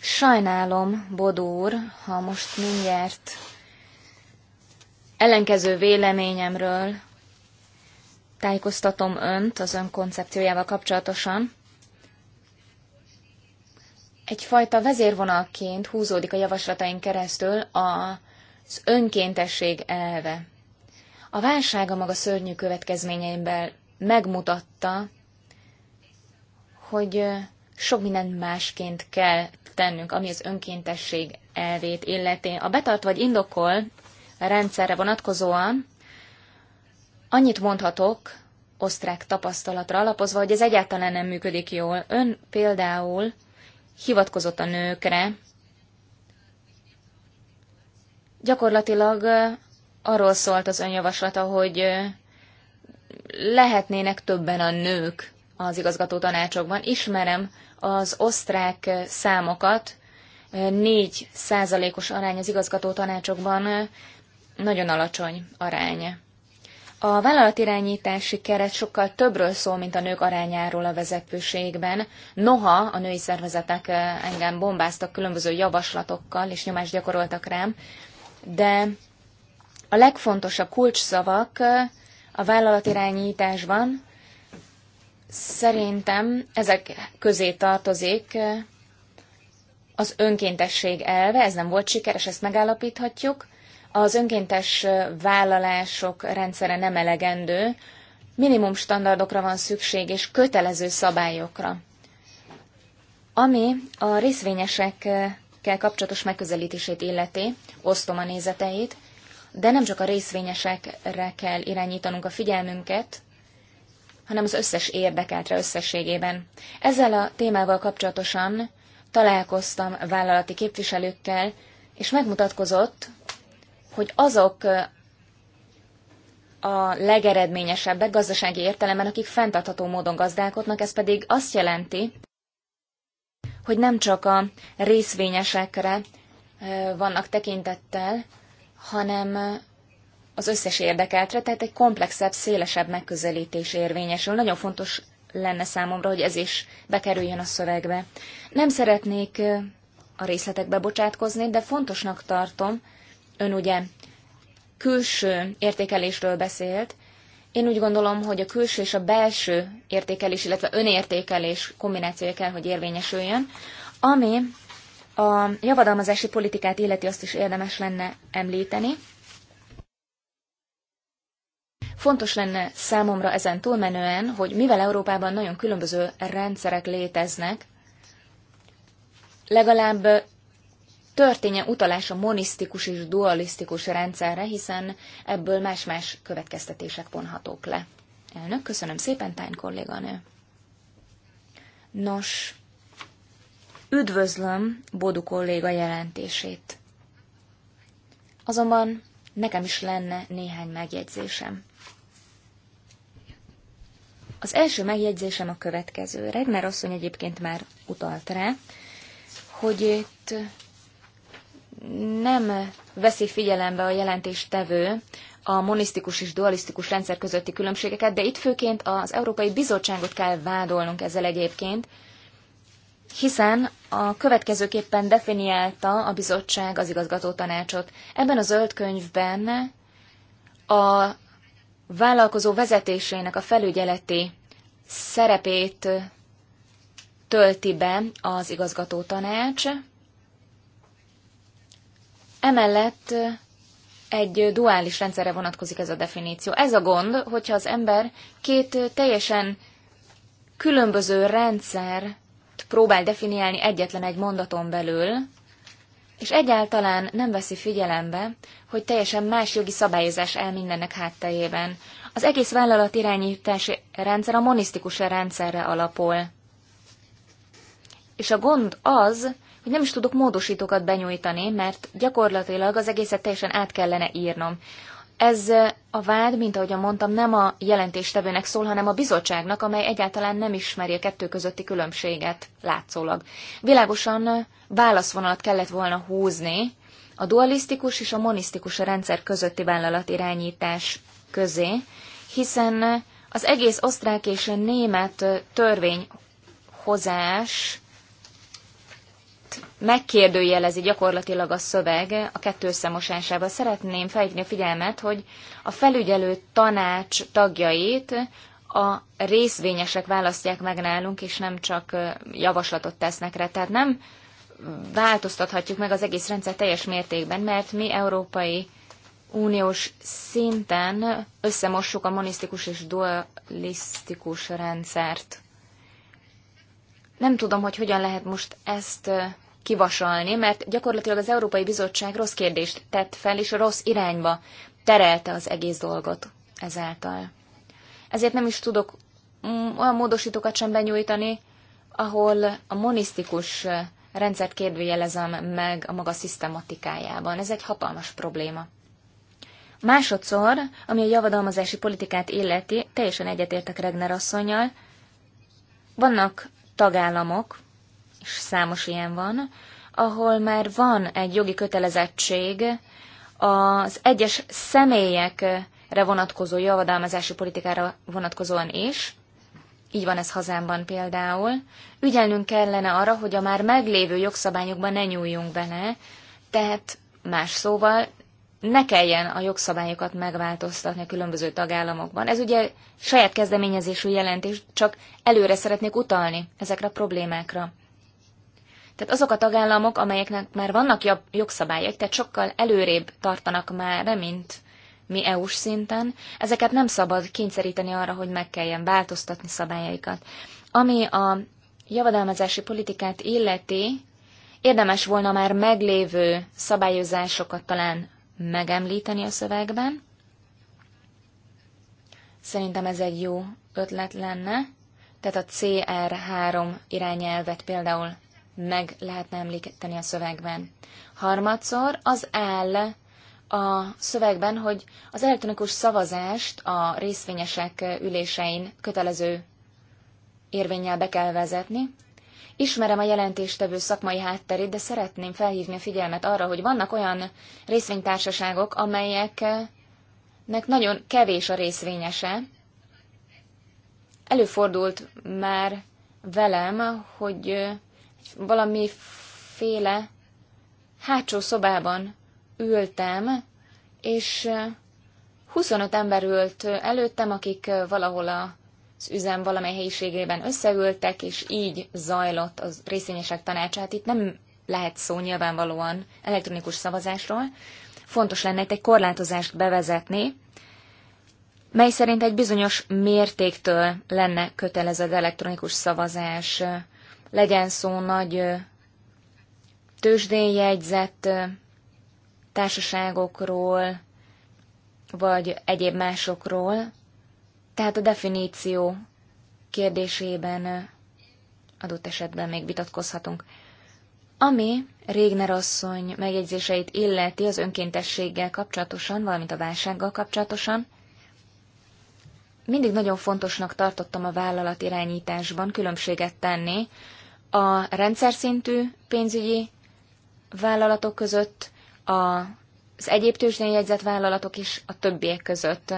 Sajnálom, Bodó úr, ha most mindjárt ellenkező véleményemről tájékoztatom önt az ön koncepciójával kapcsolatosan. Egyfajta vezérvonalként húzódik a javaslataink keresztül az önkéntesség elve. A válság a maga szörnyű következményeiben megmutatta, hogy sok mindent másként kell tennünk, ami az önkéntesség elvét illeti. A betart vagy indokol rendszerre vonatkozóan annyit mondhatok, osztrák tapasztalatra alapozva, hogy ez egyáltalán nem működik jól. Ön például hivatkozott a nőkre, gyakorlatilag arról szólt az önjavaslata, hogy lehetnének többen a nők az igazgató tanácsokban. Ismerem az osztrák számokat, 4 százalékos arány az igazgató tanácsokban nagyon alacsony aránya. A vállalatirányítási keret sokkal többről szól, mint a nők arányáról a vezetőségben. Noha a női szervezetek eh, engem bombáztak különböző javaslatokkal, és nyomást gyakoroltak rám, de a legfontosabb kulcsszavak eh, a vállalatirányításban szerintem ezek közé tartozik eh, az önkéntesség elve, ez nem volt sikeres, ezt megállapíthatjuk, az önkéntes vállalások rendszere nem elegendő, minimum standardokra van szükség és kötelező szabályokra. Ami a részvényesekkel kapcsolatos megközelítését illeti, osztom a nézeteit, de nem csak a részvényesekre kell irányítanunk a figyelmünket, hanem az összes érdekeltre összességében. Ezzel a témával kapcsolatosan találkoztam vállalati képviselőkkel, és megmutatkozott, hogy azok a legeredményesebbek gazdasági értelemben, akik fenntartható módon gazdálkodnak, ez pedig azt jelenti, hogy nem csak a részvényesekre vannak tekintettel, hanem az összes érdekeltre, tehát egy komplexebb, szélesebb megközelítés érvényesül. Nagyon fontos lenne számomra, hogy ez is bekerüljön a szövegbe. Nem szeretnék a részletekbe bocsátkozni, de fontosnak tartom, Ön ugye külső értékelésről beszélt. Én úgy gondolom, hogy a külső és a belső értékelés, illetve önértékelés kombinációja kell, hogy érvényesüljön, ami a javadalmazási politikát illeti azt is érdemes lenne említeni. Fontos lenne számomra ezen túlmenően, hogy mivel Európában nagyon különböző rendszerek léteznek, legalább történjen utalás a monisztikus és dualisztikus rendszerre, hiszen ebből más-más következtetések vonhatók le. Elnök, köszönöm szépen, Tány kolléganő. Nos, üdvözlöm Bodu kolléga jelentését. Azonban nekem is lenne néhány megjegyzésem. Az első megjegyzésem a következő. Regner asszony egyébként már utalt rá, hogy itt nem veszi figyelembe a jelentéstevő a monisztikus és dualisztikus rendszer közötti különbségeket, de itt főként az Európai Bizottságot kell vádolnunk ezzel egyébként, hiszen a következőképpen definiálta a bizottság az igazgató tanácsot. Ebben a zöld könyvben a vállalkozó vezetésének a felügyeleti szerepét tölti be az igazgató tanács, Emellett egy duális rendszerre vonatkozik ez a definíció. Ez a gond, hogyha az ember két teljesen különböző rendszer próbál definiálni egyetlen egy mondaton belül, és egyáltalán nem veszi figyelembe, hogy teljesen más jogi szabályozás el mindennek háttejében. Az egész vállalat irányítási rendszer a monisztikus rendszerre alapol. És a gond az, hogy nem is tudok módosítókat benyújtani, mert gyakorlatilag az egészet teljesen át kellene írnom. Ez a vád, mint ahogy mondtam, nem a jelentéstevőnek szól, hanem a bizottságnak, amely egyáltalán nem ismeri a kettő közötti különbséget látszólag. Világosan válaszvonalat kellett volna húzni a dualisztikus és a monisztikus rendszer közötti vállalatirányítás közé, hiszen az egész osztrák és német törvényhozás megkérdőjelezi gyakorlatilag a szöveg a kettő összemosásával. Szeretném felhívni a figyelmet, hogy a felügyelő tanács tagjait a részvényesek választják meg nálunk, és nem csak javaslatot tesznek rá. Tehát nem változtathatjuk meg az egész rendszer teljes mértékben, mert mi Európai Uniós szinten összemossuk a monisztikus és dualisztikus rendszert. Nem tudom, hogy hogyan lehet most ezt kivasalni, mert gyakorlatilag az Európai Bizottság rossz kérdést tett fel, és a rossz irányba terelte az egész dolgot ezáltal. Ezért nem is tudok mm, olyan módosítókat sem benyújtani, ahol a monisztikus rendszert kérdőjelezem meg a maga szisztematikájában. Ez egy hatalmas probléma. Másodszor, ami a javadalmazási politikát illeti, teljesen egyetértek Regner asszonyjal, vannak tagállamok, és számos ilyen van, ahol már van egy jogi kötelezettség az egyes személyekre vonatkozó javadalmazási politikára vonatkozóan is, így van ez hazámban például, ügyelnünk kellene arra, hogy a már meglévő jogszabályokban ne nyúljunk bele, tehát más szóval ne kelljen a jogszabályokat megváltoztatni a különböző tagállamokban. Ez ugye saját kezdeményezésű jelentés, csak előre szeretnék utalni ezekre a problémákra. Tehát azok a tagállamok, amelyeknek már vannak jobb jogszabályok, tehát sokkal előrébb tartanak már, mint mi EU-s szinten, ezeket nem szabad kényszeríteni arra, hogy meg kelljen változtatni szabályaikat. Ami a javadalmazási politikát illeti, érdemes volna már meglévő szabályozásokat talán megemlíteni a szövegben. Szerintem ez egy jó ötlet lenne. Tehát a CR3 irányelvet például meg lehetne említeni a szövegben. Harmadszor az áll a szövegben, hogy az elektronikus szavazást a részvényesek ülésein kötelező érvényel be kell vezetni. Ismerem a jelentéstevő szakmai hátterét, de szeretném felhívni a figyelmet arra, hogy vannak olyan részvénytársaságok, amelyeknek nagyon kevés a részvényese. Előfordult már velem, hogy valamiféle hátsó szobában ültem, és 25 ember ült előttem, akik valahol az üzem valamely helyiségében összeültek, és így zajlott az részvényesek tanácsát. Itt nem lehet szó nyilvánvalóan elektronikus szavazásról. Fontos lenne itt egy korlátozást bevezetni, mely szerint egy bizonyos mértéktől lenne kötelező elektronikus szavazás legyen szó nagy tőzsdén jegyzett társaságokról, vagy egyéb másokról, tehát a definíció kérdésében adott esetben még vitatkozhatunk. Ami Régner asszony megjegyzéseit illeti az önkéntességgel kapcsolatosan, valamint a válsággal kapcsolatosan, mindig nagyon fontosnak tartottam a vállalat irányításban különbséget tenni a rendszer szintű pénzügyi vállalatok között, az egyéb tőzsdén jegyzett vállalatok és a többiek között.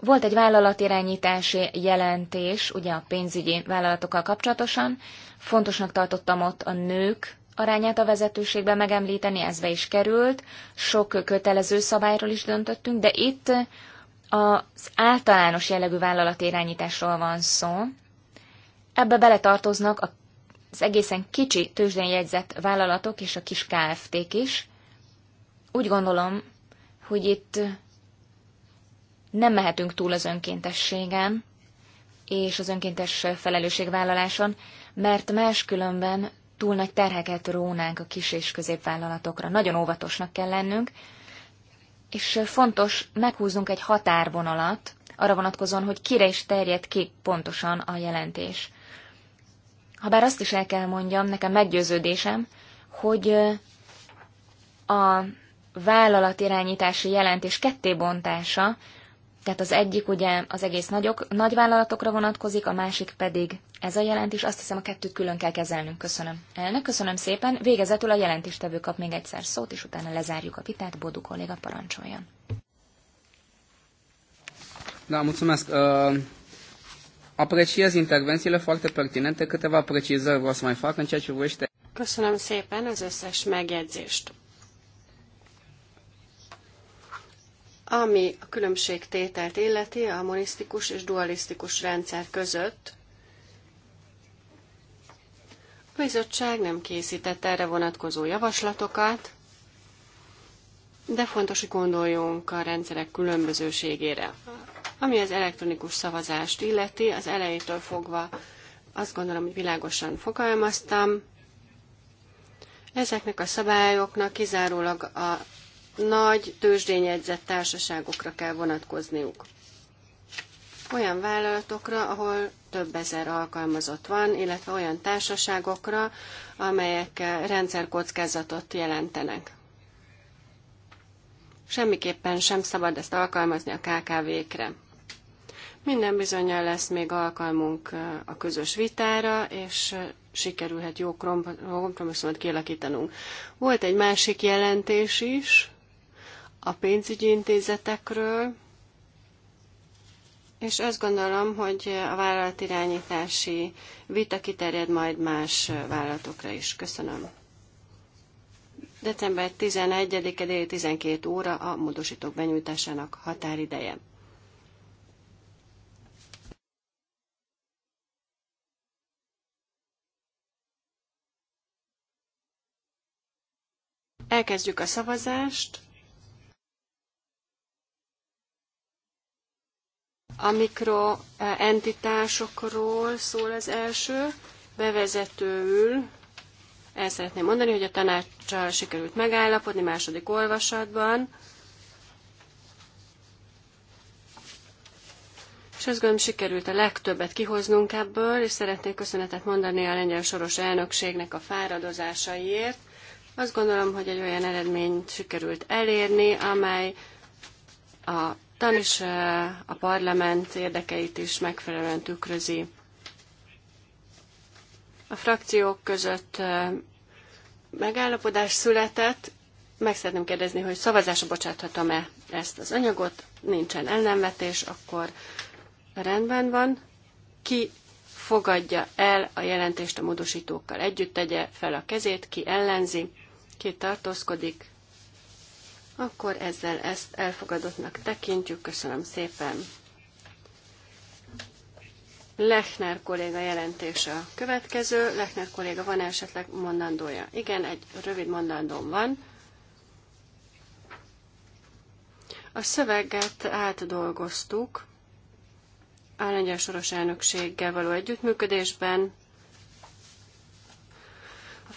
Volt egy vállalatirányítási jelentés, ugye a pénzügyi vállalatokkal kapcsolatosan. Fontosnak tartottam ott a nők arányát a vezetőségben megemlíteni, ez be is került. Sok kötelező szabályról is döntöttünk, de itt az általános jellegű vállalatirányításról van szó. Ebbe beletartoznak a az egészen kicsi tőzsdén jegyzett vállalatok és a kis KFT-k is. Úgy gondolom, hogy itt nem mehetünk túl az önkéntességen és az önkéntes felelősségvállaláson, mert máskülönben túl nagy terheket rónánk a kis és középvállalatokra. Nagyon óvatosnak kell lennünk, és fontos meghúzunk egy határvonalat, arra vonatkozóan, hogy kire is terjed ki pontosan a jelentés. Habár azt is el kell mondjam, nekem meggyőződésem, hogy a irányítási jelentés kettébontása, tehát az egyik ugye az egész nagyok, nagy vállalatokra vonatkozik, a másik pedig ez a jelentés, azt hiszem a kettőt külön kell kezelnünk. Köszönöm. Elnök, köszönöm szépen. Végezetül a jelentéstevő kap még egyszer szót, és utána lezárjuk a vitát. Bodu kolléga parancsoljon. Da, mulțumesc. Uh... Apreciez intervențiile foarte pertinente, câteva precizări vreau să mai fac în ceea ce vrește. Köszönöm szépen az összes megjegyzést. Ami a különbségtételt illeti a monisztikus és dualisztikus rendszer között, a bizottság nem készített erre vonatkozó javaslatokat, de fontos, hogy gondoljunk a rendszerek különbözőségére. Ami az elektronikus szavazást illeti, az elejétől fogva azt gondolom, hogy világosan fogalmaztam. Ezeknek a szabályoknak kizárólag a nagy tőzsdényegyzett társaságokra kell vonatkozniuk. Olyan vállalatokra, ahol több ezer alkalmazott van, illetve olyan társaságokra, amelyek rendszerkockázatot jelentenek. Semmiképpen sem szabad ezt alkalmazni a KKV-kre. Minden bizonyal lesz még alkalmunk a közös vitára, és sikerülhet jó kompromisszumot kialakítanunk. Volt egy másik jelentés is a pénzügyi intézetekről, és azt gondolom, hogy a vállalatirányítási vita kiterjed majd más vállalatokra is. Köszönöm. December 11-e 12 óra a módosítók benyújtásának határideje. Elkezdjük a szavazást. A mikroentitásokról szól az első, bevezetőül el szeretném mondani, hogy a tanácssal sikerült megállapodni második olvasatban, és azt gondolom sikerült a legtöbbet kihoznunk ebből, és szeretnék köszönetet mondani a lengyel soros elnökségnek a fáradozásaiért, azt gondolom, hogy egy olyan eredményt sikerült elérni, amely a tan és a parlament érdekeit is megfelelően tükrözi. A frakciók között megállapodás született. Meg szeretném kérdezni, hogy szavazásra bocsáthatom-e ezt az anyagot. Nincsen ellenvetés, akkor rendben van. Ki fogadja el a jelentést a módosítókkal együtt, tegye fel a kezét, ki ellenzi ki tartózkodik, akkor ezzel ezt elfogadottnak tekintjük. Köszönöm szépen. Lechner kolléga jelentése a következő. Lechner kolléga, van -e esetleg mondandója? Igen, egy rövid mondandóm van. A szöveget átdolgoztuk a lengyel soros elnökséggel való együttműködésben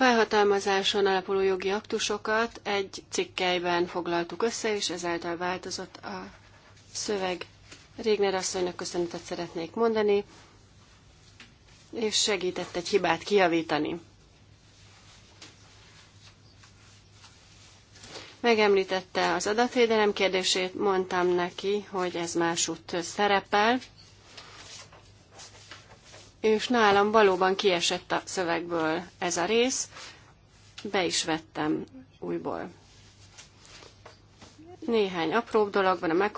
felhatalmazáson alapuló jogi aktusokat egy cikkelyben foglaltuk össze, és ezáltal változott a szöveg. Régner asszonynak köszönetet szeretnék mondani, és segített egy hibát kiavítani. Megemlítette az adatvédelem kérdését, mondtam neki, hogy ez másútt szerepel, és nálam valóban kiesett a szövegből ez a rész, be is vettem újból. Néhány apró dolog van a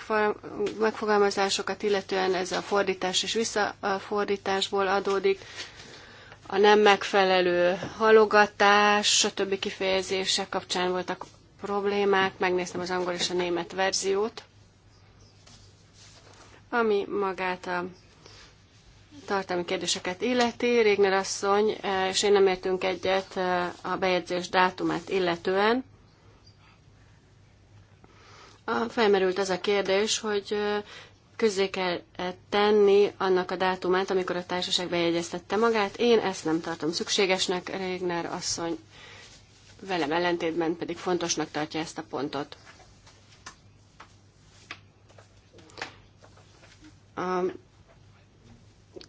megfogalmazásokat, illetően ez a fordítás és visszafordításból adódik, a nem megfelelő halogatás, stb. kifejezések kapcsán voltak problémák, megnéztem az angol és a német verziót, ami magát a tartalmi kérdéseket illeti, Régner asszony, eh, és én nem értünk egyet eh, a bejegyzés dátumát illetően. Felmerült az a kérdés, hogy eh, közzé kell tenni annak a dátumát, amikor a társaság bejegyeztette magát. Én ezt nem tartom szükségesnek, Régner asszony velem ellentétben pedig fontosnak tartja ezt a pontot. A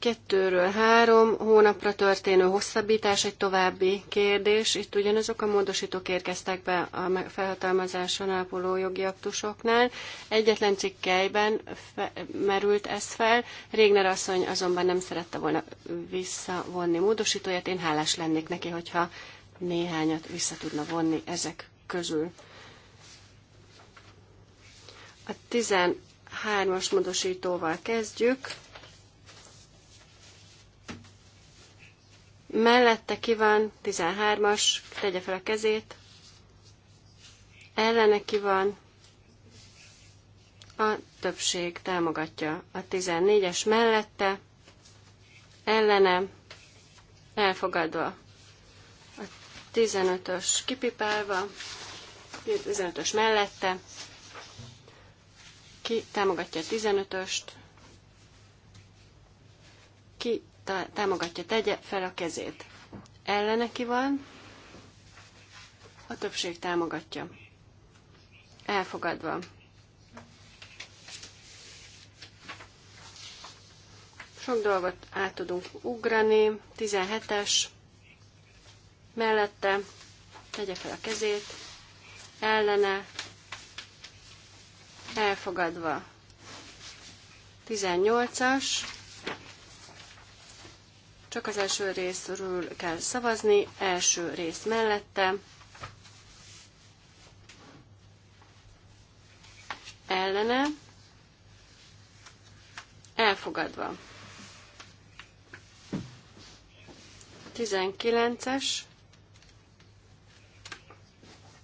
kettőről három hónapra történő hosszabbítás egy további kérdés. Itt ugyanazok a módosítók érkeztek be a felhatalmazáson alapuló jogi aktusoknál. Egyetlen cikkelyben merült ez fel. Régner asszony azonban nem szerette volna visszavonni módosítóját. Én hálás lennék neki, hogyha néhányat vissza tudna vonni ezek közül. A 13-as módosítóval kezdjük Mellette ki van 13-as, tegye fel a kezét. Ellene ki van a többség támogatja a 14-es mellette, ellene elfogadva a 15-ös kipipálva, 15-ös mellette, ki támogatja a 15-öst, ki támogatja, tegye fel a kezét. Ellene ki van, a többség támogatja. Elfogadva. Sok dolgot át tudunk ugrani. 17-es mellette tegye fel a kezét, ellene, elfogadva. 18-as csak az első részről kell szavazni, első rész mellette. Ellene. Elfogadva. 19-es.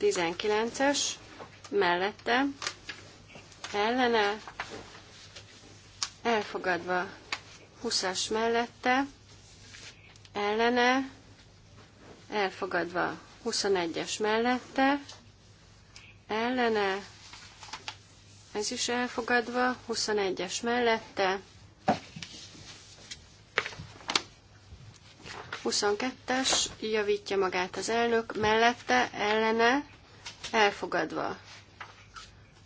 19-es mellette, ellene, elfogadva 20-as mellette, ellene, elfogadva 21-es mellette, ellene, ez is elfogadva, 21-es mellette, 22-es, javítja magát az elnök, mellette, ellene, elfogadva.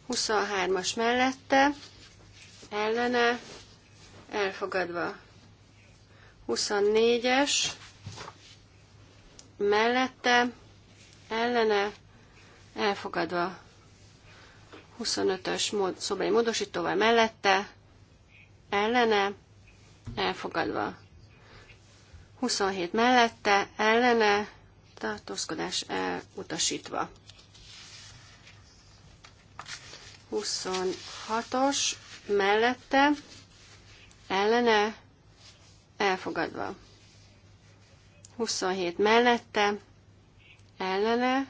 23-as mellette, ellene, elfogadva. 24-es mellette ellene elfogadva 25-ös mód, szobai módosítóval mellette ellene elfogadva 27 mellette ellene tartózkodás elutasítva. 26-os mellette ellene elfogadva. 27 mellette, ellene,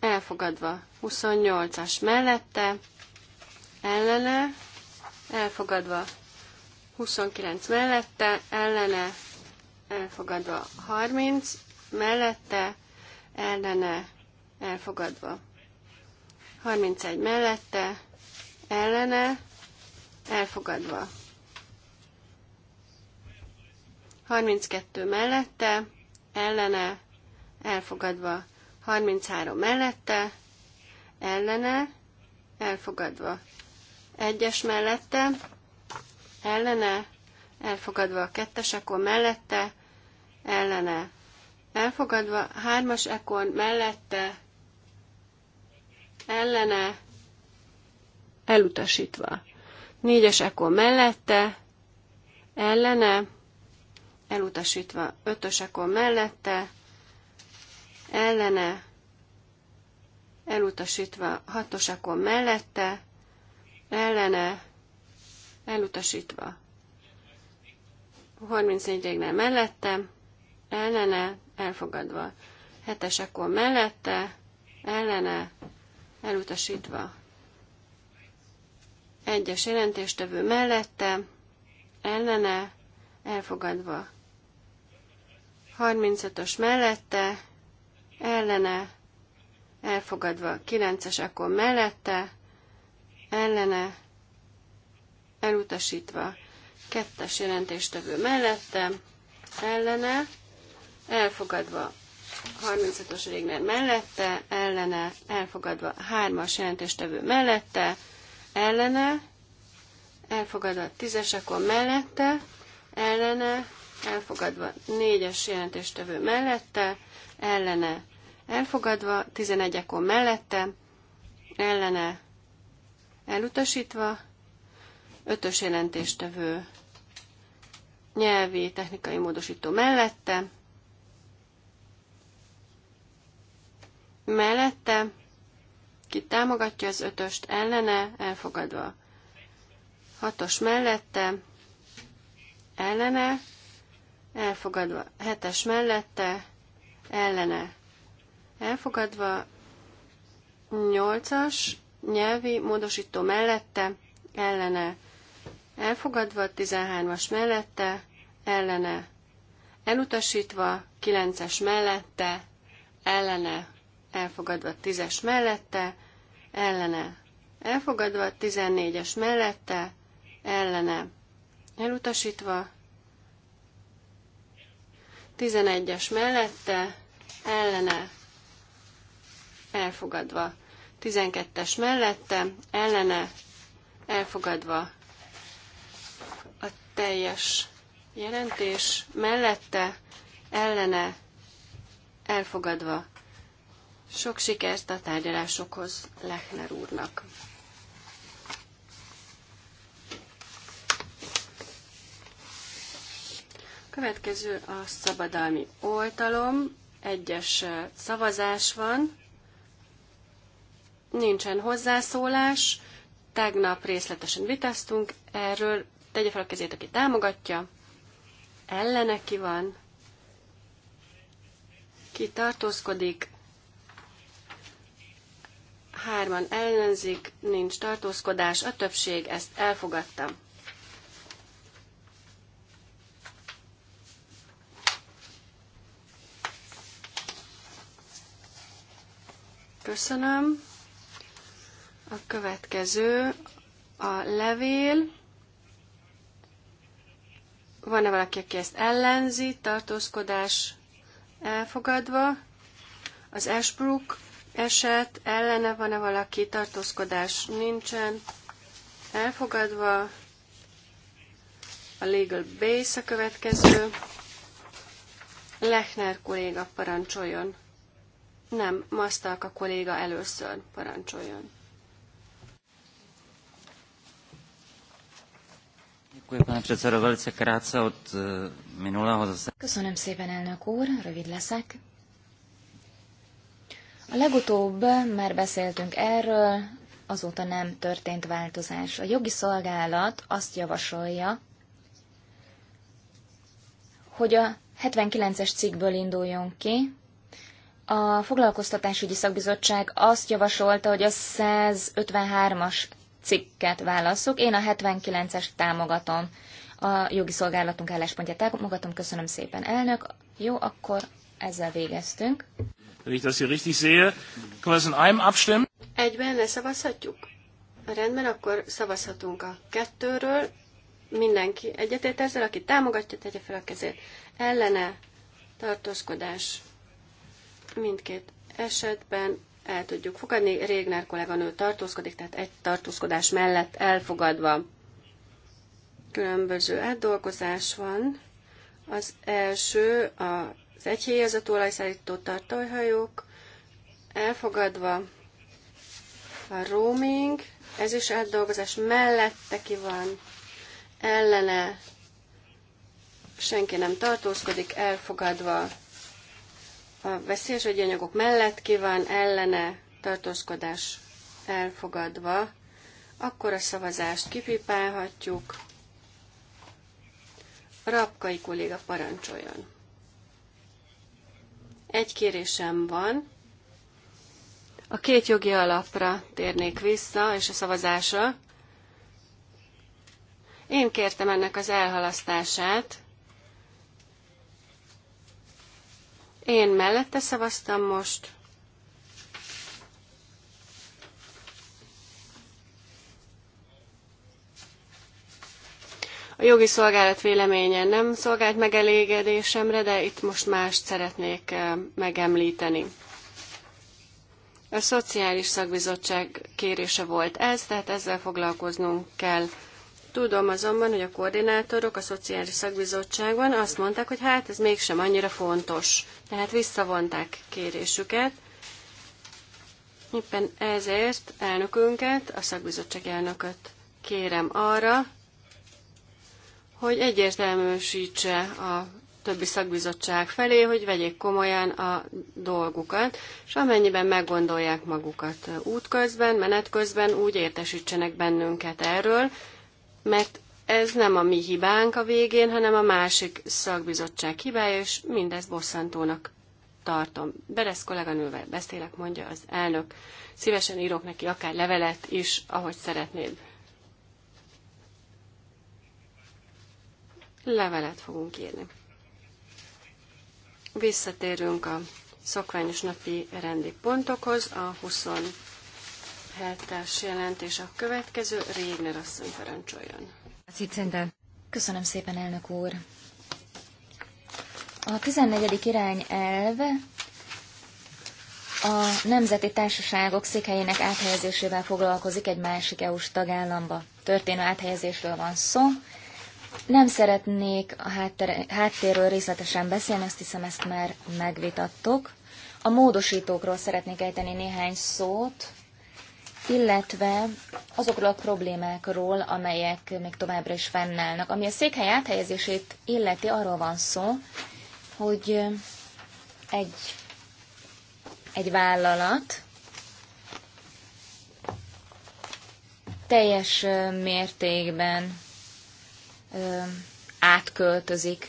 elfogadva. 28-as mellette, ellene, elfogadva. 29 mellette, ellene, elfogadva. 30 mellette, ellene, elfogadva. 31 mellette, ellene, elfogadva. 32 mellette, ellene, elfogadva. 33 mellette, ellene, elfogadva. 1-es mellette, ellene, elfogadva. 2-es ekon mellette, ellene, elfogadva. 3-as ekon mellette, ellene, elutasítva. 4-es ekon mellette, ellene, elutasítva ötös mellette, ellene, elutasítva hatos mellette, ellene, elutasítva 34 régnál mellette, ellene, elfogadva hetes mellette, ellene, elutasítva egyes jelentéstevő mellette, ellene, elfogadva 35-ös mellette, ellene, elfogadva. 9-es akkor mellette, ellene, elutasítva. 2-es jelentéstevő mellette, ellene, elfogadva. 35 os régner mellette, ellene, elfogadva. 3-as jelentéstevő mellette, ellene, elfogadva. 10-es akkor mellette, ellene, elfogadva, 4-es jelentéstevő mellette, ellene, elfogadva, 11 ekon mellette, ellene, elutasítva, 5-ös jelentéstevő nyelvi, technikai módosító mellette, mellette, ki támogatja az ötöst, ellene, elfogadva. Hatos mellette, ellene, elfogadva. Hetes mellette, ellene, elfogadva. Nyolcas, nyelvi módosító mellette, ellene, elfogadva. tizenhármas mellette, ellene, elutasítva. kilences mellette, ellene, elfogadva. tízes mellette, ellene, elfogadva. tizennégyes mellette, ellene, elutasítva 11-es mellette, ellene, elfogadva. 12-es mellette, ellene, elfogadva. A teljes jelentés mellette, ellene, elfogadva. Sok sikert a tárgyalásokhoz Lechner úrnak! Következő a szabadalmi oltalom. Egyes szavazás van. Nincsen hozzászólás. Tegnap részletesen vitáztunk erről. Tegye fel a kezét, aki támogatja. Ellene ki van. Ki tartózkodik. Hárman ellenzik, nincs tartózkodás. A többség ezt elfogadta. Köszönöm. A következő a levél. Van-e valaki, aki ezt ellenzi? Tartózkodás elfogadva. Az Ashbrook eset ellene van-e valaki? Tartózkodás nincsen. Elfogadva. A legal base a következő. Lechner kolléga parancsoljon. Nem, Masztalk a kolléga először parancsoljon. Eh, Köszönöm szépen, elnök úr, rövid leszek. A legutóbb már beszéltünk erről, azóta nem történt változás. A jogi szolgálat azt javasolja, hogy a 79-es cikkből induljon ki, a foglalkoztatásügyi szakbizottság azt javasolta, hogy a 153-as cikket válasszuk. Én a 79-es támogatom. A jogi szolgálatunk álláspontját támogatom. Köszönöm szépen, elnök. Jó, akkor ezzel végeztünk. das hier richtig Egyben leszavazhatjuk? Rendben, akkor szavazhatunk a kettőről. Mindenki egyetért ezzel, aki támogatja, tegye fel a kezét. Ellene tartózkodás Mindkét esetben el tudjuk fogadni. Régner kolléganő tartózkodik, tehát egy tartózkodás mellett elfogadva. Különböző átdolgozás van. Az első az egyhelyezett olajszállító tartalhajók elfogadva a roaming, ez is átdolgozás mellette ki van, ellene senki nem tartózkodik, elfogadva a veszélyes vegyi anyagok mellett kíván ellene tartózkodás elfogadva, akkor a szavazást kipipálhatjuk. rapkai kolléga parancsoljon. Egy kérésem van. A két jogi alapra térnék vissza, és a szavazásra. Én kértem ennek az elhalasztását, Én mellette szavaztam most. A jogi szolgálat véleménye nem szolgált megelégedésemre, de itt most mást szeretnék eh, megemlíteni. A Szociális Szakbizottság kérése volt ez, tehát ezzel foglalkoznunk kell. Tudom azonban, hogy a koordinátorok a Szociális Szakbizottságban azt mondták, hogy hát ez mégsem annyira fontos. Tehát visszavonták kérésüket. Éppen ezért elnökünket, a szakbizottság elnököt kérem arra, hogy egyértelműsítse a többi szakbizottság felé, hogy vegyék komolyan a dolgukat, és amennyiben meggondolják magukat útközben, menetközben úgy értesítsenek bennünket erről, mert ez nem a mi hibánk a végén, hanem a másik szakbizottság hibája, és mindez bosszantónak tartom. Beresz kolléganővel beszélek, mondja az elnök. Szívesen írok neki akár levelet is, ahogy szeretnéd. Levelet fogunk írni. Visszatérünk a szokványos napi rendi pontokhoz, a 20 végrehajtás jelentés a következő. Régner asszony parancsoljon. Köszönöm szépen, elnök úr. A 14. elv a nemzeti társaságok székhelyének áthelyezésével foglalkozik egy másik EU-s tagállamba. Történő áthelyezésről van szó. Nem szeretnék a háttér, háttérről részletesen beszélni, azt hiszem ezt már megvitattuk. A módosítókról szeretnék ejteni néhány szót illetve azokról a problémákról, amelyek még továbbra is fennállnak. Ami a székhely áthelyezését illeti, arról van szó, hogy egy, egy vállalat teljes mértékben átköltözik,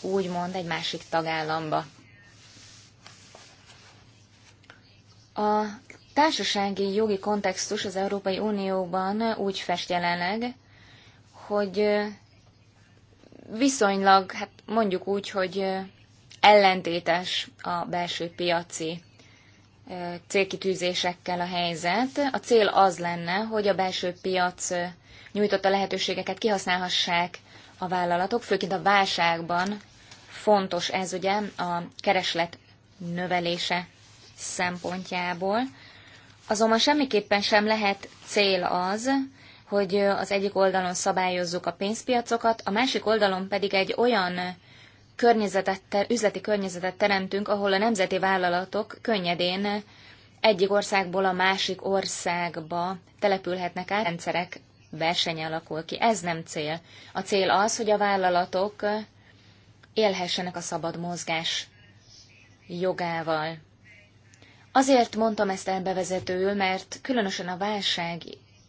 úgymond egy másik tagállamba. A társasági jogi kontextus az Európai Unióban úgy fest jelenleg, hogy viszonylag, hát mondjuk úgy, hogy ellentétes a belső piaci célkitűzésekkel a helyzet. A cél az lenne, hogy a belső piac nyújtotta lehetőségeket kihasználhassák a vállalatok, főként a válságban fontos ez ugye a kereslet növelése szempontjából. Azonban semmiképpen sem lehet cél az, hogy az egyik oldalon szabályozzuk a pénzpiacokat, a másik oldalon pedig egy olyan környezetet, üzleti környezetet teremtünk, ahol a nemzeti vállalatok könnyedén egyik országból a másik országba települhetnek át, rendszerek verseny alakul ki. Ez nem cél. A cél az, hogy a vállalatok élhessenek a szabad mozgás jogával. Azért mondtam ezt elbevezetőül, mert különösen a válság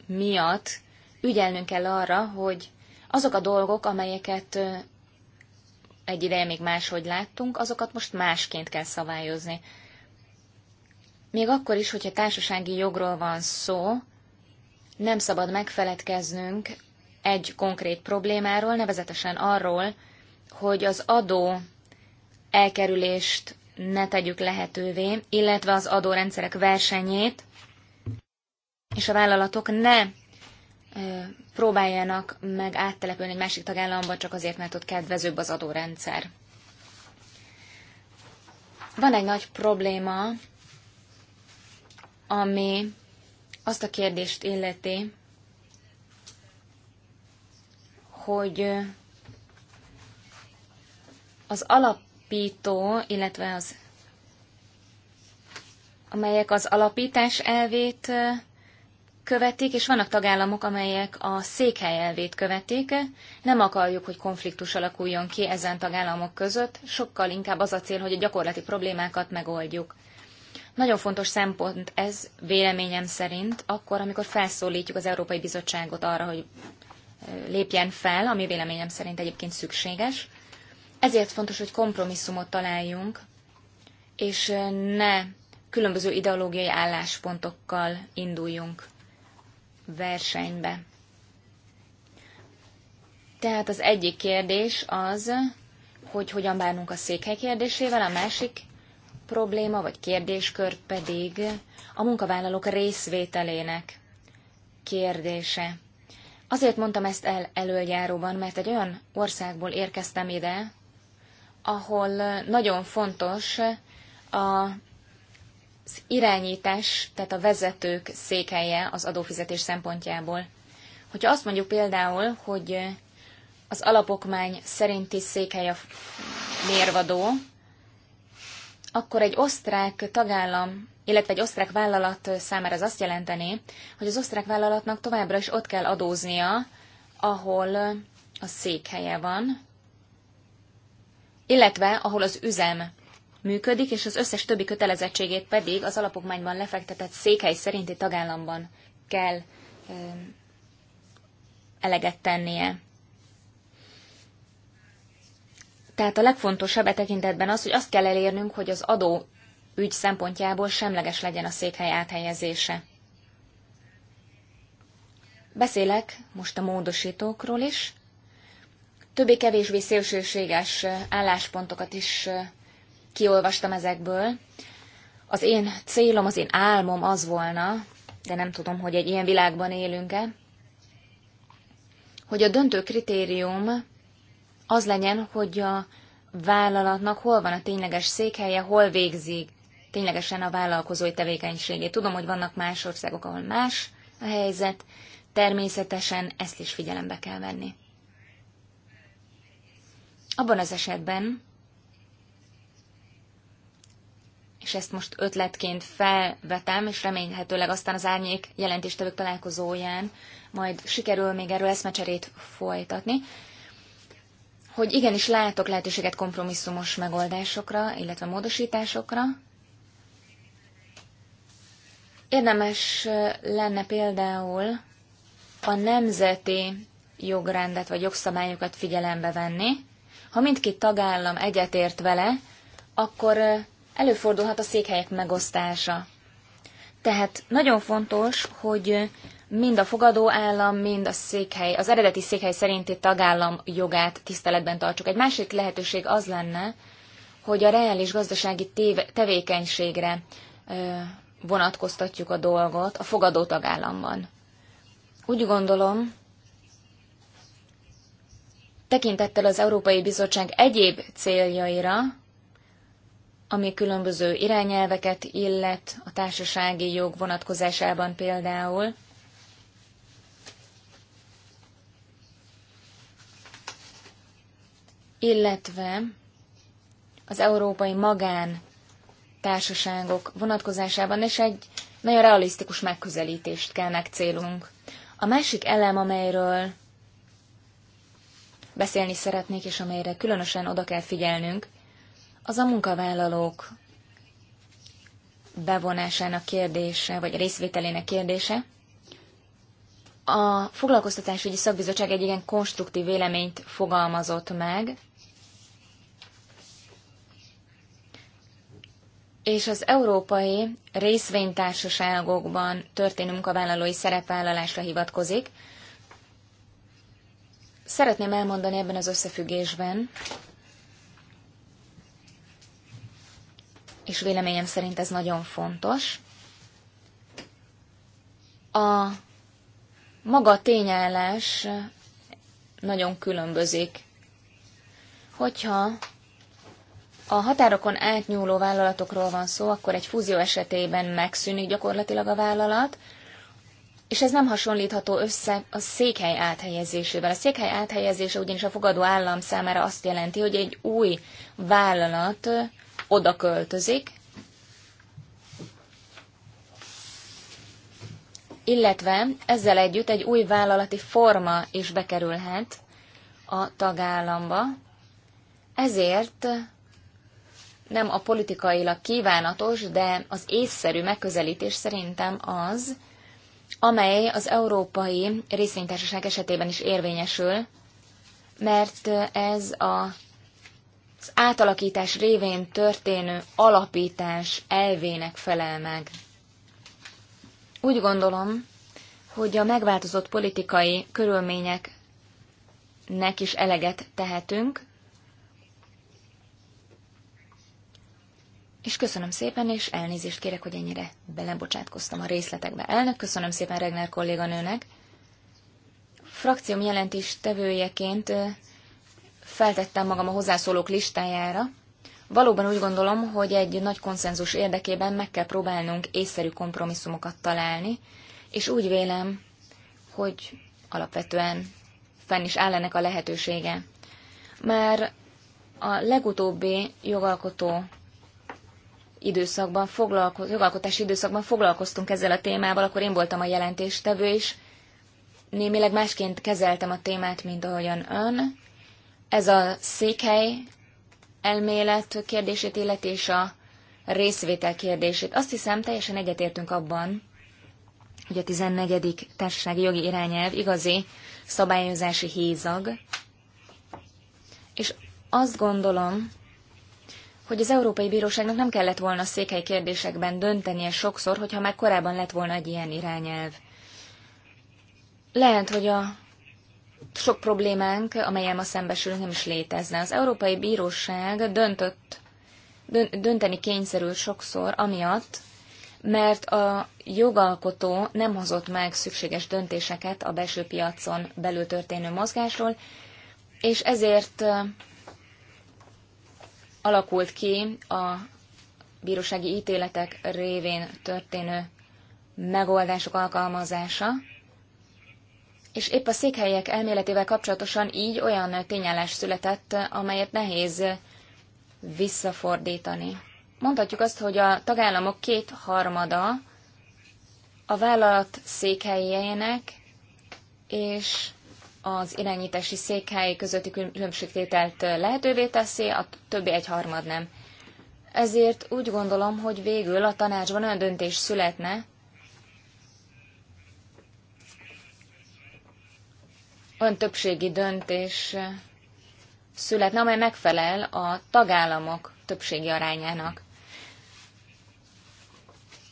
miatt ügyelnünk kell arra, hogy azok a dolgok, amelyeket egy ideje még máshogy láttunk, azokat most másként kell szabályozni. Még akkor is, hogyha társasági jogról van szó, nem szabad megfeledkeznünk egy konkrét problémáról, nevezetesen arról, hogy az adó elkerülést ne tegyük lehetővé, illetve az adórendszerek versenyét, és a vállalatok ne próbáljanak meg áttelepülni egy másik tagállamba, csak azért, mert ott kedvezőbb az adórendszer. Van egy nagy probléma, ami azt a kérdést illeti, hogy az alap alapító, illetve az amelyek az alapítás elvét követik, és vannak tagállamok, amelyek a székhely elvét követik. Nem akarjuk, hogy konfliktus alakuljon ki ezen tagállamok között, sokkal inkább az a cél, hogy a gyakorlati problémákat megoldjuk. Nagyon fontos szempont ez véleményem szerint, akkor, amikor felszólítjuk az Európai Bizottságot arra, hogy lépjen fel, ami véleményem szerint egyébként szükséges. Ezért fontos, hogy kompromisszumot találjunk, és ne különböző ideológiai álláspontokkal induljunk versenybe. Tehát az egyik kérdés az, hogy hogyan bánunk a székhely kérdésével, a másik probléma vagy kérdéskör pedig a munkavállalók részvételének kérdése. Azért mondtam ezt el előjáróban, mert egy olyan országból érkeztem ide, ahol eh, nagyon fontos eh, a az irányítás, tehát a vezetők székhelye az adófizetés szempontjából. Hogyha azt mondjuk például, hogy eh, az alapokmány szerinti székhely a mérvadó, akkor egy osztrák tagállam, illetve egy osztrák vállalat számára az azt jelenteni, hogy az osztrák vállalatnak továbbra is ott kell adóznia, ahol a székhelye van, illetve ahol az üzem működik, és az összes többi kötelezettségét pedig az alapokmányban lefektetett székhely szerinti tagállamban kell ö, eleget tennie. Tehát a legfontosabb e tekintetben az, hogy azt kell elérnünk, hogy az adó ügy szempontjából semleges legyen a székhely áthelyezése. Beszélek most a módosítókról is többé-kevésbé szélsőséges álláspontokat is kiolvastam ezekből. Az én célom, az én álmom az volna, de nem tudom, hogy egy ilyen világban élünk-e, hogy a döntő kritérium az legyen, hogy a vállalatnak hol van a tényleges székhelye, hol végzi ténylegesen a vállalkozói tevékenységét. Tudom, hogy vannak más országok, ahol más a helyzet, természetesen ezt is figyelembe kell venni. Abban az esetben, és ezt most ötletként felvetem, és remélhetőleg aztán az árnyék jelentéstevők találkozóján majd sikerül még erről eszmecserét folytatni, hogy igenis látok lehetőséget kompromisszumos megoldásokra, illetve módosításokra. Érdemes lenne például a nemzeti jogrendet vagy jogszabályokat figyelembe venni, ha mindkét tagállam egyetért vele, akkor előfordulhat a székhelyek megosztása. Tehát nagyon fontos, hogy mind a fogadó állam, mind a székhely, az eredeti székhely szerinti tagállam jogát tiszteletben tartsuk. Egy másik lehetőség az lenne, hogy a reális gazdasági tevékenységre vonatkoztatjuk a dolgot a fogadó tagállamban. Úgy gondolom, tekintettel az Európai Bizottság egyéb céljaira, ami különböző irányelveket illet, a társasági jog vonatkozásában például, illetve az európai magán társaságok vonatkozásában is egy nagyon realisztikus megközelítést kell célunk. A másik elem, amelyről beszélni szeretnék, és amelyre különösen oda kell figyelnünk, az a munkavállalók bevonásának kérdése, vagy részvételének kérdése. A foglalkoztatásügyi szakbizottság egy igen konstruktív véleményt fogalmazott meg, és az európai részvénytársaságokban történő munkavállalói szerepvállalásra hivatkozik, Szeretném elmondani ebben az összefüggésben, és véleményem szerint ez nagyon fontos, a maga tényállás nagyon különbözik. Hogyha a határokon átnyúló vállalatokról van szó, akkor egy fúzió esetében megszűnik gyakorlatilag a vállalat, és ez nem hasonlítható össze a székhely áthelyezésével. A székhely áthelyezése ugyanis a fogadó állam számára azt jelenti, hogy egy új vállalat oda költözik, illetve ezzel együtt egy új vállalati forma is bekerülhet a tagállamba. Ezért nem a politikailag kívánatos, de az észszerű megközelítés szerintem az, amely az európai részvénytársaság esetében is érvényesül, mert ez a az átalakítás révén történő alapítás elvének felel meg. Úgy gondolom, hogy a megváltozott politikai körülményeknek is eleget tehetünk, és köszönöm szépen, és elnézést kérek, hogy ennyire belebocsátkoztam a részletekbe. Elnök, köszönöm szépen Regner kolléganőnek. Frakcióm jelentés tevőjeként feltettem magam a hozzászólók listájára. Valóban úgy gondolom, hogy egy nagy konszenzus érdekében meg kell próbálnunk észszerű kompromisszumokat találni, és úgy vélem, hogy alapvetően fenn is áll ennek a lehetősége. Már a legutóbbi jogalkotó időszakban foglalkoz, jogalkotási időszakban foglalkoztunk ezzel a témával, akkor én voltam a jelentéstevő is. Némileg másként kezeltem a témát, mint ahogyan ön. Ez a székhely elmélet kérdését illeti, és a részvétel kérdését. Azt hiszem, teljesen egyetértünk abban, hogy a 14. társasági jogi irányelv igazi szabályozási hézag, és azt gondolom, hogy az Európai Bíróságnak nem kellett volna székely kérdésekben döntenie sokszor, hogyha már korábban lett volna egy ilyen irányelv. Lehet, hogy a sok problémánk, amelyel ma szembesülünk, nem is létezne. Az Európai Bíróság döntött, dönteni kényszerül sokszor, amiatt, mert a jogalkotó nem hozott meg szükséges döntéseket a belső piacon belül történő mozgásról, és ezért alakult ki a bírósági ítéletek révén történő megoldások alkalmazása, és épp a székhelyek elméletével kapcsolatosan így olyan tényállás született, amelyet nehéz visszafordítani. Mondhatjuk azt, hogy a tagállamok két harmada a vállalat székhelyének és az irányítási székhely közötti különbségtételt lehetővé teszi, a többi egyharmad nem. Ezért úgy gondolom, hogy végül a tanácsban olyan döntés születne, olyan többségi döntés születne, amely megfelel a tagállamok többségi arányának.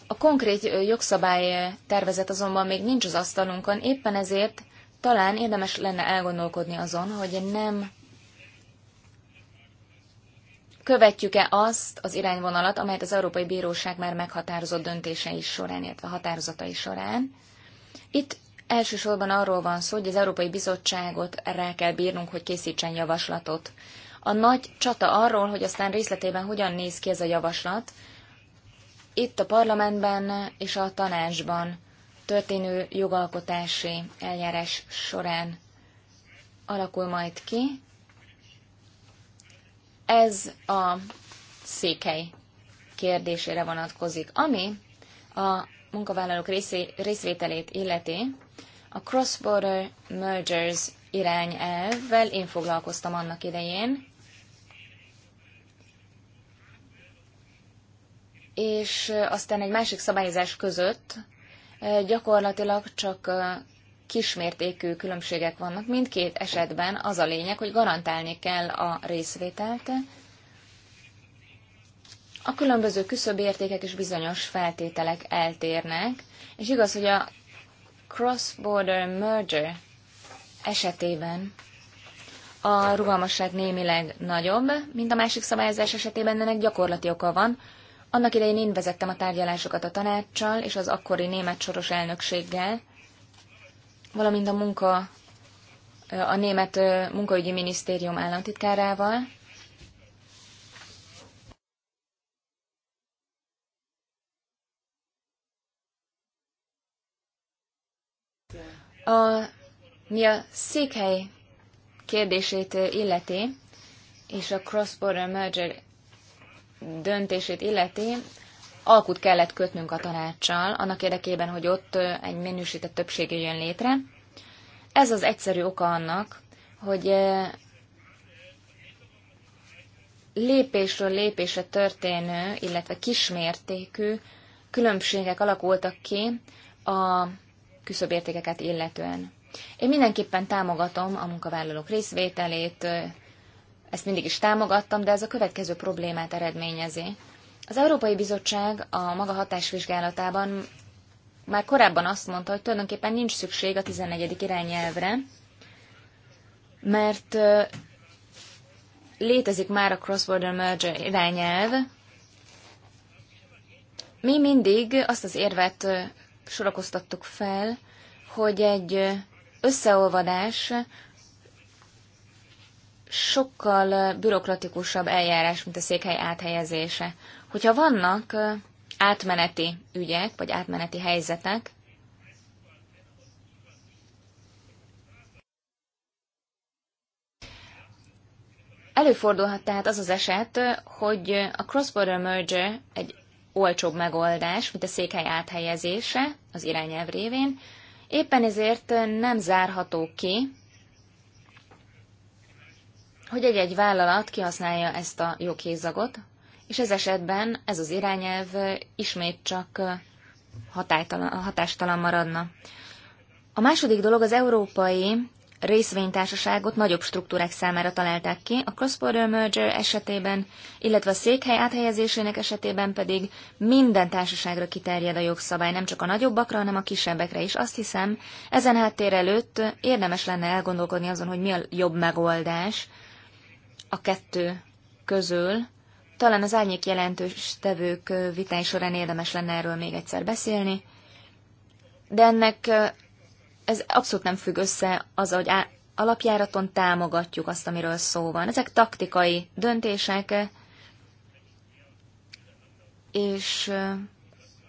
A konkrét jogszabály tervezet azonban még nincs az asztalunkon, éppen ezért talán érdemes lenne elgondolkodni azon, hogy nem követjük-e azt az irányvonalat, amelyet az Európai Bíróság már meghatározott döntései során, illetve határozatai során. Itt elsősorban arról van szó, hogy az Európai Bizottságot rá kell bírnunk, hogy készítsen javaslatot. A nagy csata arról, hogy aztán részletében hogyan néz ki ez a javaslat, itt a parlamentben és a tanácsban történő jogalkotási eljárás során alakul majd ki. Ez a székely kérdésére vonatkozik, ami a munkavállalók részvételét illeti. A cross-border mergers irányelvvel én foglalkoztam annak idején, és aztán egy másik szabályozás között gyakorlatilag csak kismértékű különbségek vannak. Mindkét esetben az a lényeg, hogy garantálni kell a részvételt. A különböző küszöbértékek és bizonyos feltételek eltérnek, és igaz, hogy a cross-border merger esetében a rugalmasság némileg nagyobb, mint a másik szabályozás esetében, ennek gyakorlati oka van, annak idején én vezettem a tárgyalásokat a tanácssal és az akkori német soros elnökséggel, valamint a munka a német munkaügyi minisztérium államtitkárával. A, mi a székhely kérdését illeti, és a cross-border merger döntését illeti, alkut kellett kötnünk a tanácssal, annak érdekében, hogy ott egy minősített többség jön létre. Ez az egyszerű oka annak, hogy lépésről lépésre történő, illetve kismértékű különbségek alakultak ki a küszöbértékeket illetően. Én mindenképpen támogatom a munkavállalók részvételét, ezt mindig is támogattam, de ez a következő problémát eredményezi. Az Európai Bizottság a maga hatásvizsgálatában már korábban azt mondta, hogy tulajdonképpen nincs szükség a 14. irányelvre, mert létezik már a cross-border merger irányelv. Mi mindig azt az érvet sorakoztattuk fel, hogy egy összeolvadás sokkal bürokratikusabb eljárás, mint a székhely áthelyezése. Hogyha vannak átmeneti ügyek, vagy átmeneti helyzetek, Előfordulhat tehát az az eset, hogy a cross-border merger egy olcsóbb megoldás, mint a székhely áthelyezése az irányelv révén, éppen ezért nem zárható ki hogy egy-egy vállalat kihasználja ezt a joghézagot, és ez esetben ez az irányelv ismét csak hatástalan maradna. A második dolog az európai részvénytársaságot nagyobb struktúrák számára találták ki, a cross-border merger esetében, illetve a székhely áthelyezésének esetében pedig minden társaságra kiterjed a jogszabály, nem csak a nagyobbakra, hanem a kisebbekre is. Azt hiszem, ezen háttér előtt érdemes lenne elgondolkodni azon, hogy mi a jobb megoldás, a kettő közül. Talán az árnyék jelentős tevők vitány során érdemes lenne erről még egyszer beszélni, de ennek ez abszolút nem függ össze az, hogy alapjáraton támogatjuk azt, amiről szó van. Ezek taktikai döntések, és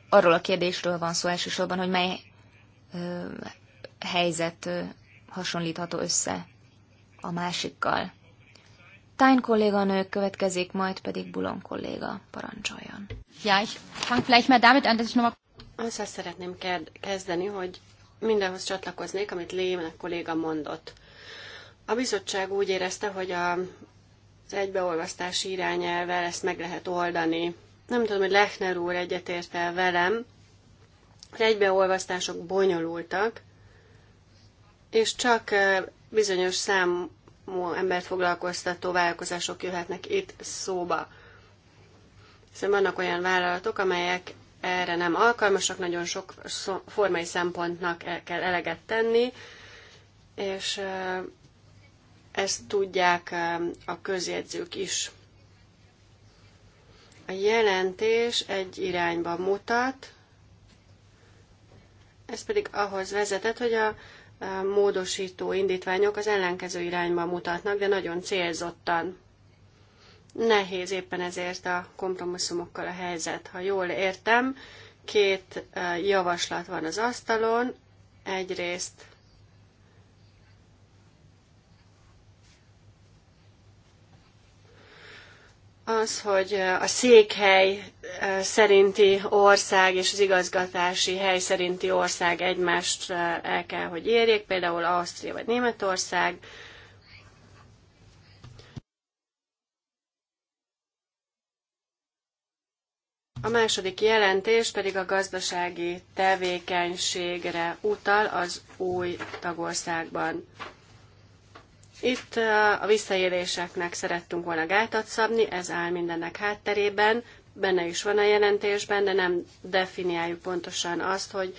arról a kérdésről van szó elsősorban, hogy mely helyzet hasonlítható össze a másikkal. Tájn kolléganő következik, majd pedig Bulon kolléga parancsoljon. Ja, ich fang vielleicht mal damit an, dass ich nochmal... Azzal szeretném kezdeni, hogy mindenhoz csatlakoznék, amit a kolléga mondott. A bizottság úgy érezte, hogy a, az egybeolvasztási irányelvel ezt meg lehet oldani. Nem tudom, hogy Lechner úr egyetért el velem, az egybeolvasztások bonyolultak, és csak eh, bizonyos szám embert foglalkoztató vállalkozások jöhetnek itt szóba. Hiszen vannak olyan vállalatok, amelyek erre nem alkalmasak, nagyon sok formai szempontnak el kell eleget tenni, és ezt tudják a közjegyzők is. A jelentés egy irányba mutat, ez pedig ahhoz vezetett, hogy a módosító indítványok az ellenkező irányba mutatnak, de nagyon célzottan. Nehéz éppen ezért a kompromisszumokkal a helyzet. Ha jól értem, két eh, javaslat van az asztalon. Egyrészt az, hogy a székhely szerinti ország és az igazgatási hely szerinti ország egymást el kell, hogy érjék, például Ausztria vagy Németország. A második jelentés pedig a gazdasági tevékenységre utal az új tagországban. Itt a visszaéléseknek szerettünk volna gátat szabni, ez áll mindennek hátterében, benne is van a jelentésben, de nem definiáljuk pontosan azt, hogy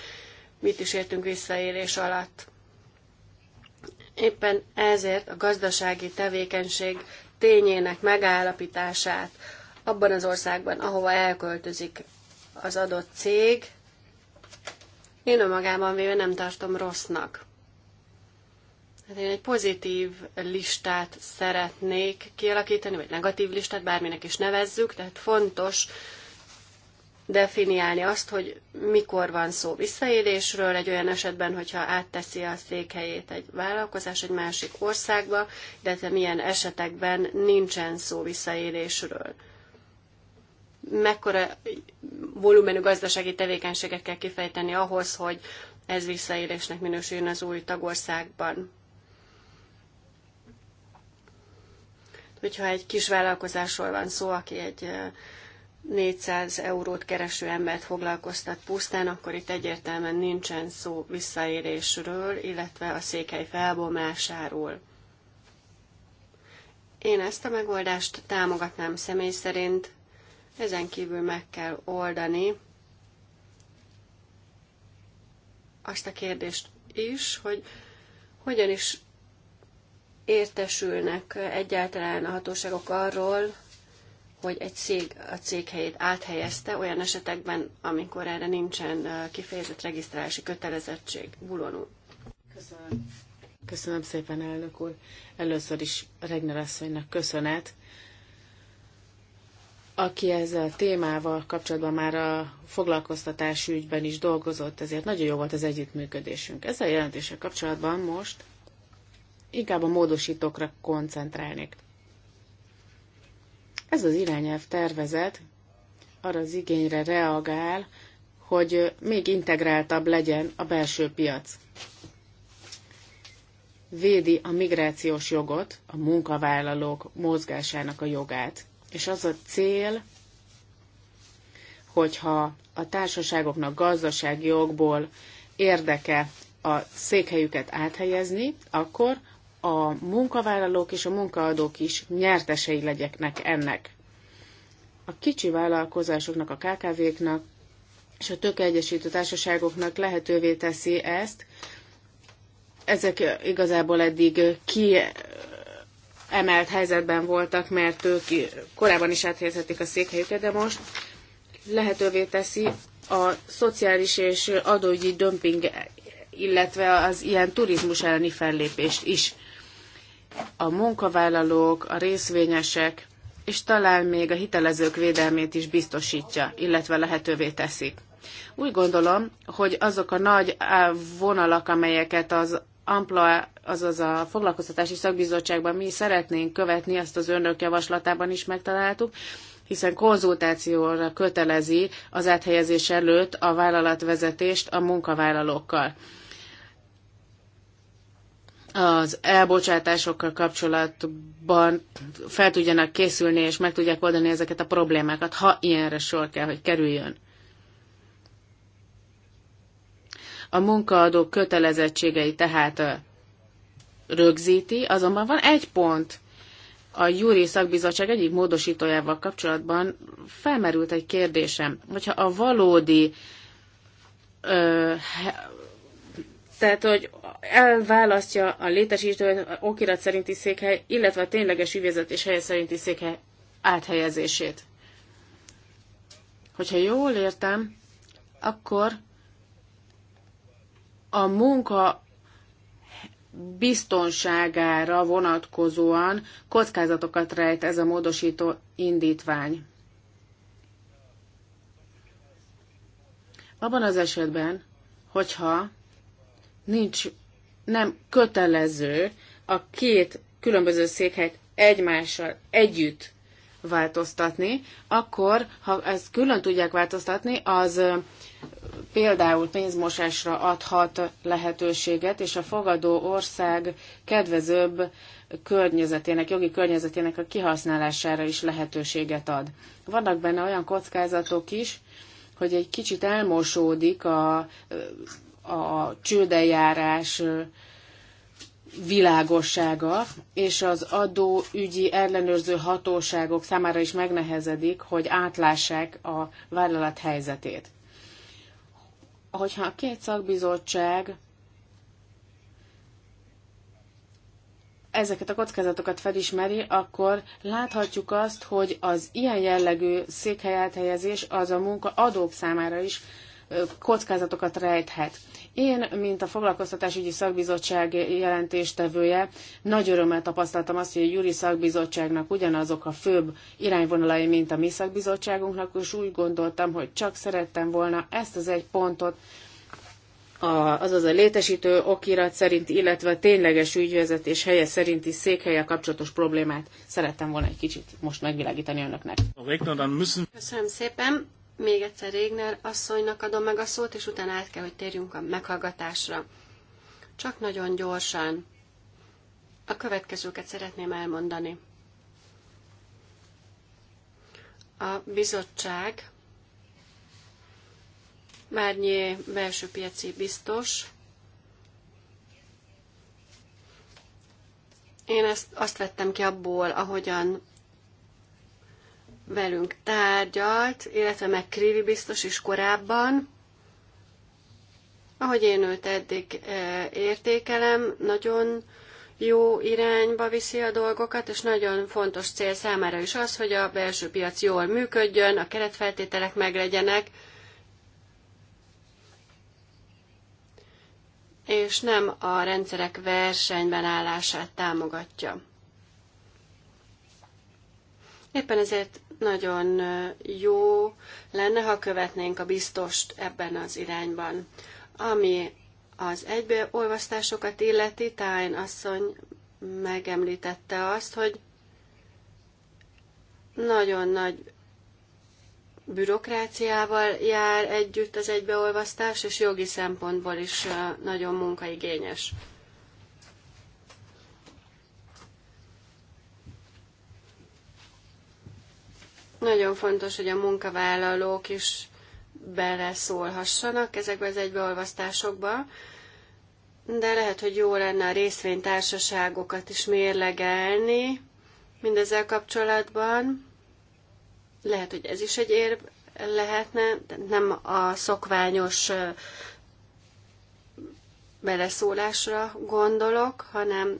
mit is értünk visszaélés alatt. Éppen ezért a gazdasági tevékenység tényének megállapítását abban az országban, ahova elköltözik az adott cég, én önmagában véve nem tartom rossznak. Hát én egy pozitív listát szeretnék kialakítani, vagy negatív listát, bárminek is nevezzük, tehát fontos definiálni azt, hogy mikor van szó visszaélésről, egy olyan esetben, hogyha átteszi a székhelyét egy vállalkozás egy másik országba, te milyen esetekben nincsen szó visszaélésről. Mekkora volumenű gazdasági tevékenységet kell kifejteni ahhoz, hogy ez visszaélésnek minősüljön az új tagországban. hogyha egy kis vállalkozásról van szó, aki egy 400 eurót kereső embert foglalkoztat pusztán, akkor itt egyértelműen nincsen szó visszaérésről, illetve a székely felbomlásáról. Én ezt a megoldást támogatnám személy szerint, ezen kívül meg kell oldani azt a kérdést is, hogy hogyan is értesülnek egyáltalán a hatóságok arról, hogy egy cég a céghelyét áthelyezte olyan esetekben, amikor erre nincsen kifejezett regisztrálási kötelezettség. bulonul. Köszönöm. Köszönöm szépen, elnök úr. Először is Regner asszonynak köszönet, aki ezzel a témával kapcsolatban már a foglalkoztatás ügyben is dolgozott, ezért nagyon jó volt az együttműködésünk. Ezzel a jelentéssel kapcsolatban most inkább a módosítókra koncentrálnék. Ez az irányelv tervezet arra az igényre reagál, hogy még integráltabb legyen a belső piac. Védi a migrációs jogot, a munkavállalók mozgásának a jogát, és az a cél, hogyha a társaságoknak gazdasági jogból érdeke a székhelyüket áthelyezni, akkor a munkavállalók és a munkaadók is nyertesei legyeknek ennek. A kicsi vállalkozásoknak, a KKV-knak és a tökéletesítő társaságoknak lehetővé teszi ezt. Ezek igazából eddig ki emelt helyzetben voltak, mert ők korábban is áthelyezhetik a székhelyüket, de most lehetővé teszi a szociális és adóügyi dömping, illetve az ilyen turizmus elleni fellépést is a munkavállalók, a részvényesek, és talán még a hitelezők védelmét is biztosítja, illetve lehetővé teszi. Úgy gondolom, hogy azok a nagy vonalak, amelyeket az Ampla, azaz a foglalkoztatási szakbizottságban mi szeretnénk követni, azt az önök javaslatában is megtaláltuk, hiszen konzultációra kötelezi az áthelyezés előtt a vállalatvezetést a munkavállalókkal az elbocsátásokkal kapcsolatban fel tudjanak készülni, és meg tudják oldani ezeket a problémákat, ha ilyenre sor kell, hogy kerüljön. A munkaadó kötelezettségei tehát rögzíti, azonban van egy pont. A Júri Szakbizottság egyik módosítójával kapcsolatban felmerült egy kérdésem, hogyha a valódi ö, tehát, hogy elválasztja a létesítő okirat szerinti székhely, illetve a tényleges és helye szerinti székhely áthelyezését. Hogyha jól értem, akkor a munka biztonságára vonatkozóan kockázatokat rejt ez a módosító indítvány. Abban az esetben, hogyha nincs, nem kötelező a két különböző székhelyt egymással együtt változtatni, akkor, ha ezt külön tudják változtatni, az például pénzmosásra adhat lehetőséget, és a fogadó ország kedvezőbb környezetének, jogi környezetének a kihasználására is lehetőséget ad. Vannak benne olyan kockázatok is, hogy egy kicsit elmosódik a a csődeljárás világossága, és az adóügyi ellenőrző hatóságok számára is megnehezedik, hogy átlássák a vállalat helyzetét. Hogyha a két szakbizottság ezeket a kockázatokat felismeri, akkor láthatjuk azt, hogy az ilyen jellegű székhely áthelyezés az a munka adók számára is kockázatokat rejthet. Én, mint a foglalkoztatásügyi szakbizottság jelentéstevője, nagy örömmel tapasztaltam azt, hogy a Júri szakbizottságnak ugyanazok a főbb irányvonalai, mint a mi szakbizottságunknak, és úgy gondoltam, hogy csak szerettem volna ezt az egy pontot, a, azaz a létesítő okirat szerint, illetve a tényleges ügyvezetés helye szerinti székhelye kapcsolatos problémát szerettem volna egy kicsit most megvilágítani önöknek. Köszönöm szépen. Még egyszer Régner asszonynak adom meg a szót, és utána át kell, hogy térjünk a meghallgatásra. Csak nagyon gyorsan. A következőket szeretném elmondani. A bizottság Márnyi belső piaci biztos. Én ezt azt vettem ki abból, ahogyan velünk tárgyalt, illetve meg Krivi biztos is korábban. Ahogy én őt eddig e, értékelem, nagyon jó irányba viszi a dolgokat, és nagyon fontos cél számára is az, hogy a belső piac jól működjön, a keretfeltételek meglegyenek, és nem a rendszerek versenyben állását támogatja. Éppen ezért nagyon jó lenne, ha követnénk a biztost ebben az irányban. Ami az egybeolvasztásokat illeti, Tájn asszony megemlítette azt, hogy nagyon nagy bürokráciával jár együtt az egybeolvasztás, és jogi szempontból is nagyon munkaigényes. Nagyon fontos, hogy a munkavállalók is beleszólhassanak ezekbe az egybeolvasztásokba, de lehet, hogy jó lenne a részvénytársaságokat is mérlegelni mindezzel kapcsolatban. Lehet, hogy ez is egy érv lehetne, de nem a szokványos beleszólásra gondolok, hanem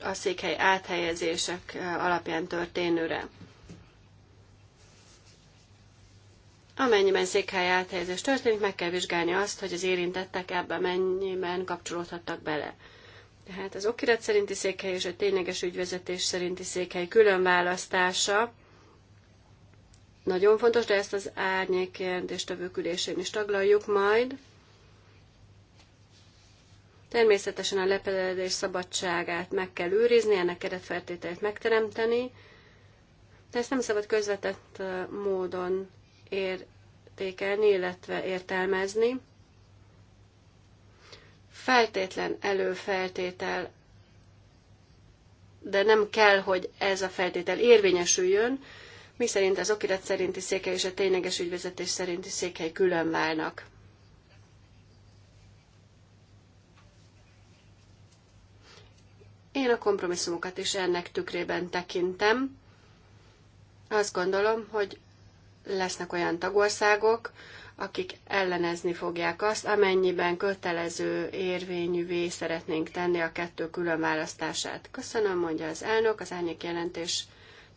a székhely áthelyezések alapján történőre. Amennyiben székhely áthelyezés történik, meg kell vizsgálni azt, hogy az érintettek ebben mennyiben kapcsolódhattak bele. Tehát az okirat szerinti székhely és a tényleges ügyvezetés szerinti székhely választása nagyon fontos, de ezt az árnyék és ülésén is taglaljuk majd. Természetesen a lepedelés szabadságát meg kell őrizni, ennek keretfeltételét megteremteni, de ezt nem szabad közvetett módon értékelni, illetve értelmezni. Feltétlen előfeltétel, de nem kell, hogy ez a feltétel érvényesüljön, mi szerint az okirat szerinti székely és a tényleges ügyvezetés szerinti székely külön válnak. Én a kompromisszumokat is ennek tükrében tekintem. Azt gondolom, hogy lesznek olyan tagországok, akik ellenezni fogják azt, amennyiben kötelező érvényűvé szeretnénk tenni a kettő különválasztását. Köszönöm, mondja az elnök, az árnyék jelentés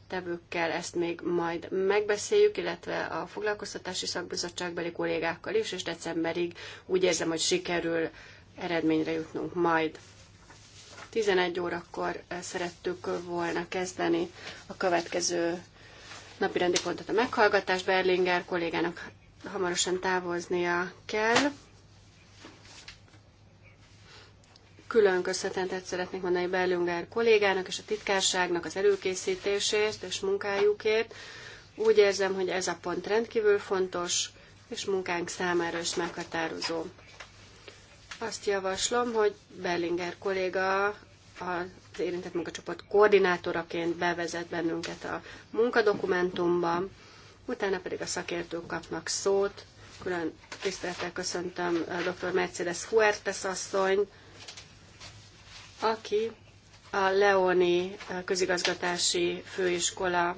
tevőkkel ezt még majd megbeszéljük, illetve a foglalkoztatási szakbizottságbeli kollégákkal is, és decemberig úgy érzem, hogy sikerül eredményre jutnunk majd. 11 órakor szerettük volna kezdeni a következő napi rendi pontot a meghallgatás. Berlinger kollégának hamarosan távoznia kell. Külön köszönetet szeretnék mondani Berlinger kollégának és a titkárságnak az előkészítésért és munkájukért. Úgy érzem, hogy ez a pont rendkívül fontos, és munkánk számára is meghatározó. Azt javaslom, hogy Berlinger kolléga a az érintett munkacsoport koordinátoraként bevezet bennünket a munkadokumentumban, utána pedig a szakértők kapnak szót. Külön tisztelettel köszöntöm eh, dr. Mercedes Huertes asszony, aki a Leoni eh, közigazgatási főiskola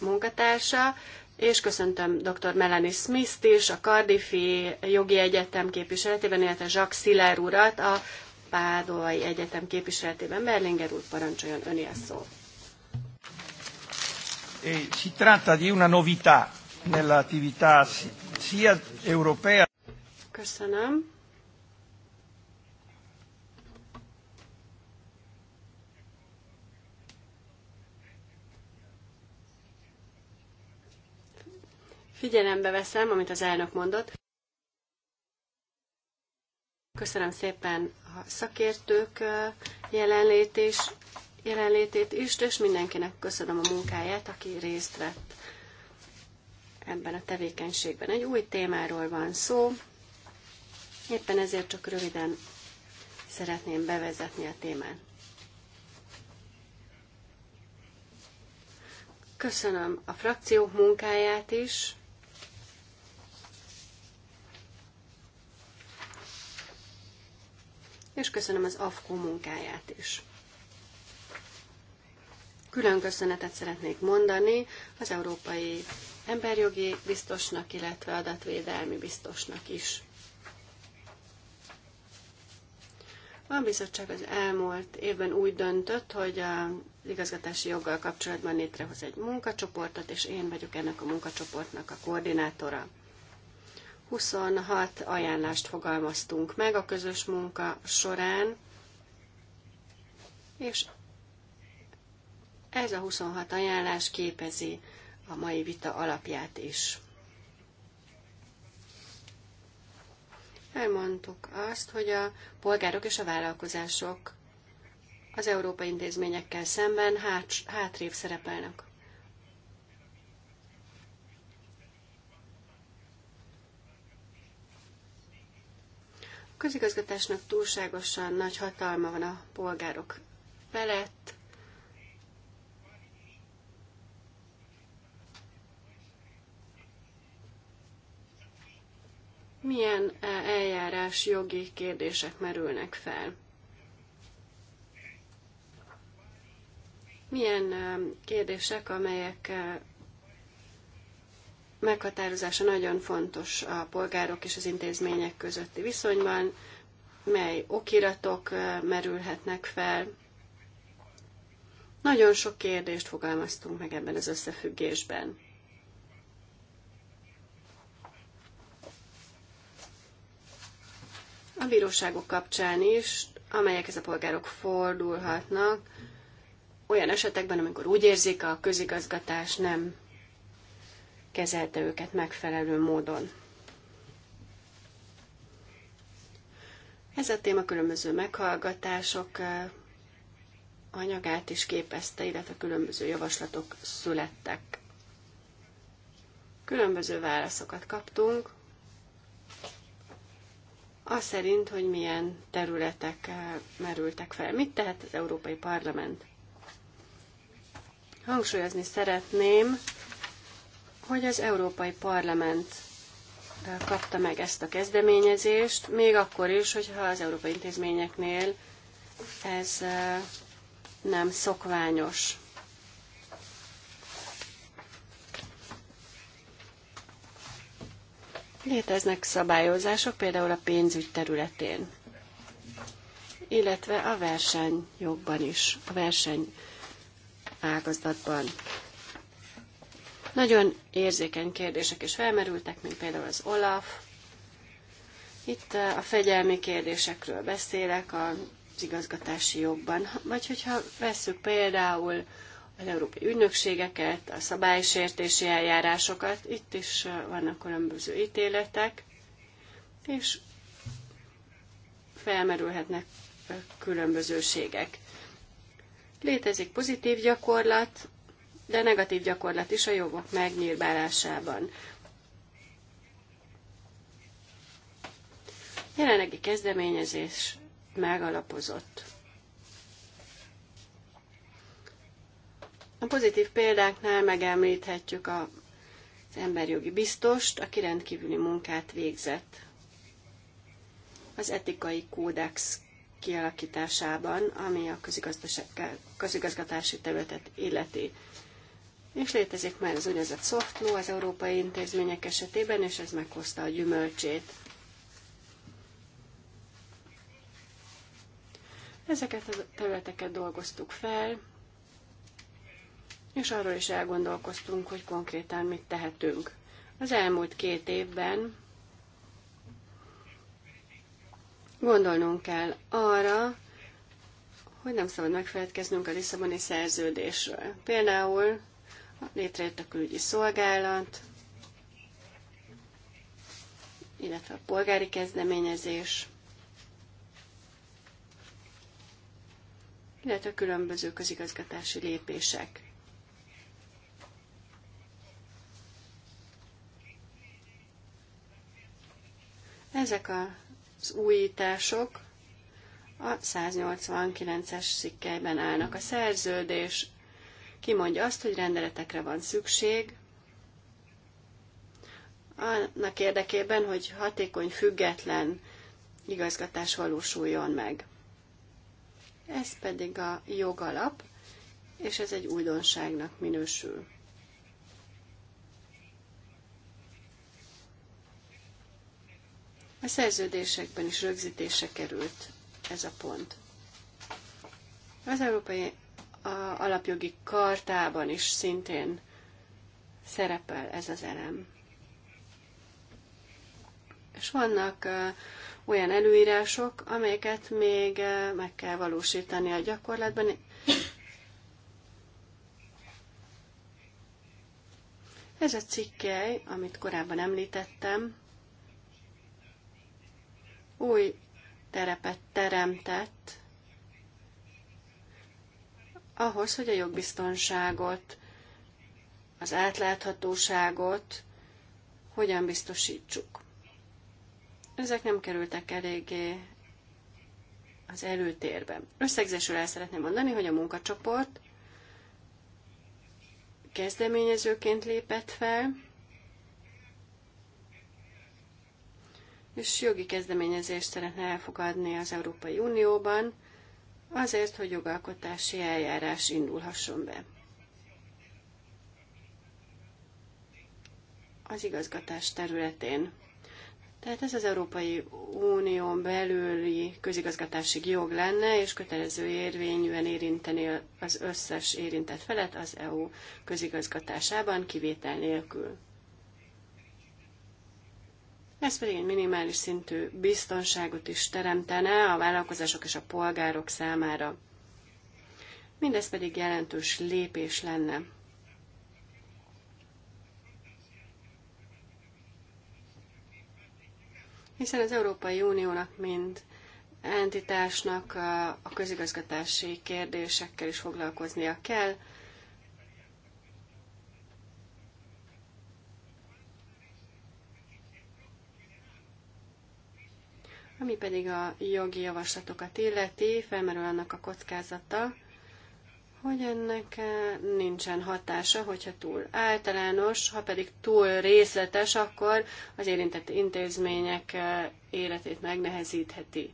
munkatársa, és köszöntöm dr. Melanie Smith-t is, a Cardiffi Jogi Egyetem képviseletében, illetve Jacques Sziller urat, a Pádolai Egyetem képviseletében. Berlinger úr, parancsoljon öné a szó. Eh, si tratta di una novità nell'attività sia europea. Köszönöm. Figyelembe veszem, amit az elnök mondott. Köszönöm szépen a szakértők jelenlétés, jelenlétét is, és mindenkinek köszönöm a munkáját, aki részt vett ebben a tevékenységben. Egy új témáról van szó, éppen ezért csak röviden szeretném bevezetni a témát. Köszönöm a frakciók munkáját is, és köszönöm az AFKO munkáját is. Külön köszönetet szeretnék mondani az Európai Emberjogi Biztosnak, illetve Adatvédelmi Biztosnak is. A bizottság az elmúlt évben úgy döntött, hogy az igazgatási joggal kapcsolatban létrehoz egy munkacsoportot, és én vagyok ennek a munkacsoportnak a koordinátora. 26 ajánlást fogalmaztunk meg a közös munka során, és ez a 26 ajánlás képezi a mai vita alapját is. Elmondtuk azt, hogy a polgárok és a vállalkozások az európai intézményekkel szemben hátrébb szerepelnek. közigazgatásnak túlságosan nagy hatalma van a polgárok felett, milyen eh, eljárás jogi kérdések merülnek fel. Milyen eh, kérdések, amelyek eh, meghatározása nagyon fontos a polgárok és az intézmények közötti viszonyban, mely okiratok merülhetnek fel. Nagyon sok kérdést fogalmaztunk meg ebben az összefüggésben. A bíróságok kapcsán is, amelyekhez a polgárok fordulhatnak, olyan esetekben, amikor úgy érzik, a közigazgatás nem kezelte őket megfelelő módon. Ez a téma különböző meghallgatások eh, anyagát is képezte, illetve különböző javaslatok születtek. Különböző válaszokat kaptunk, az szerint, hogy milyen területek eh, merültek fel. Mit tehet az Európai Parlament? Hangsúlyozni szeretném, hogy az Európai Parlament eh, kapta meg ezt a kezdeményezést, még akkor is, hogyha az európai intézményeknél ez eh, nem szokványos. Léteznek szabályozások például a pénzügy területén, illetve a versenyjogban is, a verseny ágazatban. Nagyon érzékeny kérdések is felmerültek, mint például az OLAF. Itt eh, a fegyelmi kérdésekről beszélek az igazgatási jogban. Vagy hogyha vesszük például az európai ügynökségeket, a szabálysértési eljárásokat, itt is eh, vannak különböző ítéletek, és felmerülhetnek eh, különbözőségek. Létezik pozitív gyakorlat, de negatív gyakorlat is a jogok megnyírbálásában. Jelenlegi kezdeményezés megalapozott. A pozitív példáknál megemlíthetjük a, az emberjogi biztost, aki rendkívüli munkát végzett az etikai kódex kialakításában, ami a közigazgatási területet illeti. És létezik már az úgynevezett soft law az európai intézmények esetében, és ez meghozta a gyümölcsét. Ezeket a területeket dolgoztuk fel, és arról is elgondolkoztunk, hogy konkrétan mit tehetünk. Az elmúlt két évben gondolnunk kell arra, hogy nem szabad megfeledkeznünk a Lisszaboni szerződésről. Például Létrejött a külügyi szolgálat, illetve a polgári kezdeményezés, illetve különböző közigazgatási lépések. Ezek az újítások a 189-es szikkelyben állnak. A szerződés kimondja azt, hogy rendeletekre van szükség, annak érdekében, hogy hatékony, független igazgatás valósuljon meg. Ez pedig a jogalap, és ez egy újdonságnak minősül. A szerződésekben is rögzítése került ez a pont. Az Európai a alapjogi kartában is szintén szerepel ez az elem. És vannak olyan előírások, amelyeket még meg kell valósítani a gyakorlatban. Ez a cikkely, amit korábban említettem, új terepet teremtett ahhoz, hogy a jogbiztonságot, az átláthatóságot hogyan biztosítsuk. Ezek nem kerültek eléggé az előtérbe. Összegzésül el szeretném mondani, hogy a munkacsoport kezdeményezőként lépett fel, és jogi kezdeményezést szeretne elfogadni az Európai Unióban, azért, hogy jogalkotási eljárás indulhasson be. Az igazgatás területén. Tehát ez az Európai Unión belüli közigazgatási jog lenne, és kötelező érvényűen érinteni az összes érintett felet az EU közigazgatásában, kivétel nélkül. Ez pedig egy minimális szintű biztonságot is teremtene a vállalkozások és a polgárok számára. Mindez pedig jelentős lépés lenne. Hiszen az Európai Uniónak mind entitásnak a közigazgatási kérdésekkel is foglalkoznia kell, Ami pedig a jogi javaslatokat illeti, felmerül annak a kockázata, hogy ennek eh, nincsen hatása, hogyha túl általános, ha pedig túl részletes, akkor az érintett intézmények eh, életét megnehezítheti.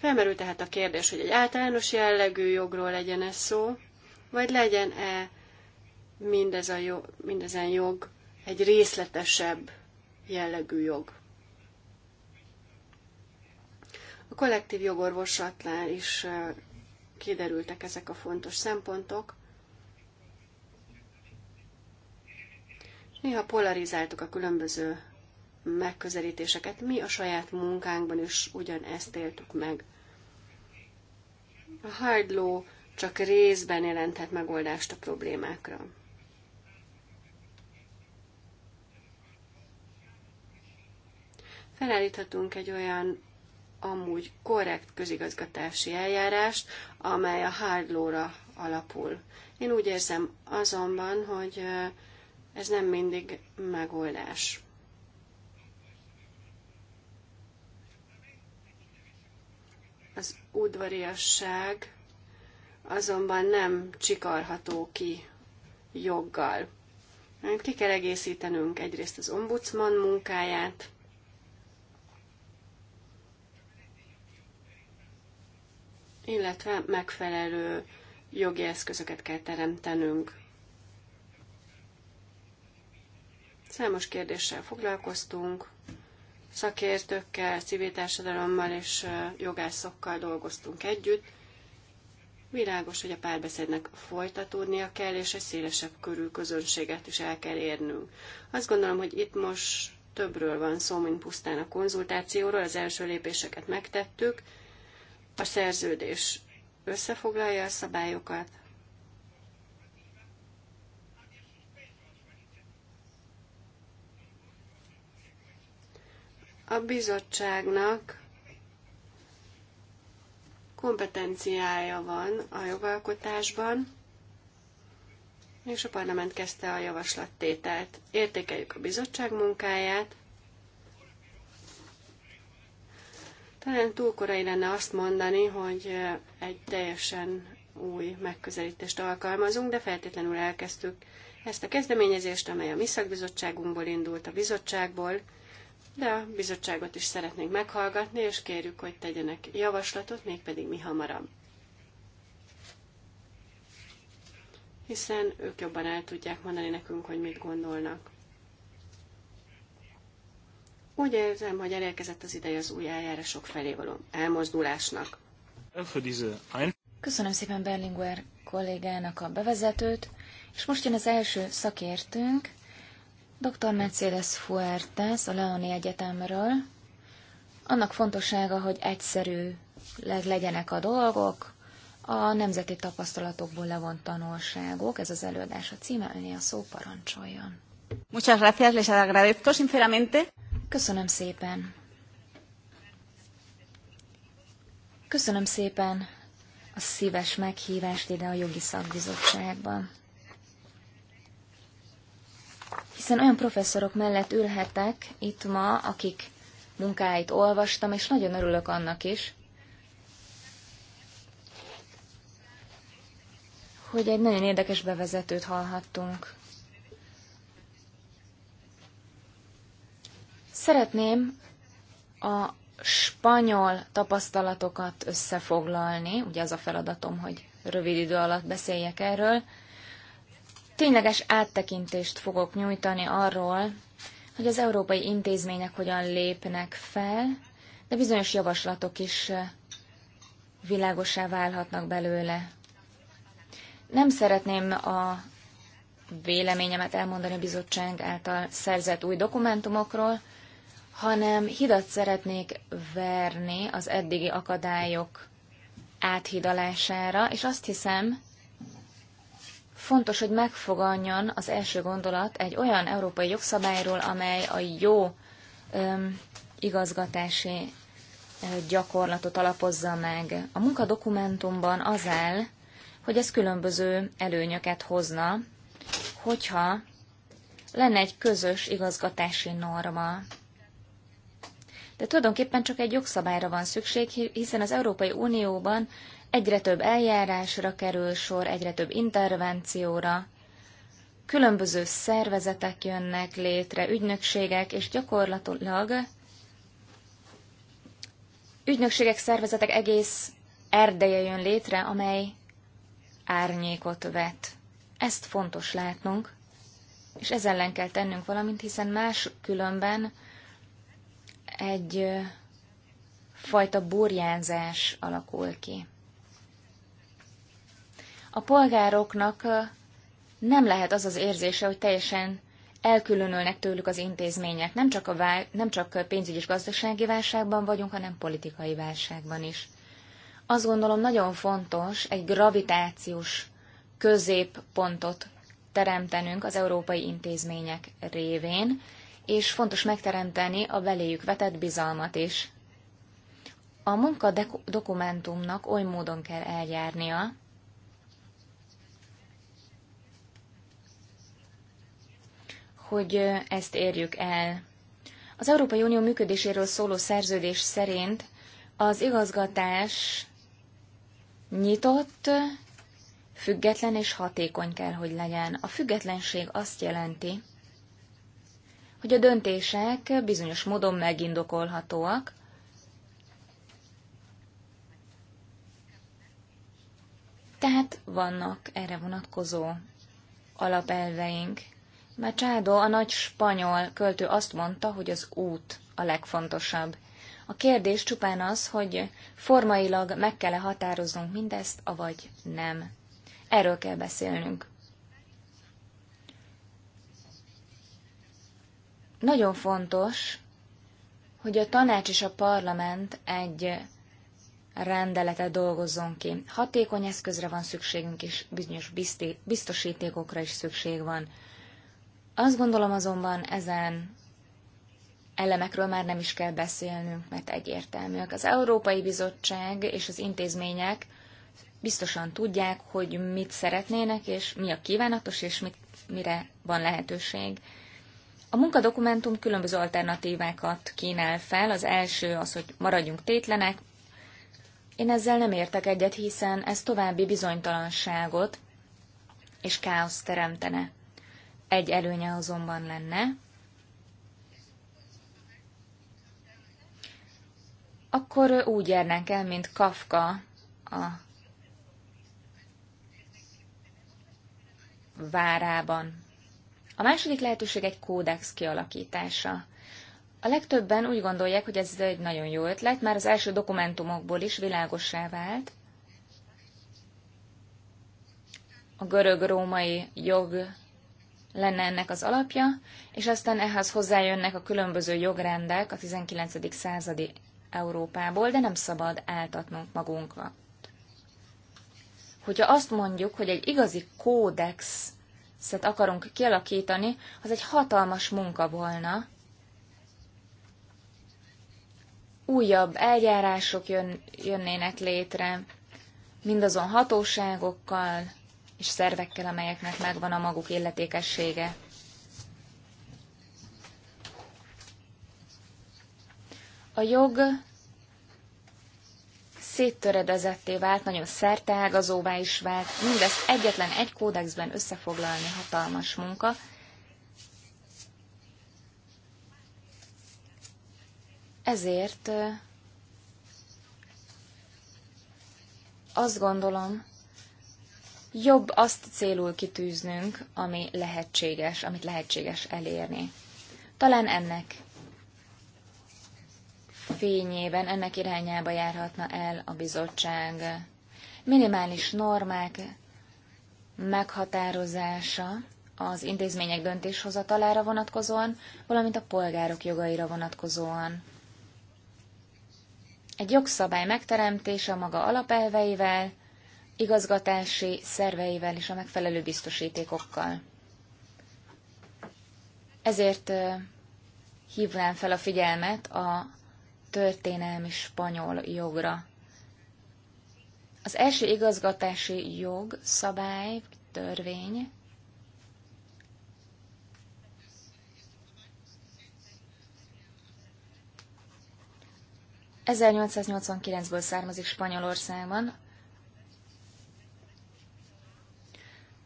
Felmerül tehát a kérdés, hogy egy általános jellegű jogról legyen ez szó, vagy legyen-e mindez a jog, mindezen jog egy részletesebb jellegű jog. A kollektív jogorvoslatnál is kiderültek ezek a fontos szempontok. Néha polarizáltuk a különböző megközelítéseket. Mi a saját munkánkban is ugyanezt éltük meg. A hard law csak részben jelenthet megoldást a problémákra. felállíthatunk egy olyan amúgy korrekt közigazgatási eljárást, amely a hard law-ra alapul. Én úgy érzem azonban, hogy ez nem mindig megoldás. Az udvariasság azonban nem csikarható ki joggal. Ki kell egészítenünk egyrészt az ombudsman munkáját, illetve megfelelő jogi eszközöket kell teremtenünk. Számos kérdéssel foglalkoztunk, szakértőkkel, civil társadalommal és jogászokkal dolgoztunk együtt. Világos, hogy a párbeszédnek folytatódnia kell, és egy szélesebb körű közönséget is el kell érnünk. Azt gondolom, hogy itt most többről van szó, mint pusztán a konzultációról, az első lépéseket megtettük, a szerződés összefoglalja a szabályokat, a bizottságnak kompetenciája van a jogalkotásban, és a parlament kezdte a javaslattételt. Értékeljük a bizottság munkáját, Talán túl korai lenne azt mondani, hogy egy teljesen új megközelítést alkalmazunk, de feltétlenül elkezdtük ezt a kezdeményezést, amely a mi szakbizottságunkból indult, a bizottságból, de a bizottságot is szeretnénk meghallgatni, és kérjük, hogy tegyenek javaslatot, mégpedig mi hamarabb. Hiszen ők jobban el tudják mondani nekünk, hogy mit gondolnak. Úgy érzem, hogy elérkezett az ideje az új eljárások felé való elmozdulásnak. Köszönöm szépen Berlinguer kollégának a bevezetőt, és most jön az első szakértőnk, dr. Mercedes Fuertes a Leoni Egyetemről. Annak fontossága, hogy egyszerű legyenek a dolgok, a nemzeti tapasztalatokból levont tanulságok, ez az előadás a címe, a szó parancsoljon. Muchas gracias, les agradezco sinceramente. Köszönöm szépen. Köszönöm szépen a szíves meghívást ide a jogi szakbizottságba. Hiszen olyan professzorok mellett ülhetek itt ma, akik munkáit olvastam, és nagyon örülök annak is, hogy egy nagyon érdekes bevezetőt hallhattunk Szeretném a spanyol tapasztalatokat összefoglalni, ugye az a feladatom, hogy rövid idő alatt beszéljek erről. Tényleges áttekintést fogok nyújtani arról, hogy az európai intézmények hogyan lépnek fel, de bizonyos javaslatok is eh, világosá válhatnak belőle. Nem szeretném a véleményemet elmondani a bizottság által szerzett új dokumentumokról, hanem hidat szeretnék verni az eddigi akadályok áthidalására, és azt hiszem, fontos, hogy megfoganjon az első gondolat egy olyan európai jogszabályról, amely a jó öm, igazgatási gyakorlatot alapozza meg. A munkadokumentumban az áll, hogy ez különböző előnyöket hozna, hogyha lenne egy közös igazgatási norma de tulajdonképpen csak egy jogszabályra van szükség, hiszen az Európai Unióban egyre több eljárásra kerül sor, egyre több intervencióra, különböző szervezetek jönnek létre, ügynökségek, és gyakorlatilag ügynökségek, szervezetek egész erdeje jön létre, amely árnyékot vet. Ezt fontos látnunk, és ezzel ellen kell tennünk valamint, hiszen más különben egy fajta burjánzás alakul ki. A polgároknak nem lehet az az érzése, hogy teljesen elkülönülnek tőlük az intézmények. Nem csak, a vál, nem csak pénzügyi és gazdasági válságban vagyunk, hanem politikai válságban is. Azt gondolom nagyon fontos egy gravitációs középpontot teremtenünk az európai intézmények révén, és fontos megteremteni a beléjük vetett bizalmat is. A munka dokumentumnak oly módon kell eljárnia, hogy ezt érjük el. Az Európai Unió működéséről szóló szerződés szerint az igazgatás nyitott, független és hatékony kell, hogy legyen. A függetlenség azt jelenti, hogy a döntések bizonyos módon megindokolhatóak, tehát vannak erre vonatkozó alapelveink. Machado, a nagy spanyol költő azt mondta, hogy az út a legfontosabb. A kérdés csupán az, hogy formailag meg kell-e határoznunk mindezt, avagy nem. Erről kell beszélnünk. Nagyon fontos, hogy a tanács és a parlament egy rendeletet dolgozzon ki. Hatékony eszközre van szükségünk, és bizonyos biztosítékokra is szükség van. Azt gondolom azonban ezen elemekről már nem is kell beszélnünk, mert egyértelműek. Az Európai Bizottság és az intézmények biztosan tudják, hogy mit szeretnének, és mi a kívánatos, és mit, mire van lehetőség. A munkadokumentum különböző alternatívákat kínál fel. Az első az, hogy maradjunk tétlenek. Én ezzel nem értek egyet, hiszen ez további bizonytalanságot és káoszt teremtene. Egy előnye azonban lenne, akkor úgy járnánk el, mint Kafka a várában. A második lehetőség egy kódex kialakítása. A legtöbben úgy gondolják, hogy ez egy nagyon jó ötlet, már az első dokumentumokból is világosá vált. A görög-római jog lenne ennek az alapja, és aztán ehhez hozzájönnek a különböző jogrendek a 19. századi Európából, de nem szabad áltatnunk magunkat. Hogyha azt mondjuk, hogy egy igazi kódex szet akarunk kialakítani, az egy hatalmas munka volna. Újabb eljárások jön, jönnének létre, mindazon hatóságokkal és szervekkel, amelyeknek megvan a maguk illetékessége. A jog széttöredezetté vált, nagyon szerteágazóvá is vált, mindezt egyetlen egy kódexben összefoglalni hatalmas munka. Ezért azt gondolom, jobb azt célul kitűznünk, ami lehetséges, amit lehetséges elérni. Talán ennek fényében ennek irányába járhatna el a bizottság. Minimális normák meghatározása az intézmények döntéshozatalára vonatkozóan, valamint a polgárok jogaira vonatkozóan. Egy jogszabály megteremtése a maga alapelveivel, igazgatási szerveivel és a megfelelő biztosítékokkal. Ezért hívnám fel a figyelmet a történelmi spanyol jogra. Az első igazgatási jog, szabály, törvény ...1889-ből származik Spanyolországban.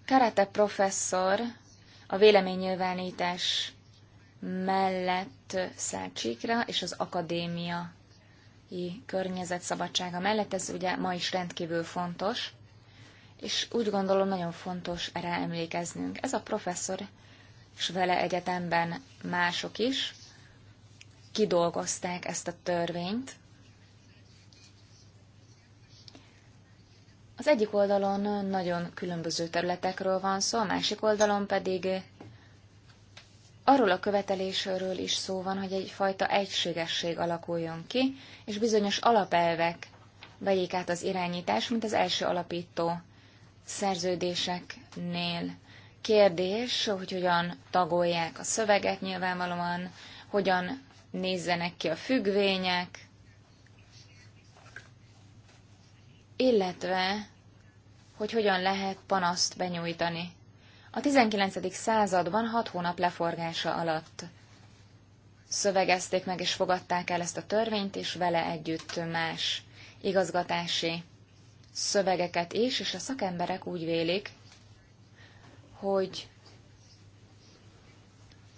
Karate professzor a véleménynyilvánítás mellett mellett Szelcsíkra és az akadémiai környezet szabadsága mellett. Ez ugye ma is rendkívül fontos, és úgy gondolom nagyon fontos erre emlékeznünk. Ez a professzor és vele egyetemben mások is kidolgozták ezt a törvényt. Az egyik oldalon nagyon különböző területekről van szó, a másik oldalon pedig Arról a követelésről is szó van, hogy egyfajta egységesség alakuljon ki, és bizonyos alapelvek vegyék át az irányítás, mint az első alapító szerződéseknél. Kérdés, hogy hogyan tagolják a szöveget nyilvánvalóan, hogyan nézzenek ki a függvények, illetve hogy hogyan lehet panaszt benyújtani a 19. században hat hónap leforgása alatt szövegezték meg és fogadták el ezt a törvényt, és vele együtt más igazgatási szövegeket is, és a szakemberek úgy vélik, hogy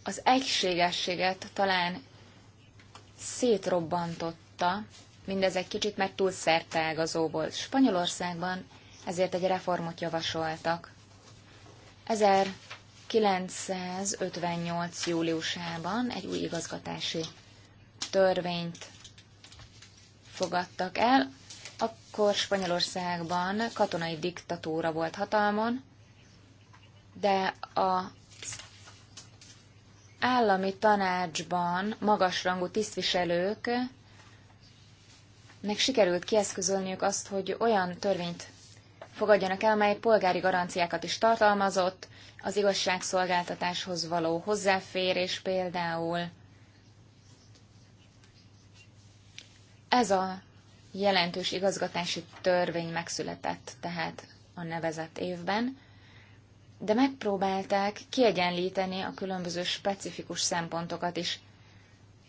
az egységességet talán szétrobbantotta mindez egy kicsit, mert túl szerteágazó volt. Spanyolországban ezért egy reformot javasoltak. 1958. júliusában egy új igazgatási törvényt fogadtak el. Akkor Spanyolországban katonai diktatúra volt hatalmon, de a állami tanácsban magasrangú tisztviselőknek sikerült kieszközölniük azt, hogy olyan törvényt fogadjanak el, mely polgári garanciákat is tartalmazott, az igazságszolgáltatáshoz való hozzáférés például. Ez a jelentős igazgatási törvény megszületett tehát a nevezett évben, de megpróbálták kiegyenlíteni a különböző specifikus szempontokat is.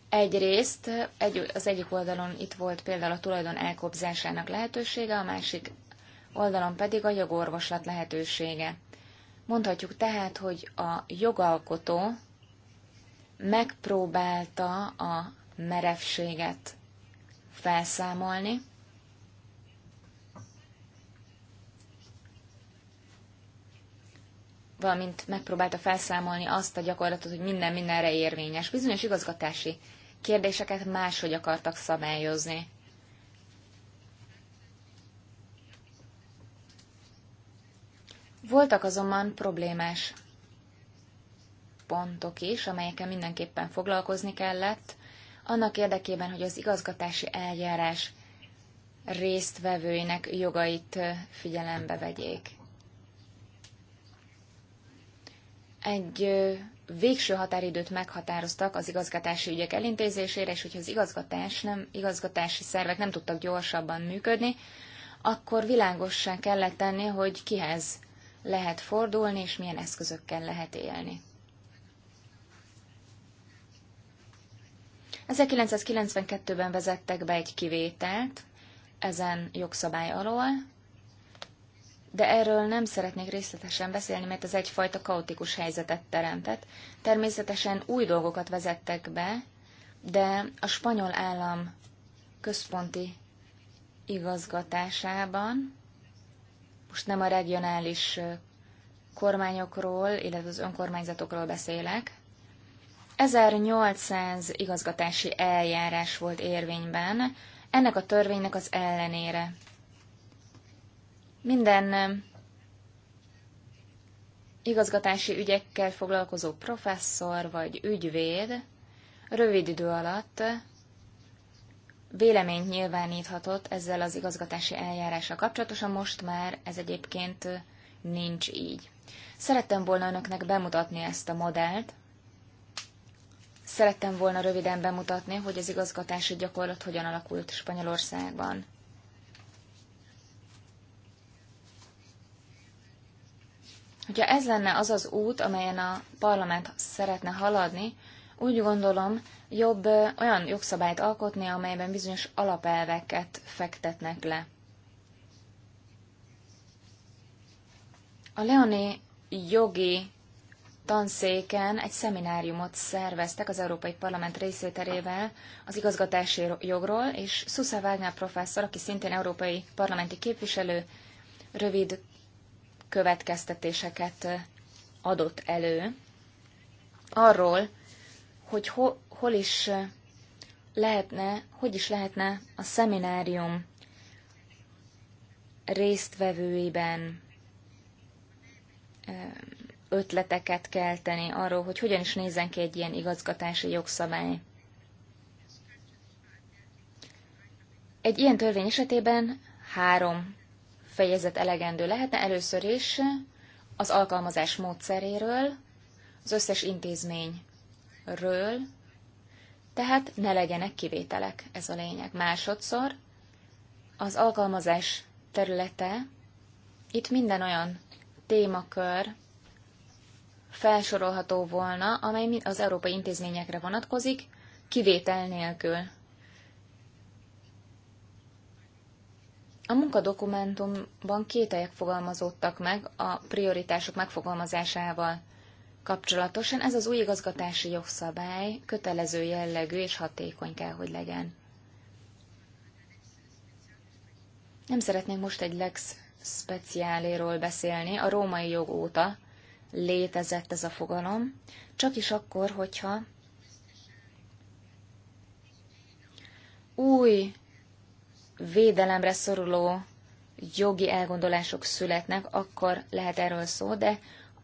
Egyrészt egy, az egyik oldalon itt volt például a tulajdon elkobzásának lehetősége, a másik oldalon pedig a jogorvoslat lehetősége. Mondhatjuk tehát, hogy a jogalkotó megpróbálta a merevséget felszámolni, valamint megpróbálta felszámolni azt a gyakorlatot, hogy minden mindenre érvényes. Bizonyos igazgatási kérdéseket máshogy akartak szabályozni. Voltak azonban problémás pontok is, amelyekkel mindenképpen foglalkozni kellett, annak érdekében, hogy az igazgatási eljárás résztvevőinek jogait figyelembe vegyék. Egy végső határidőt meghatároztak az igazgatási ügyek elintézésére, és hogyha az igazgatás nem, igazgatási szervek nem tudtak gyorsabban működni, akkor világossá kellett tenni, hogy kihez lehet fordulni, és milyen eszközökkel lehet élni. 1992-ben vezettek be egy kivételt ezen jogszabály alól, de erről nem szeretnék részletesen beszélni, mert ez egyfajta kaotikus helyzetet teremtett. Természetesen új dolgokat vezettek be, de a spanyol állam központi igazgatásában most nem a regionális kormányokról, illetve az önkormányzatokról beszélek. 1800 igazgatási eljárás volt érvényben ennek a törvénynek az ellenére. Minden igazgatási ügyekkel foglalkozó professzor vagy ügyvéd rövid idő alatt véleményt nyilváníthatott ezzel az igazgatási eljárással kapcsolatosan, most már ez egyébként nincs így. Szerettem volna önöknek bemutatni ezt a modellt, Szerettem volna röviden bemutatni, hogy az igazgatási gyakorlat hogyan alakult Spanyolországban. Hogyha ez lenne az az út, amelyen a parlament szeretne haladni, úgy gondolom, jobb olyan jogszabályt alkotni, amelyben bizonyos alapelveket fektetnek le. A Leoni jogi tanszéken egy szemináriumot szerveztek az Európai Parlament részvételével az igazgatási jogról, és Susza Wagner professzor, aki szintén európai parlamenti képviselő, rövid következtetéseket adott elő arról, hogy ho, hol is lehetne, hogy is lehetne a szeminárium résztvevőiben ötleteket kelteni arról, hogy hogyan is nézzen ki egy ilyen igazgatási jogszabály. Egy ilyen törvény esetében három fejezet elegendő lehetne. Először is az alkalmazás módszeréről, az összes intézmény ről, tehát ne legyenek kivételek, ez a lényeg. Másodszor az alkalmazás területe, itt minden olyan témakör felsorolható volna, amely az európai intézményekre vonatkozik, kivétel nélkül. A munkadokumentumban kételyek fogalmazódtak meg a prioritások megfogalmazásával kapcsolatosan ez az új igazgatási jogszabály kötelező jellegű és hatékony kell, hogy legyen. Nem szeretnék most egy lex speciáléről beszélni, a római jog óta létezett ez a fogalom, csak is akkor, hogyha új védelemre szoruló jogi elgondolások születnek, akkor lehet erről szó, de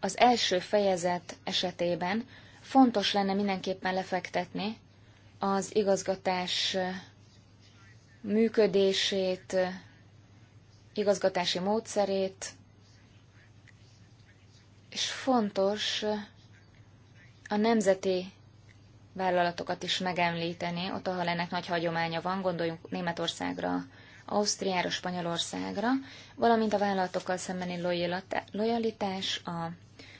az első fejezet esetében fontos lenne mindenképpen lefektetni az igazgatás működését, igazgatási módszerét, és fontos a nemzeti vállalatokat is megemlíteni, ott, ahol ennek nagy hagyománya van, gondoljunk Németországra, Ausztriára, Spanyolországra, valamint a vállalatokkal szembeni lojalitás, a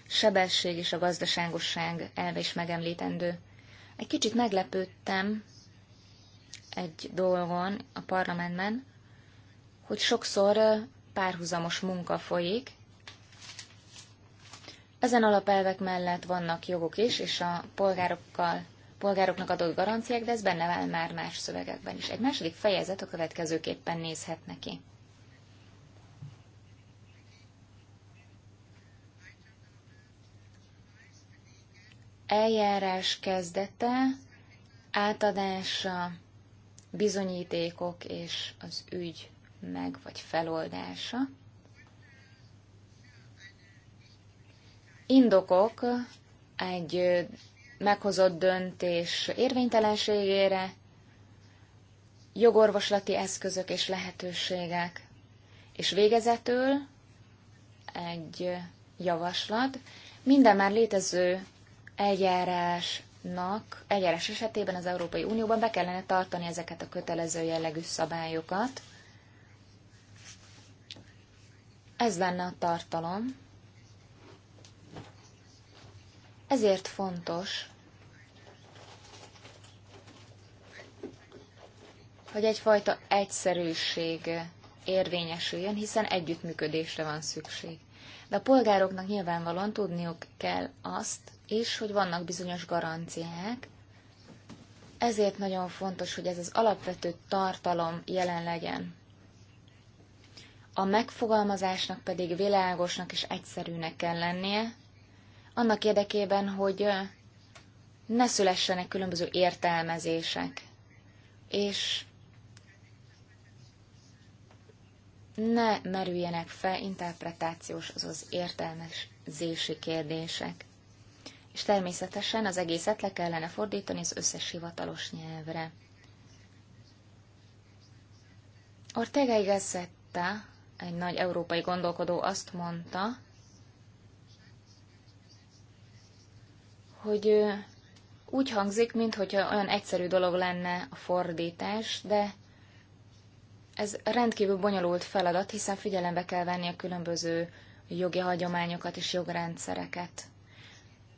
sebesség és a gazdaságosság elve is megemlítendő. Egy kicsit meglepődtem egy dolgon a parlamentben, hogy sokszor párhuzamos munka folyik. Ezen alapelvek mellett vannak jogok is, és a polgárokkal, polgároknak adott garanciák, de ez benne van már más szövegekben is. Egy második fejezet a következőképpen nézhet neki. eljárás kezdete, átadása, bizonyítékok és az ügy meg vagy feloldása. Indokok egy meghozott döntés érvénytelenségére, jogorvoslati eszközök és lehetőségek, és végezetül egy javaslat minden már létező eljárásnak, eljárás esetében az Európai Unióban be kellene tartani ezeket a kötelező jellegű szabályokat. Ez lenne a tartalom. Ezért fontos, hogy egyfajta egyszerűség érvényesüljön, hiszen együttműködésre van szükség. De a polgároknak nyilvánvalóan tudniuk kell azt, is, hogy vannak bizonyos garanciák, ezért nagyon fontos, hogy ez az alapvető tartalom jelen legyen. A megfogalmazásnak pedig világosnak és egyszerűnek kell lennie, annak érdekében, hogy ne szülessenek különböző értelmezések, és ne merüljenek fel interpretációs, azaz értelmezési kérdések és természetesen az egészet le kellene fordítani az összes hivatalos nyelvre. Ortega y Gazzetta, egy nagy európai gondolkodó azt mondta, hogy úgy hangzik, mintha olyan egyszerű dolog lenne a fordítás, de ez rendkívül bonyolult feladat, hiszen figyelembe kell venni a különböző jogi hagyományokat és jogrendszereket.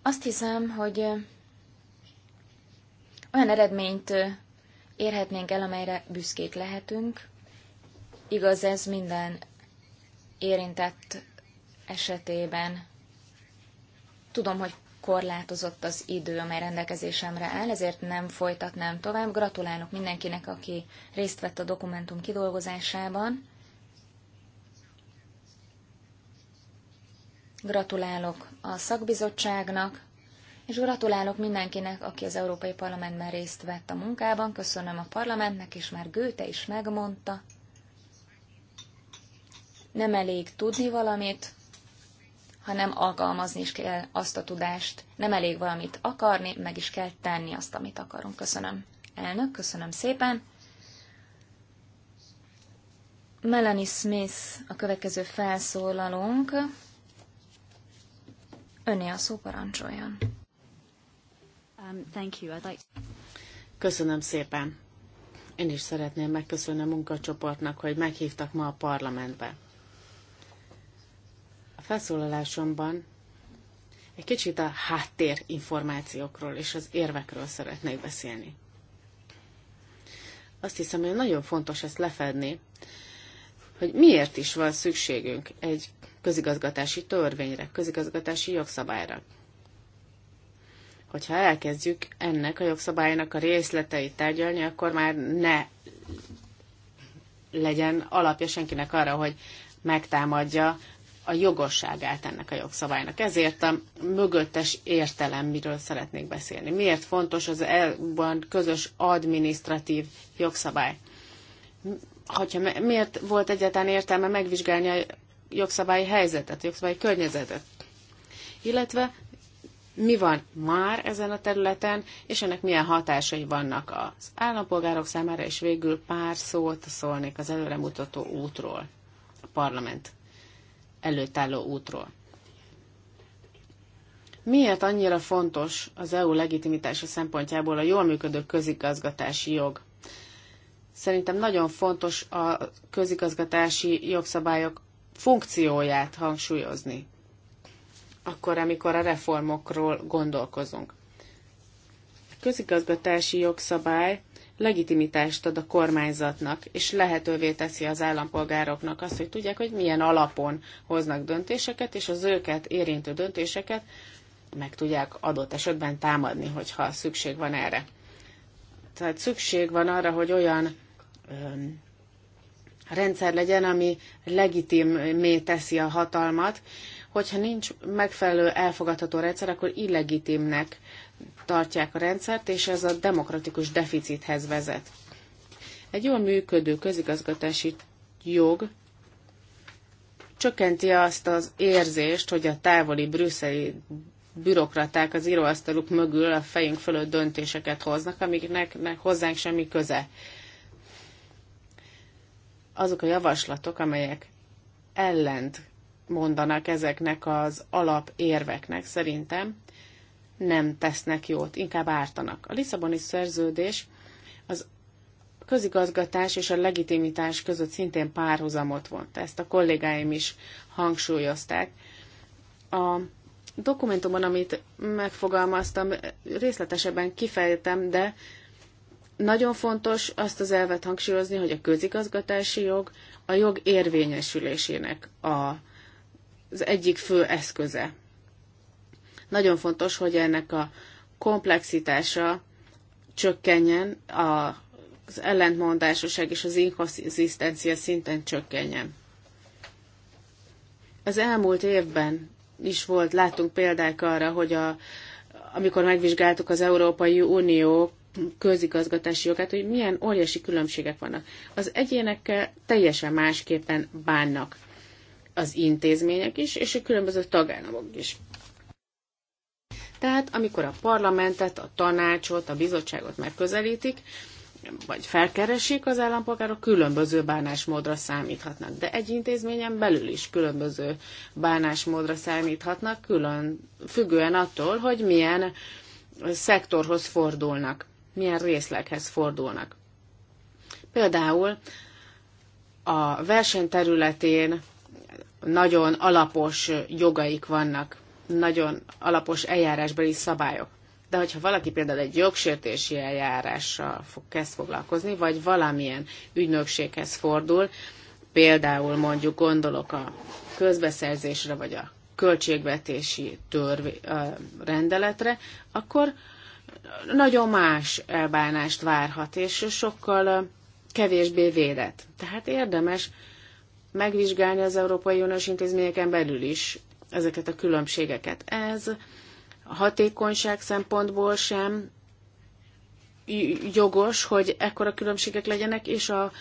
Azt hiszem, hogy olyan eredményt érhetnénk el, amelyre büszkék lehetünk. Igaz ez minden érintett esetében. Tudom, hogy korlátozott az idő, amely rendelkezésemre áll, ezért nem folytatnám tovább. Gratulálok mindenkinek, aki részt vett a dokumentum kidolgozásában. Gratulálok a szakbizottságnak, és gratulálok mindenkinek, aki az Európai Parlamentben részt vett a munkában. Köszönöm a parlamentnek, és már Gőte is megmondta. Nem elég tudni valamit, hanem alkalmazni is kell azt a tudást. Nem elég valamit akarni, meg is kell tenni azt, amit akarunk. Köszönöm. Elnök, köszönöm szépen. Melanie Smith a következő felszólalónk. Öné a szó parancsoljon. Um, thank you. I'd like Köszönöm szépen. Én is szeretném megköszönni a munkacsoportnak, hogy meghívtak ma a parlamentbe. A felszólalásomban egy kicsit a háttér információkról és az érvekről szeretnék beszélni. Azt hiszem, hogy nagyon fontos ezt lefedni, hogy miért is van szükségünk egy közigazgatási törvényre, közigazgatási jogszabályra. Hogyha elkezdjük ennek a jogszabálynak a részleteit tárgyalni, akkor már ne legyen alapja senkinek arra, hogy megtámadja a jogosságát ennek a jogszabálynak. Ezért a mögöttes értelem, miről szeretnék beszélni. Miért fontos az EU-ban közös administratív jogszabály? Hogyha miért volt egyáltalán értelme megvizsgálni jogszabályi helyzetet, jogszabályi környezetet. Illetve mi van már ezen a területen, és ennek milyen hatásai vannak az állampolgárok számára, és végül pár szót szólnék az előremutató útról, a parlament előtt álló útról. Miért annyira fontos az EU legitimitása szempontjából a jól működő közigazgatási jog? Szerintem nagyon fontos a közigazgatási jogszabályok funkcióját hangsúlyozni, akkor, amikor a reformokról gondolkozunk. A közigazgatási jogszabály legitimitást ad a kormányzatnak, és lehetővé teszi az állampolgároknak azt, hogy tudják, hogy milyen alapon hoznak döntéseket, és az őket érintő döntéseket meg tudják adott esetben támadni, hogyha szükség van erre. Tehát szükség van arra, hogy olyan öm, rendszer legyen, ami legitimé teszi a hatalmat. Hogyha nincs megfelelő elfogadható rendszer, akkor illegitimnek tartják a rendszert, és ez a demokratikus deficithez vezet. Egy jól működő közigazgatási jog csökkenti azt az érzést, hogy a távoli brüsszeli bürokraták az íróasztaluk mögül a fejünk fölött döntéseket hoznak, amiknek hozzánk semmi köze azok a javaslatok, amelyek ellent mondanak ezeknek az alapérveknek, szerintem nem tesznek jót, inkább ártanak. A Lisszaboni szerződés az közigazgatás és a legitimitás között szintén párhuzamot vont. Ezt a kollégáim is hangsúlyozták. A dokumentumon, amit megfogalmaztam, részletesebben kifejtem, de nagyon fontos azt az elvet hangsúlyozni, hogy a közigazgatási jog a jog érvényesülésének a, az egyik fő eszköze. Nagyon fontos, hogy ennek a komplexitása csökkenjen, az ellentmondásoság és az inkonzisztencia szinten csökkenjen. Az elmúlt évben is volt, láttunk példák arra, hogy a, amikor megvizsgáltuk az Európai Unió közigazgatási jogát, hogy milyen óriási különbségek vannak. Az egyénekkel teljesen másképpen bánnak az intézmények is, és a különböző tagállamok is. Tehát amikor a parlamentet, a tanácsot, a bizottságot megközelítik, vagy felkeresik, az állampolgárok különböző bánásmódra számíthatnak. De egy intézményen belül is különböző bánásmódra számíthatnak, külön függően attól, hogy milyen szektorhoz fordulnak milyen részleghez fordulnak. Például a versenyterületén nagyon alapos jogaik vannak, nagyon alapos eljárásbeli szabályok. De hogyha valaki például egy jogsértési eljárással fog, kezd foglalkozni, vagy valamilyen ügynökséghez fordul, például mondjuk gondolok a közbeszerzésre, vagy a költségvetési törv, rendeletre, akkor nagyon más elbánást várhat, és sokkal kevésbé védett. Tehát érdemes megvizsgálni az Európai Uniós intézményeken belül is ezeket a különbségeket. Ez hatékonyság szempontból sem jogos, hogy ekkora különbségek legyenek, és a,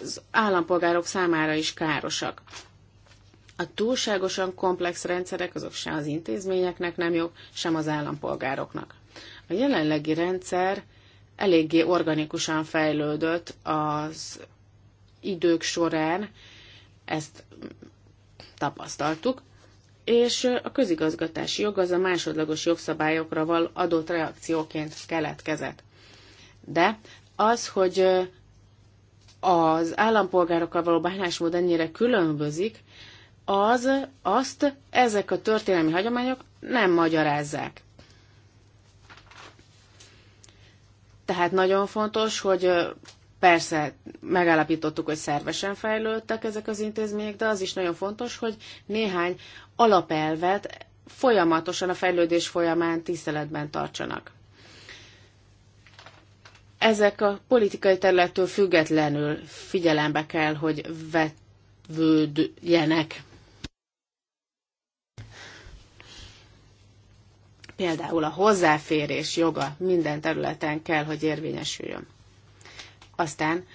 az állampolgárok számára is károsak. A túlságosan komplex rendszerek azok sem az intézményeknek nem jók, sem az állampolgároknak. A jelenlegi rendszer eléggé organikusan fejlődött az idők során, ezt tapasztaltuk, és a közigazgatási jog az a másodlagos jogszabályokra val adott reakcióként keletkezett. De az, hogy az állampolgárokkal való bánásmód ennyire különbözik, az azt ezek a történelmi hagyományok nem magyarázzák. Tehát nagyon fontos, hogy persze megállapítottuk, hogy szervesen fejlődtek ezek az intézmények, de az is nagyon fontos, hogy néhány alapelvet folyamatosan a fejlődés folyamán tiszteletben tartsanak. Ezek a politikai területtől függetlenül figyelembe kell, hogy vett vődjenek. Például a hozzáférés joga minden területen kell, hogy érvényesüljön. Aztán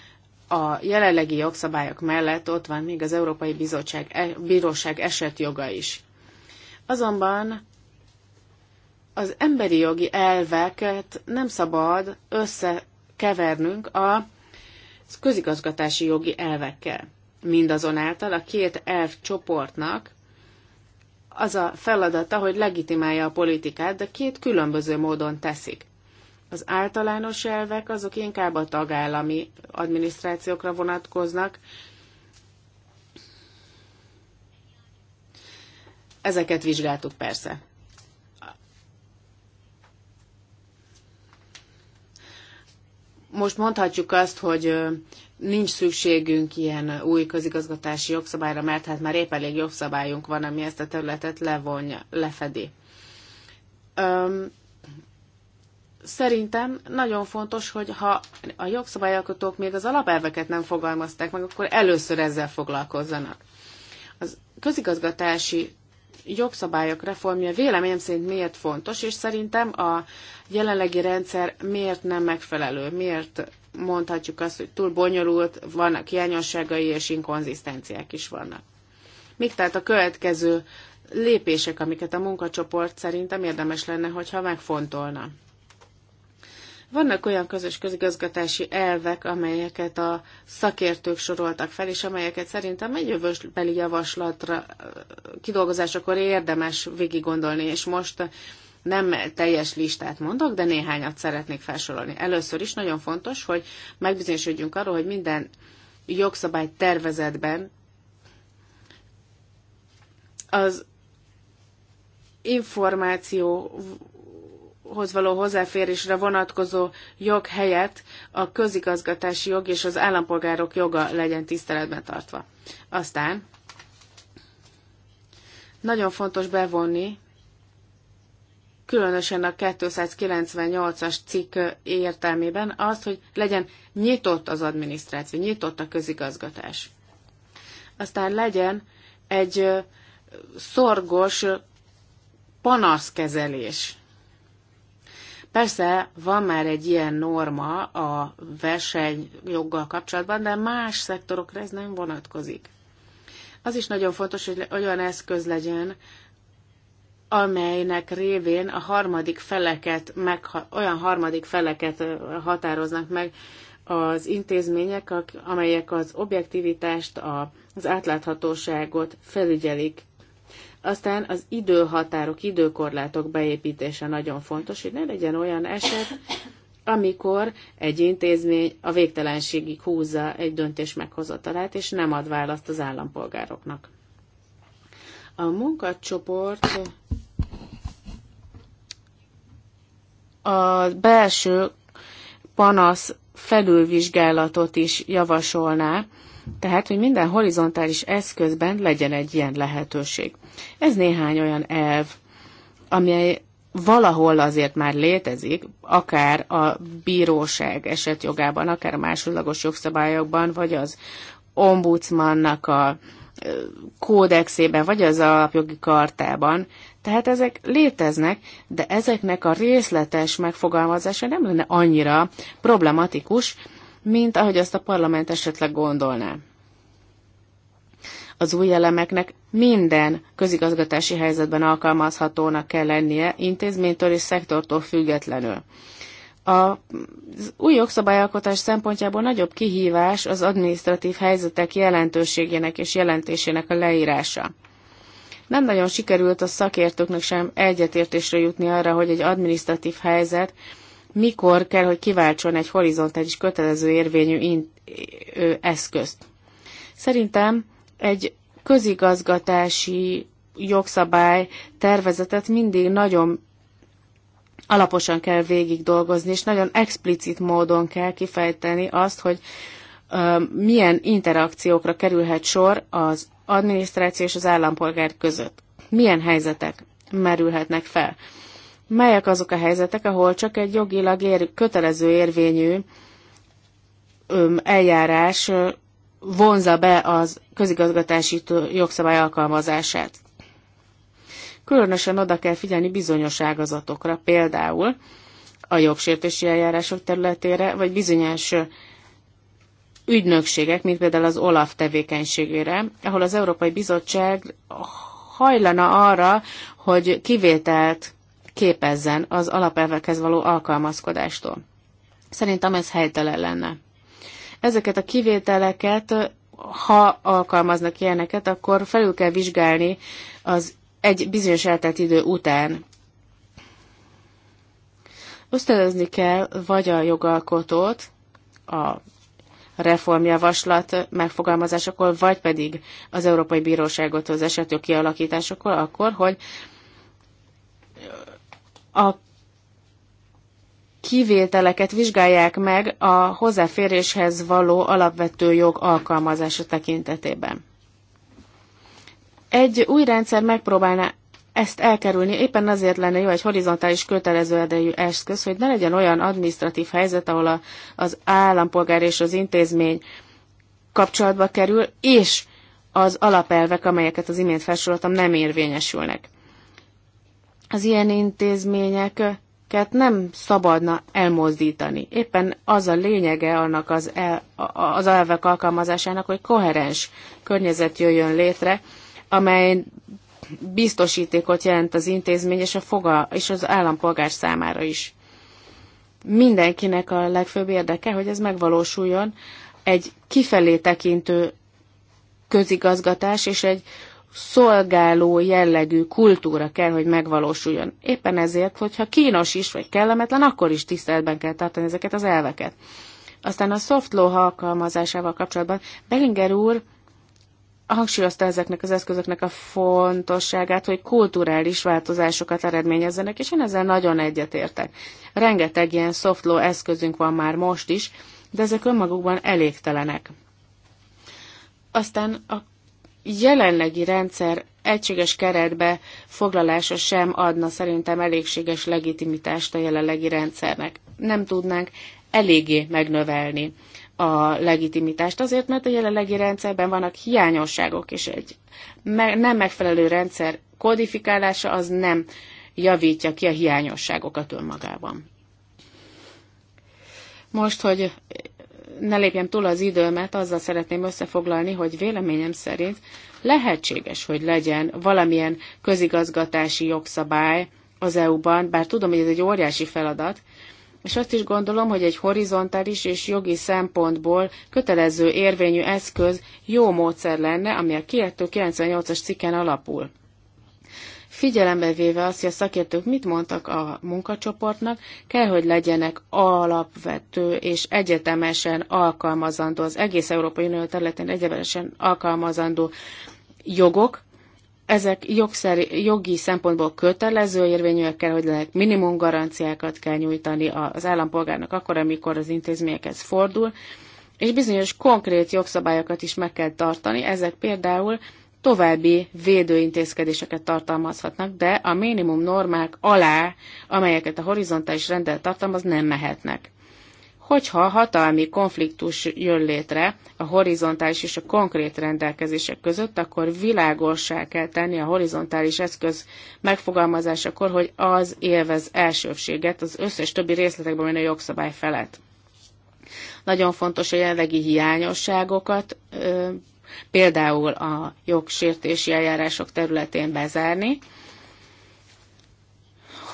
a jelenlegi jogszabályok mellett ott van még az Európai Bizottság, e, Bíróság esetjoga is. Azonban az emberi jogi elveket nem szabad összekevernünk a közigazgatási jogi elvekkel. Mindazonáltal a két elv csoportnak az a feladata, hogy legitimálja a politikát, de két különböző módon teszik. Az általános elvek azok inkább a tagállami adminisztrációkra vonatkoznak. Ezeket vizsgáltuk persze. Most mondhatjuk azt, hogy nincs szükségünk ilyen új közigazgatási jogszabályra, mert hát már épp elég jogszabályunk van, ami ezt a területet levonja, lefedi. Öm, szerintem nagyon fontos, hogy ha a jogszabályalkotók még az alapelveket nem fogalmazták meg, akkor először ezzel foglalkozzanak. Az közigazgatási jogszabályok reformja véleményem szerint miért fontos, és szerintem a jelenlegi rendszer miért nem megfelelő, miért mondhatjuk azt, hogy túl bonyolult, vannak hiányosságai és inkonzisztenciák is vannak. Még tehát a következő lépések, amiket a munkacsoport szerintem érdemes lenne, hogyha megfontolna? Vannak olyan közös közigazgatási elvek, amelyeket a szakértők soroltak fel, és amelyeket szerintem egy jövőbeli javaslatra kidolgozásakor érdemes végiggondolni, és most nem teljes listát mondok, de néhányat szeretnék felsorolni. Először is nagyon fontos, hogy megbizonyosodjunk arról, hogy minden jogszabály tervezetben az információhoz való hozzáférésre vonatkozó jog helyett a közigazgatási jog és az állampolgárok joga legyen tiszteletben tartva. Aztán nagyon fontos bevonni különösen a 298-as cikk értelmében az, hogy legyen nyitott az adminisztráció, nyitott a közigazgatás. Aztán legyen egy szorgos panaszkezelés. Persze van már egy ilyen norma a versenyjoggal kapcsolatban, de más szektorokra ez nem vonatkozik. Az is nagyon fontos, hogy olyan eszköz legyen, amelynek révén a harmadik feleket, meg, olyan harmadik feleket határoznak meg az intézmények, amelyek az objektivitást, az átláthatóságot felügyelik. Aztán az időhatárok, időkorlátok beépítése nagyon fontos, hogy ne legyen olyan eset, amikor egy intézmény a végtelenségig húzza egy döntés meghozatalát, és nem ad választ az állampolgároknak. A munkacsoport a belső panasz felülvizsgálatot is javasolná, tehát, hogy minden horizontális eszközben legyen egy ilyen lehetőség. Ez néhány olyan elv, amely valahol azért már létezik, akár a bíróság esetjogában, akár a másodlagos jogszabályokban, vagy az ombudsmannak a kódexében, vagy az alapjogi kartában. Tehát ezek léteznek, de ezeknek a részletes megfogalmazása nem lenne annyira problematikus, mint ahogy azt a parlament esetleg gondolná. Az új elemeknek minden közigazgatási helyzetben alkalmazhatónak kell lennie, intézménytől és szektortól függetlenül. Az új jogszabályalkotás szempontjából nagyobb kihívás az adminisztratív helyzetek jelentőségének és jelentésének a leírása. Nem nagyon sikerült a szakértőknek sem egyetértésre jutni arra, hogy egy adminisztratív helyzet mikor kell, hogy kiváltson egy horizontális kötelező érvényű eszközt. Szerintem egy közigazgatási jogszabály tervezetet mindig nagyon alaposan kell végig dolgozni, és nagyon explicit módon kell kifejteni azt, hogy milyen interakciókra kerülhet sor az adminisztráció és az állampolgár között. Milyen helyzetek merülhetnek fel? Melyek azok a helyzetek, ahol csak egy jogilag ér, kötelező érvényű öm, eljárás vonza be az közigazgatási jogszabály alkalmazását? Különösen oda kell figyelni bizonyos ágazatokra, például a jogsértési eljárások területére, vagy bizonyos ügynökségek, mint például az OLAF tevékenységére, ahol az Európai Bizottság hajlana arra, hogy kivételt képezzen az alapelvekhez való alkalmazkodástól. Szerintem ez helytelen lenne. Ezeket a kivételeket, ha alkalmaznak ilyeneket, akkor felül kell vizsgálni az egy bizonyos eltelt idő után. Ösztönözni kell vagy a jogalkotót a reformjavaslat megfogalmazásakor, vagy pedig az Európai Bíróságot az esető kialakításakor, akkor, hogy a kivételeket vizsgálják meg a hozzáféréshez való alapvető jog alkalmazása tekintetében. Egy új rendszer megpróbálná ezt elkerülni, éppen azért lenne jó egy horizontális kötelező erdejű eszköz, hogy ne legyen olyan administratív helyzet, ahol a, az állampolgár és az intézmény kapcsolatba kerül, és az alapelvek, amelyeket az imént felsoroltam, nem érvényesülnek. Az ilyen intézményeket nem szabadna elmozdítani. Éppen az a lényege annak az, el, az elvek alkalmazásának, hogy koherens környezet jöjjön létre, amely biztosítékot jelent az intézmény és, a foga, és az állampolgár számára is. Mindenkinek a legfőbb érdeke, hogy ez megvalósuljon egy kifelé tekintő közigazgatás és egy szolgáló jellegű kultúra kell, hogy megvalósuljon. Éppen ezért, hogyha kínos is, vagy kellemetlen, akkor is tiszteletben kell tartani ezeket az elveket. Aztán a soft law alkalmazásával kapcsolatban Bellinger úr hangsúlyozta ezeknek az eszközöknek a fontosságát, hogy kulturális változásokat eredményezzenek, és én ezzel nagyon egyetértek. Rengeteg ilyen soft law eszközünk van már most is, de ezek önmagukban elégtelenek. Aztán a jelenlegi rendszer egységes keretbe foglalása sem adna szerintem elégséges legitimitást a jelenlegi rendszernek. Nem tudnánk eléggé megnövelni a legitimitást, azért, mert a jelenlegi rendszerben vannak hiányosságok, és egy nem megfelelő rendszer kodifikálása az nem javítja ki a hiányosságokat önmagában. Most, hogy ne lépjem túl az időmet, azzal szeretném összefoglalni, hogy véleményem szerint lehetséges, hogy legyen valamilyen közigazgatási jogszabály az EU-ban, bár tudom, hogy ez egy óriási feladat, és azt is gondolom, hogy egy horizontális és jogi szempontból kötelező érvényű eszköz jó módszer lenne, ami a 298-as cikken alapul. Figyelembe véve azt, hogy a szakértők mit mondtak a munkacsoportnak, kell, hogy legyenek alapvető és egyetemesen alkalmazandó, az egész Európai Unió területén egyetemesen alkalmazandó jogok, ezek jogi szempontból kötelező érvényűek kell, hogy lehet minimum garanciákat kell nyújtani az állampolgárnak akkor, amikor az intézményekhez fordul, és bizonyos konkrét jogszabályokat is meg kell tartani. Ezek például további védőintézkedéseket tartalmazhatnak, de a minimum normák alá, amelyeket a horizontális rendelet tartalmaz, nem mehetnek hogyha hatalmi konfliktus jön létre a horizontális és a konkrét rendelkezések között, akkor világossá kell tenni a horizontális eszköz megfogalmazásakor, hogy az élvez elsőbséget az összes többi részletekben menő jogszabály felett. Nagyon fontos a jelenlegi hiányosságokat, például a jogsértési eljárások területén bezárni,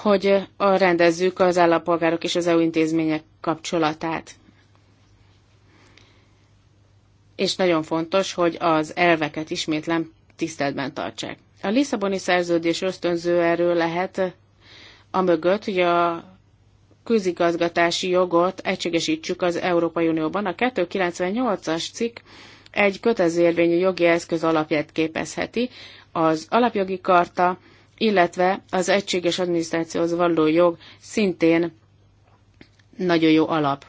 hogy rendezzük az állampolgárok és az EU intézmények kapcsolatát. És nagyon fontos, hogy az elveket ismétlen tiszteletben tartsák. A Lisszaboni szerződés ösztönző erő lehet mögött, hogy a közigazgatási jogot egységesítsük az Európai Unióban. A 298-as cikk egy kötezérvényű jogi eszköz alapját képezheti, az alapjogi karta, illetve az egységes adminisztrációhoz való jog szintén nagyon jó alap.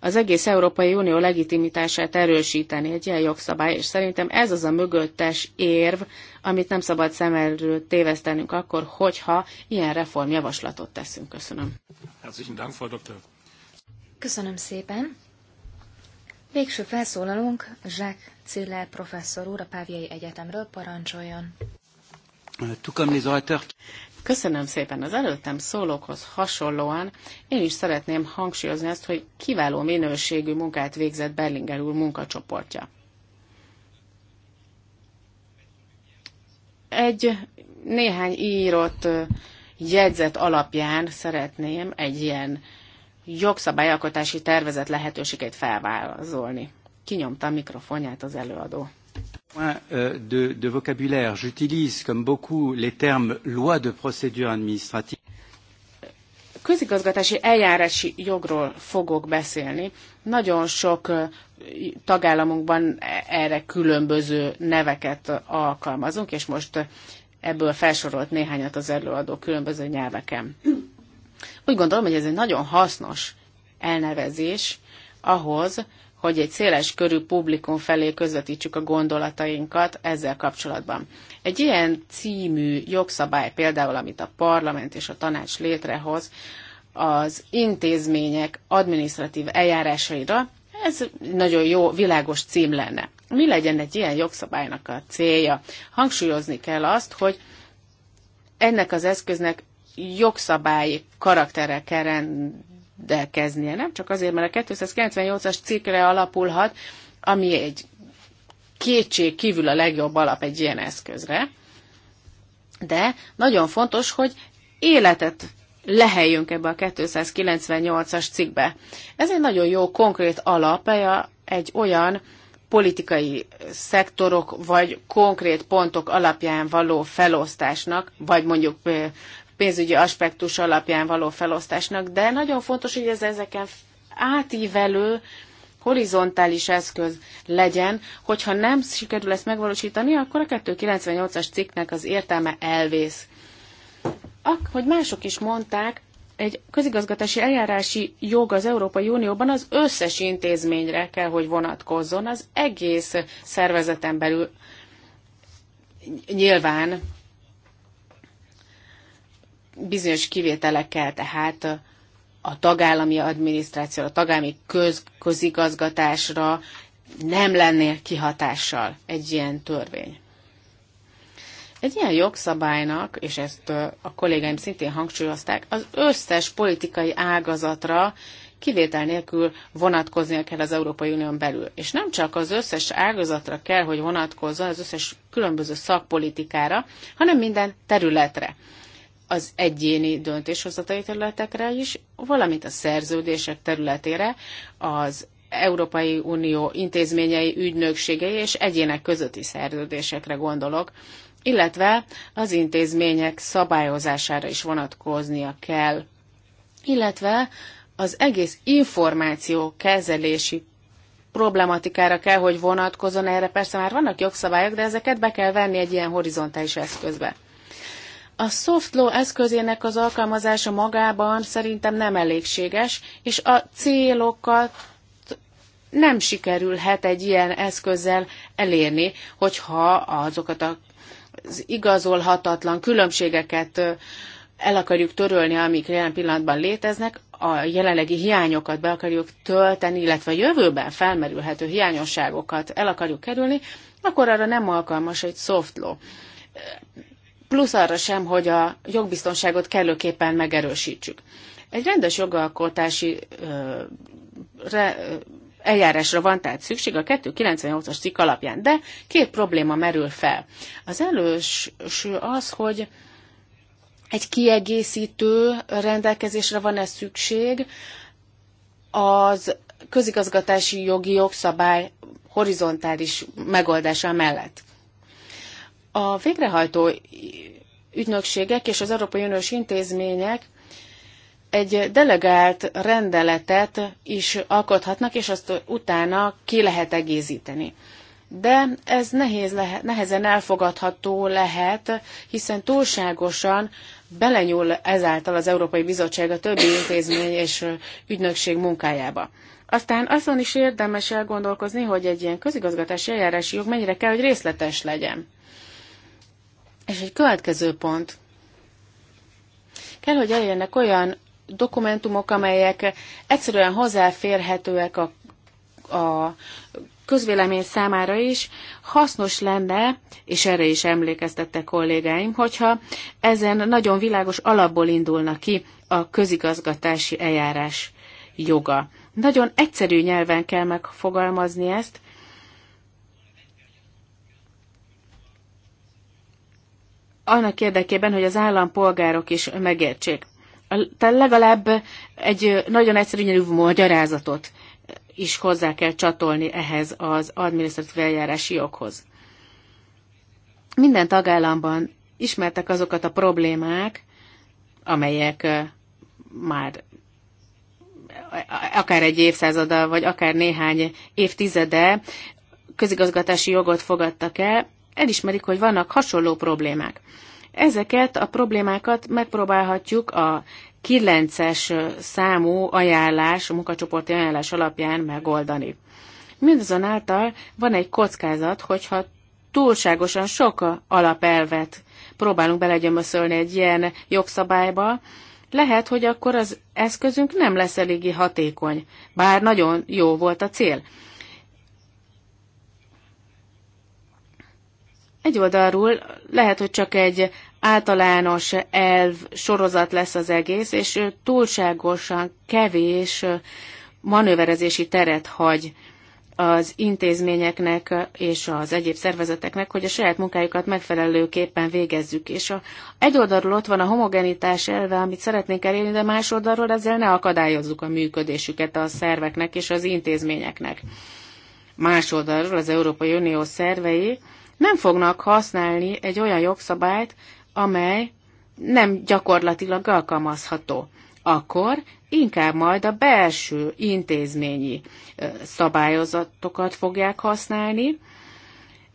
Az egész Európai Unió legitimitását erősíteni egy ilyen jogszabály, és szerintem ez az a mögöttes érv, amit nem szabad szem elől tévesztenünk akkor, hogyha ilyen reformjavaslatot teszünk. Köszönöm. Köszönöm szépen. Végső felszólalunk, Jacques Ciller professzor úr a Páviai Egyetemről parancsoljon. Köszönöm szépen az előttem szólókhoz hasonlóan. Én is szeretném hangsúlyozni azt, hogy kiváló minőségű munkát végzett Berlinger úr munkacsoportja. Egy néhány írott jegyzet alapján szeretném egy ilyen jogszabályalkotási tervezet lehetőségét felvázolni. Kinyomta a mikrofonját az előadó. Euh, de, de vocabulaire, j'utilise comme beaucoup les termes loi de procédure administrative. Közigazgatási eljárási jogról fogok beszélni. Nagyon sok euh, tagállamunkban erre különböző neveket alkalmazunk, és most euh, ebből felsorolt néhányat az előadó különböző nyelveken. Úgy gondolom, hogy ez egy nagyon hasznos elnevezés ahhoz, hogy egy széles körű publikum felé közvetítsük a gondolatainkat ezzel kapcsolatban. Egy ilyen című jogszabály például, amit a parlament és a tanács létrehoz, az intézmények adminisztratív eljárásaira, ez nagyon jó, világos cím lenne. Mi legyen egy ilyen jogszabálynak a célja? Hangsúlyozni kell azt, hogy ennek az eszköznek jogszabályi karakterrel kell rendelkeznie. Nem csak azért, mert a 298-as cikkre alapulhat, ami egy kétség kívül a legjobb alap egy ilyen eszközre, de nagyon fontos, hogy életet leheljünk ebbe a 298-as cikkbe. Ez egy nagyon jó, konkrét alapja egy olyan politikai szektorok vagy konkrét pontok alapján való felosztásnak, vagy mondjuk pénzügyi aspektus alapján való felosztásnak, de nagyon fontos, hogy ez ezeken átívelő, horizontális eszköz legyen, hogyha nem sikerül ezt megvalósítani, akkor a 298-as cikknek az értelme elvész. Ak, hogy mások is mondták, egy közigazgatási eljárási jog az Európai Unióban az összes intézményre kell, hogy vonatkozzon, az egész szervezeten belül. Nyilván bizonyos kivételekkel, tehát a tagállami adminisztrációra, a tagállami köz, közigazgatásra nem lennél kihatással egy ilyen törvény. Egy ilyen jogszabálynak, és ezt a kollégáim szintén hangsúlyozták, az összes politikai ágazatra kivétel nélkül vonatkoznia kell az Európai Unión belül. És nem csak az összes ágazatra kell, hogy vonatkozzon, az összes különböző szakpolitikára, hanem minden területre az egyéni döntéshozatai területekre is, valamint a szerződések területére az Európai Unió intézményei, ügynökségei és egyének közötti szerződésekre gondolok, illetve az intézmények szabályozására is vonatkoznia kell, illetve az egész információ kezelési problematikára kell, hogy vonatkozon erre. Persze már vannak jogszabályok, de ezeket be kell venni egy ilyen horizontális eszközbe. A soft law eszközének az alkalmazása magában szerintem nem elégséges, és a célokat nem sikerülhet egy ilyen eszközzel elérni, hogyha azokat az igazolhatatlan különbségeket el akarjuk törölni, amik jelen pillanatban léteznek, a jelenlegi hiányokat be akarjuk tölteni, illetve a jövőben felmerülhető hiányosságokat el akarjuk kerülni, akkor arra nem alkalmas egy soft law plusz arra sem, hogy a jogbiztonságot kellőképpen megerősítsük. Egy rendes jogalkotási ö, re, ö, eljárásra van tehát szükség a 298-as cikk alapján, de két probléma merül fel. Az előső az, hogy egy kiegészítő rendelkezésre van-e szükség az közigazgatási jogi jogszabály horizontális megoldása mellett. A végrehajtó ügynökségek és az Európai Uniós intézmények egy delegált rendeletet is alkothatnak, és azt utána ki lehet egészíteni. De ez nehéz lehet, nehezen elfogadható lehet, hiszen túlságosan belenyúl ezáltal az Európai Bizottság a többi intézmény és ügynökség munkájába. Aztán azon is érdemes elgondolkozni, hogy egy ilyen közigazgatási eljárási jog mennyire kell, hogy részletes legyen. És egy következő pont. Kell, hogy elérjenek olyan dokumentumok, amelyek egyszerűen hozzáférhetőek a, a közvélemény számára is hasznos lenne, és erre is emlékeztette kollégáim, hogyha ezen nagyon világos alapból indulna ki a közigazgatási eljárás joga. Nagyon egyszerű nyelven kell megfogalmazni ezt, annak érdekében, hogy az állampolgárok is megértsék. Te legalább egy nagyon egyszerű nyelvű magyarázatot is hozzá kell csatolni ehhez az adminisztratív eljárási joghoz. Minden tagállamban ismertek azokat a problémák, amelyek már akár egy évszázada, vagy akár néhány évtizede közigazgatási jogot fogadtak el, elismerik, hogy vannak hasonló problémák. Ezeket a problémákat megpróbálhatjuk a 9-es számú ajánlás, a munkacsoporti ajánlás alapján megoldani. Mindazonáltal van egy kockázat, hogyha túlságosan sok alapelvet próbálunk belegyömöszölni egy ilyen jogszabályba, lehet, hogy akkor az eszközünk nem lesz eléggé hatékony, bár nagyon jó volt a cél. Egy oldalról lehet, hogy csak egy általános elv sorozat lesz az egész, és túlságosan kevés manőverezési teret hagy az intézményeknek és az egyéb szervezeteknek, hogy a saját munkájukat megfelelőképpen végezzük. És a, egy oldalról ott van a homogenitás elve, amit szeretnénk elérni, de más oldalról ezzel ne akadályozzuk a működésüket a szerveknek és az intézményeknek. Más oldalról az Európai Unió szervei nem fognak használni egy olyan jogszabályt, amely nem gyakorlatilag alkalmazható. Akkor inkább majd a belső intézményi szabályozatokat fogják használni,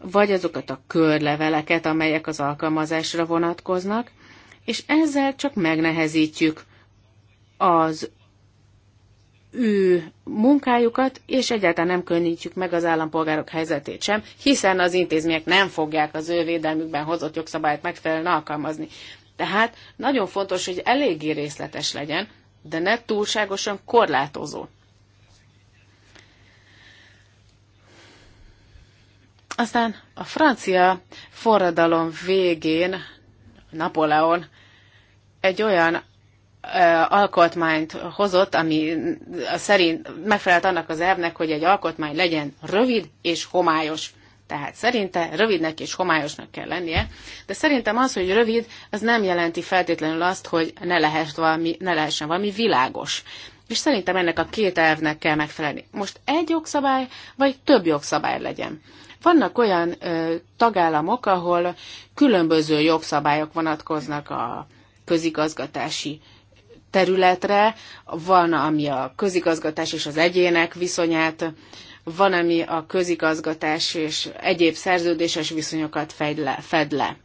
vagy azokat a körleveleket, amelyek az alkalmazásra vonatkoznak, és ezzel csak megnehezítjük az ő munkájukat, és egyáltalán nem könnyítjük meg az állampolgárok helyzetét sem, hiszen az intézmények nem fogják az ő védelmükben hozott jogszabályt megfelelően alkalmazni. Tehát nagyon fontos, hogy eléggé részletes legyen, de ne túlságosan korlátozó. Aztán a francia forradalom végén Napóleon egy olyan alkotmányt hozott, ami szerint megfelelt annak az elvnek, hogy egy alkotmány legyen rövid és homályos. Tehát szerinte rövidnek és homályosnak kell lennie, de szerintem az, hogy rövid, az nem jelenti feltétlenül azt, hogy ne, lehet valami, ne lehessen valami világos. És szerintem ennek a két elvnek kell megfelelni. Most egy jogszabály, vagy több jogszabály legyen. Vannak olyan ö, tagállamok, ahol különböző jogszabályok vonatkoznak a közigazgatási területre, van, ami a közigazgatás és az egyének viszonyát, van, ami a közigazgatás és egyéb szerződéses viszonyokat fed le. Fed le.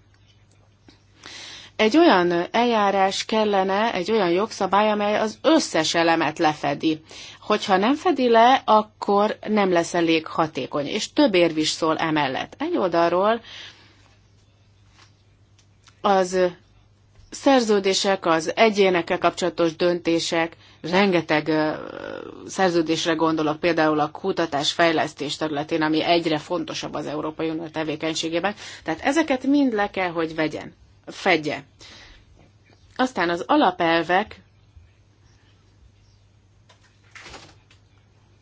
Egy olyan eljárás kellene, egy olyan jogszabály, amely az összes elemet lefedi. Hogyha nem fedi le, akkor nem lesz elég hatékony, és több érv is szól emellett. Egy oldalról az szerződések, az egyénekkel kapcsolatos döntések, rengeteg szerződésre gondolok, például a kutatás-fejlesztés területén, ami egyre fontosabb az Európai Unió tevékenységében. Tehát ezeket mind le kell, hogy vegyen, fedje. Aztán az alapelvek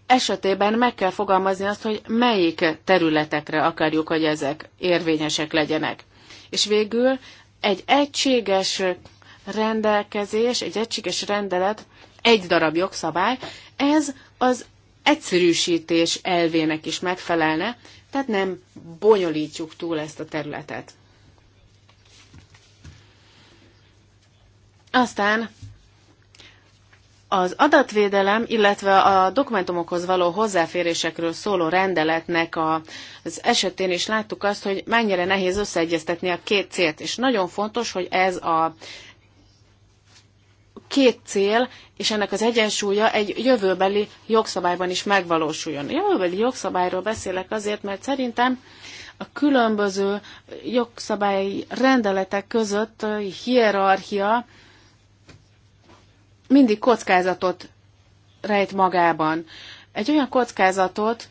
esetében meg kell fogalmazni azt, hogy melyik területekre akarjuk, hogy ezek érvényesek legyenek. És végül egy egységes rendelkezés, egy egységes rendelet, egy darab jogszabály, ez az egyszerűsítés elvének is megfelelne, tehát nem bonyolítjuk túl ezt a területet. Aztán az adatvédelem, illetve a dokumentumokhoz való hozzáférésekről szóló rendeletnek a, az esetén is láttuk azt, hogy mennyire nehéz összeegyeztetni a két célt, és nagyon fontos, hogy ez a két cél, és ennek az egyensúlya egy jövőbeli jogszabályban is megvalósuljon. A jövőbeli jogszabályról beszélek azért, mert szerintem a különböző jogszabályi rendeletek között eh, hierarchia, mindig kockázatot rejt magában. Egy olyan kockázatot,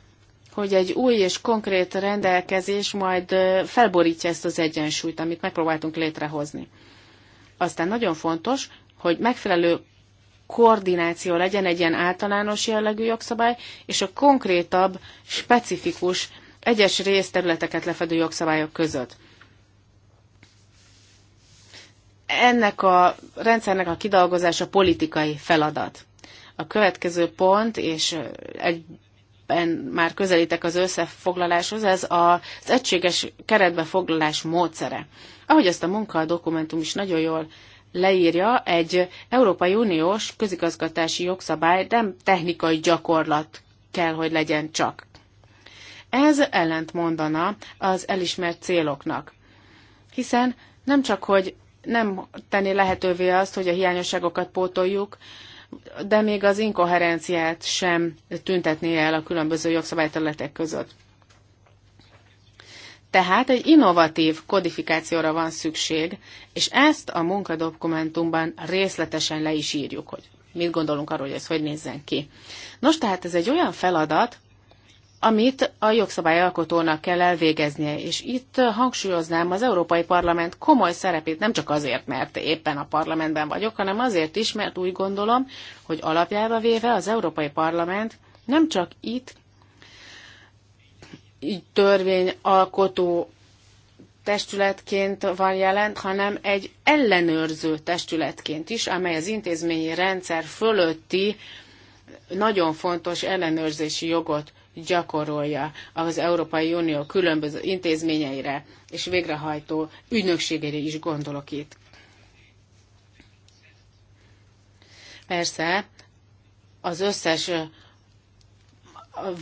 hogy egy új és konkrét rendelkezés majd felborítja ezt az egyensúlyt, amit megpróbáltunk létrehozni. Aztán nagyon fontos, hogy megfelelő koordináció legyen egy ilyen általános jellegű jogszabály, és a konkrétabb, specifikus, egyes részterületeket lefedő jogszabályok között ennek a rendszernek a kidolgozása politikai feladat. A következő pont, és egyben már közelítek az összefoglaláshoz, ez az egységes keretbe foglalás módszere. Ahogy ezt a munka a dokumentum is nagyon jól leírja, egy Európai Uniós közigazgatási jogszabály nem technikai gyakorlat kell, hogy legyen csak. Ez ellent mondana az elismert céloknak. Hiszen nem csak, hogy nem tenni lehetővé azt, hogy a hiányosságokat pótoljuk, de még az inkoherenciát sem tüntetné el a különböző jogszabályterületek között. Tehát egy innovatív kodifikációra van szükség, és ezt a munkadokumentumban részletesen le is írjuk, hogy mit gondolunk arról, hogy ez hogy nézzen ki. Nos, tehát ez egy olyan feladat, amit a jogszabályalkotónak kell elvégeznie. És itt hangsúlyoznám az Európai Parlament komoly szerepét, nem csak azért, mert éppen a parlamentben vagyok, hanem azért is, mert úgy gondolom, hogy alapjába véve az Európai Parlament nem csak itt így törvényalkotó testületként van jelent, hanem egy ellenőrző testületként is, amely az intézményi rendszer fölötti nagyon fontos ellenőrzési jogot gyakorolja az Európai Unió különböző intézményeire és végrehajtó ügynökségére is gondolok itt. Persze az összes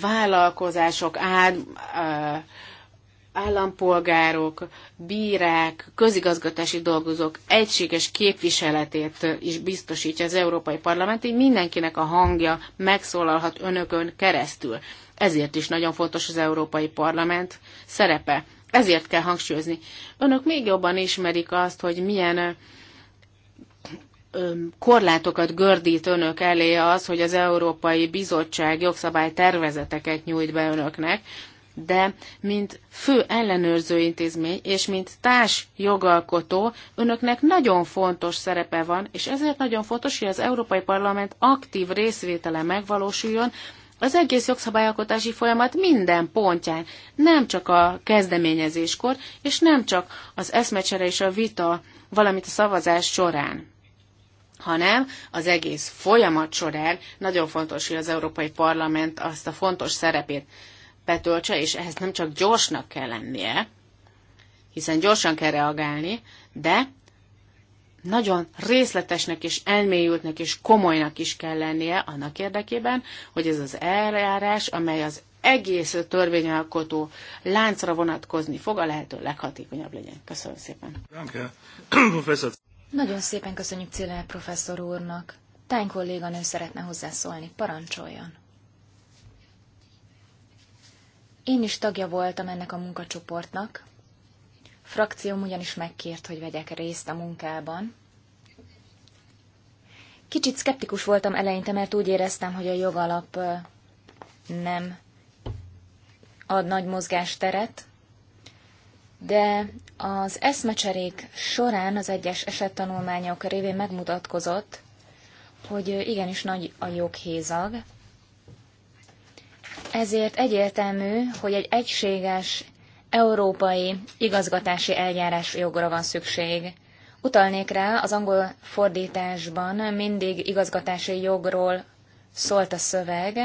vállalkozások, állampolgárok, bírák, közigazgatási dolgozók egységes képviseletét is biztosítja az Európai Parlament, így mindenkinek a hangja megszólalhat önökön keresztül. Ezért is nagyon fontos az Európai Parlament szerepe. Ezért kell hangsúlyozni. Önök még jobban ismerik azt, hogy milyen korlátokat gördít önök elé az, hogy az Európai Bizottság jogszabály tervezeteket nyújt be önöknek, de mint fő ellenőrző intézmény és mint társ jogalkotó önöknek nagyon fontos szerepe van, és ezért nagyon fontos, hogy az Európai Parlament aktív részvétele megvalósuljon az egész jogszabályalkotási folyamat minden pontján, nem csak a kezdeményezéskor, és nem csak az eszmecsere és a vita, valamint a szavazás során hanem az egész folyamat során nagyon fontos, hogy az Európai Parlament azt a fontos szerepét betöltse, és ehhez nem csak gyorsnak kell lennie, hiszen gyorsan kell reagálni, de nagyon részletesnek és elmélyültnek és komolynak is kell lennie annak érdekében, hogy ez az eljárás, amely az egész törvényalkotó láncra vonatkozni fog, a lehető leghatékonyabb legyen. Köszönöm szépen. Nagyon szépen köszönjük Cille professzor úrnak. Tány kolléganő szeretne hozzászólni. Parancsoljon. Én is tagja voltam ennek a munkacsoportnak, frakcióm ugyanis megkért, hogy vegyek részt a munkában. Kicsit szkeptikus voltam eleinte, mert úgy éreztem, hogy a jogalap nem ad nagy mozgásteret, de az eszmecserék során az egyes esettanulmányok révén megmutatkozott, hogy igenis nagy a joghézag. Ezért egyértelmű, hogy egy egységes európai igazgatási eljárás jogra van szükség. Utalnék rá, az angol fordításban mindig igazgatási jogról szólt a szöveg.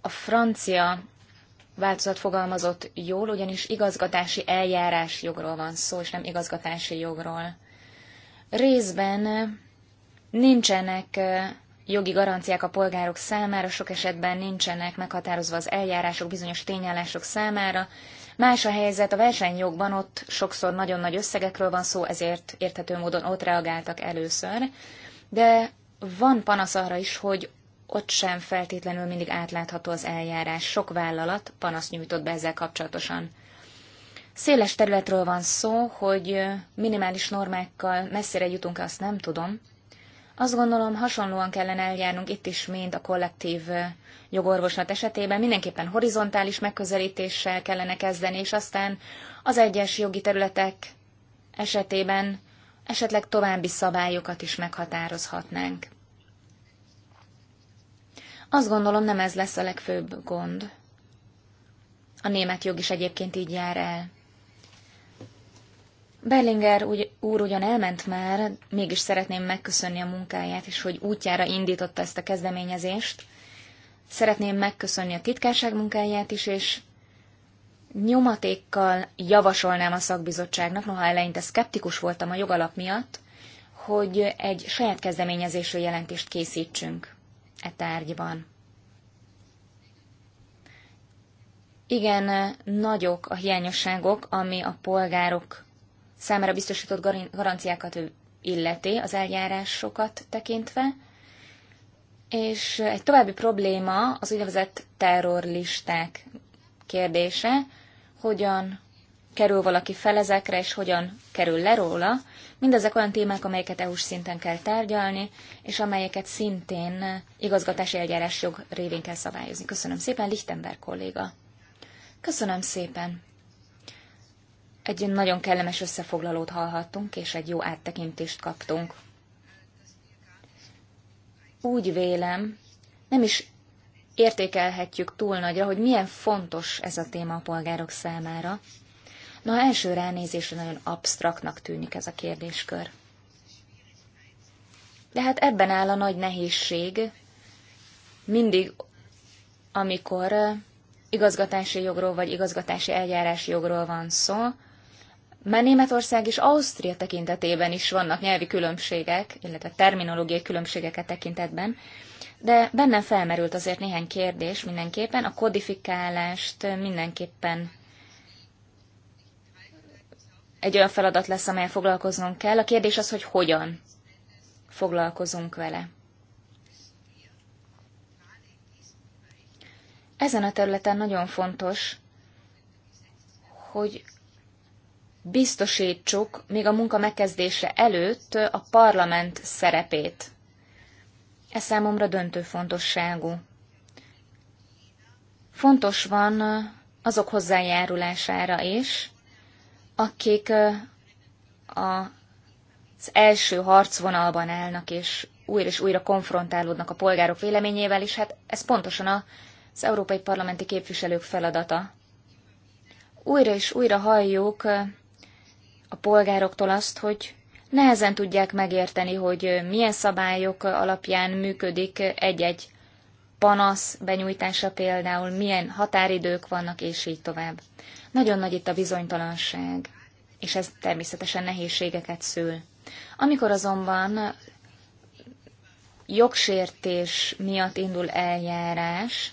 A francia változat fogalmazott jól, ugyanis igazgatási eljárás jogról van szó, és nem igazgatási jogról. Részben nincsenek jogi garanciák a polgárok számára sok esetben nincsenek meghatározva az eljárások bizonyos tényállások számára. Más a helyzet a versenyjogban, ott sokszor nagyon nagy összegekről van szó, ezért érthető módon ott reagáltak először. De van panasz arra is, hogy ott sem feltétlenül mindig átlátható az eljárás. Sok vállalat panaszt nyújtott be ezzel kapcsolatosan. Széles területről van szó, hogy minimális normákkal messzire jutunk, azt nem tudom, azt gondolom, hasonlóan kellene eljárnunk itt is, mint a kollektív jogorvoslat esetében. Mindenképpen horizontális megközelítéssel kellene kezdeni, és aztán az egyes jogi területek esetében esetleg további szabályokat is meghatározhatnánk. Azt gondolom, nem ez lesz a legfőbb gond. A német jog is egyébként így jár el. Berlinger úgy, úr ugyan elment már, mégis szeretném megköszönni a munkáját, és hogy útjára indította ezt a kezdeményezést. Szeretném megköszönni a titkárság munkáját is, és nyomatékkal javasolnám a szakbizottságnak, noha eleinte szkeptikus voltam a jogalap miatt, hogy egy saját kezdeményezésű jelentést készítsünk e tárgyban. Igen, nagyok a hiányosságok, ami a polgárok számára biztosított garanciákat illeti az eljárásokat tekintve, és egy további probléma az úgynevezett terrorlisták kérdése, hogyan kerül valaki fel ezekre, és hogyan kerül le róla. Mindezek olyan témák, amelyeket EU-s szinten kell tárgyalni, és amelyeket szintén igazgatási eljárás jog révén kell szabályozni. Köszönöm szépen, Lichtenberg kolléga. Köszönöm szépen. Egy nagyon kellemes összefoglalót hallhattunk, és egy jó áttekintést kaptunk. Úgy vélem, nem is értékelhetjük túl nagyra, hogy milyen fontos ez a téma a polgárok számára. Na, első ránézésre nagyon absztraktnak tűnik ez a kérdéskör. De hát ebben áll a nagy nehézség, mindig, amikor eh, igazgatási jogról vagy igazgatási eljárási jogról van szó, már Németország és Ausztria tekintetében is vannak nyelvi különbségek, illetve terminológiai különbségeket tekintetben, de bennem felmerült azért néhány kérdés mindenképpen, a kodifikálást mindenképpen egy olyan feladat lesz, amelyel foglalkoznunk kell. A kérdés az, hogy hogyan foglalkozunk vele. Ezen a területen nagyon fontos, hogy biztosítsuk még a munka megkezdése előtt a parlament szerepét. Ez számomra döntő fontosságú. Fontos van azok hozzájárulására is, akik az első harcvonalban állnak, és újra és újra konfrontálódnak a polgárok véleményével, és hát ez pontosan az európai parlamenti képviselők feladata. Újra és újra halljuk a polgároktól azt, hogy nehezen tudják megérteni, hogy milyen szabályok alapján működik egy-egy panasz benyújtása például, milyen határidők vannak, és így tovább. Nagyon nagy itt a bizonytalanság, és ez természetesen nehézségeket szül. Amikor azonban jogsértés miatt indul eljárás,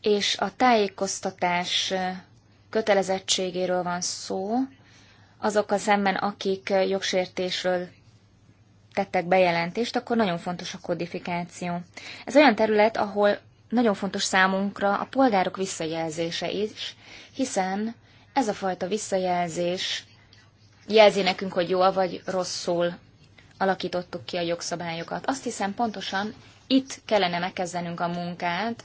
és a tájékoztatás kötelezettségéről van szó, azokkal szemben, akik jogsértésről tettek bejelentést, akkor nagyon fontos a kodifikáció. Ez olyan terület, ahol nagyon fontos számunkra a polgárok visszajelzése is, hiszen ez a fajta visszajelzés jelzi nekünk, hogy jól vagy rosszul alakítottuk ki a jogszabályokat. Azt hiszem pontosan itt kellene megkezdenünk a munkát,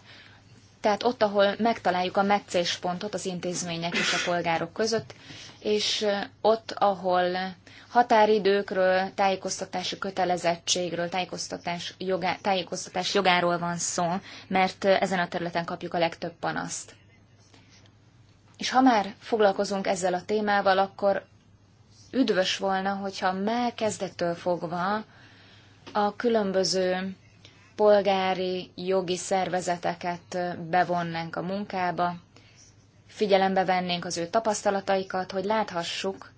tehát ott, ahol megtaláljuk a pontot az intézmények és a polgárok között, és ott, ahol határidőkről, tájékoztatási kötelezettségről, tájékoztatás, jogá, tájékoztatás jogáról van szó, mert ezen a területen kapjuk a legtöbb panaszt. És ha már foglalkozunk ezzel a témával, akkor üdvös volna, hogyha már kezdettől fogva a különböző polgári, jogi szervezeteket bevonnánk a munkába, figyelembe vennénk az ő tapasztalataikat, hogy láthassuk,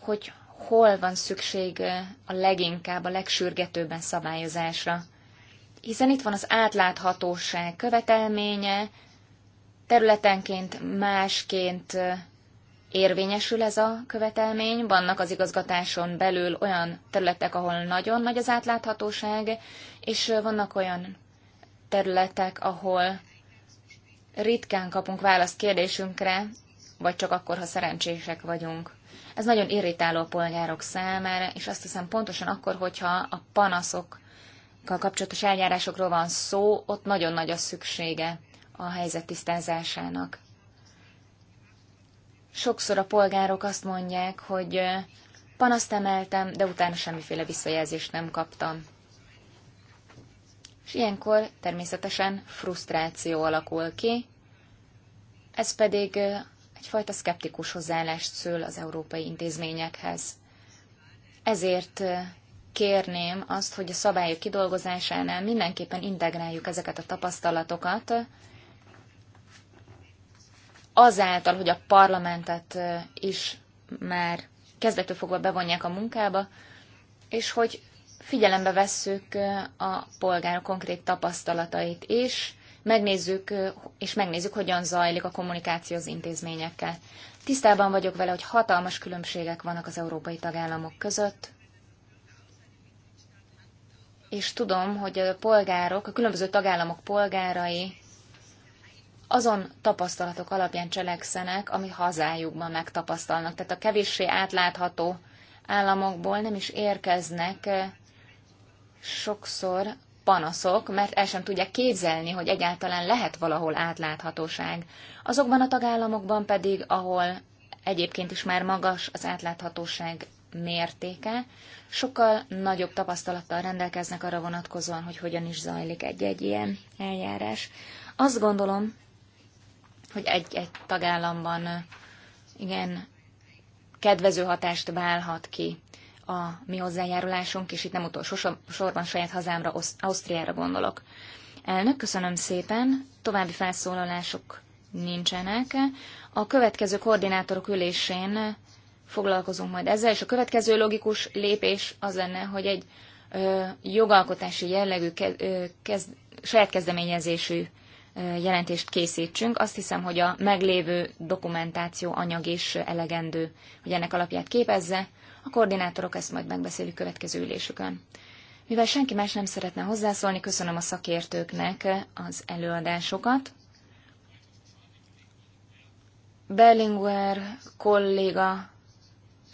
hogy hol van szükség a leginkább, a legsürgetőbben szabályozásra. Hiszen itt van az átláthatóság követelménye, területenként másként érvényesül ez a követelmény, vannak az igazgatáson belül olyan területek, ahol nagyon nagy az átláthatóság, és vannak olyan területek, ahol ritkán kapunk választ kérdésünkre, vagy csak akkor, ha szerencsések vagyunk. Ez nagyon irritáló a polgárok számára, és azt hiszem pontosan akkor, hogyha a panaszokkal kapcsolatos eljárásokról van szó, ott nagyon nagy a szüksége a helyzet tisztázásának. Sokszor a polgárok azt mondják, hogy panaszt emeltem, de utána semmiféle visszajelzést nem kaptam. És ilyenkor természetesen frusztráció alakul ki, ez pedig egyfajta szkeptikus hozzáállást szül az európai intézményekhez. Ezért kérném azt, hogy a szabályok kidolgozásánál mindenképpen integráljuk ezeket a tapasztalatokat, azáltal, hogy a parlamentet is már kezdettől fogva bevonják a munkába, és hogy figyelembe vesszük a polgárok konkrét tapasztalatait is, megnézzük, és megnézzük, hogyan zajlik a kommunikáció az intézményekkel. Tisztában vagyok vele, hogy hatalmas különbségek vannak az európai tagállamok között, és tudom, hogy a polgárok, a különböző tagállamok polgárai azon tapasztalatok alapján cselekszenek, ami hazájukban megtapasztalnak. Tehát a kevéssé átlátható államokból nem is érkeznek eh, sokszor panaszok, mert el sem tudják képzelni, hogy egyáltalán lehet valahol átláthatóság. Azokban a tagállamokban pedig, ahol egyébként is már magas az átláthatóság mértéke, sokkal nagyobb tapasztalattal rendelkeznek arra vonatkozóan, hogy hogyan is zajlik egy-egy ilyen eljárás. Azt gondolom, hogy egy-egy tagállamban igen kedvező hatást válhat ki a mi hozzájárulásunk, és itt nem utolsó sorban saját hazámra, Ausztriára gondolok. Elnök, köszönöm szépen, további felszólalások nincsenek. A következő koordinátorok ülésén foglalkozunk majd ezzel, és a következő logikus lépés az lenne, hogy egy ö, jogalkotási jellegű kez, ö, saját kezdeményezésű jelentést készítsünk. Azt hiszem, hogy a meglévő dokumentáció anyag is elegendő, hogy ennek alapját képezze. A koordinátorok ezt majd megbeszélik következő ülésükön. Mivel senki más nem szeretne hozzászólni, köszönöm a szakértőknek az előadásokat. Berlinguer kolléga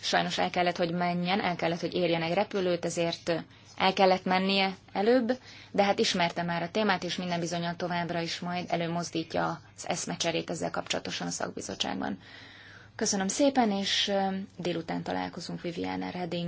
sajnos el kellett, hogy menjen, el kellett, hogy érjen egy repülőt, ezért el kellett mennie előbb, de hát ismerte már a témát, és minden bizonyal továbbra is majd előmozdítja az eszmecserét ezzel kapcsolatosan a szakbizottságban. Köszönöm szépen, és délután találkozunk Viviana Redding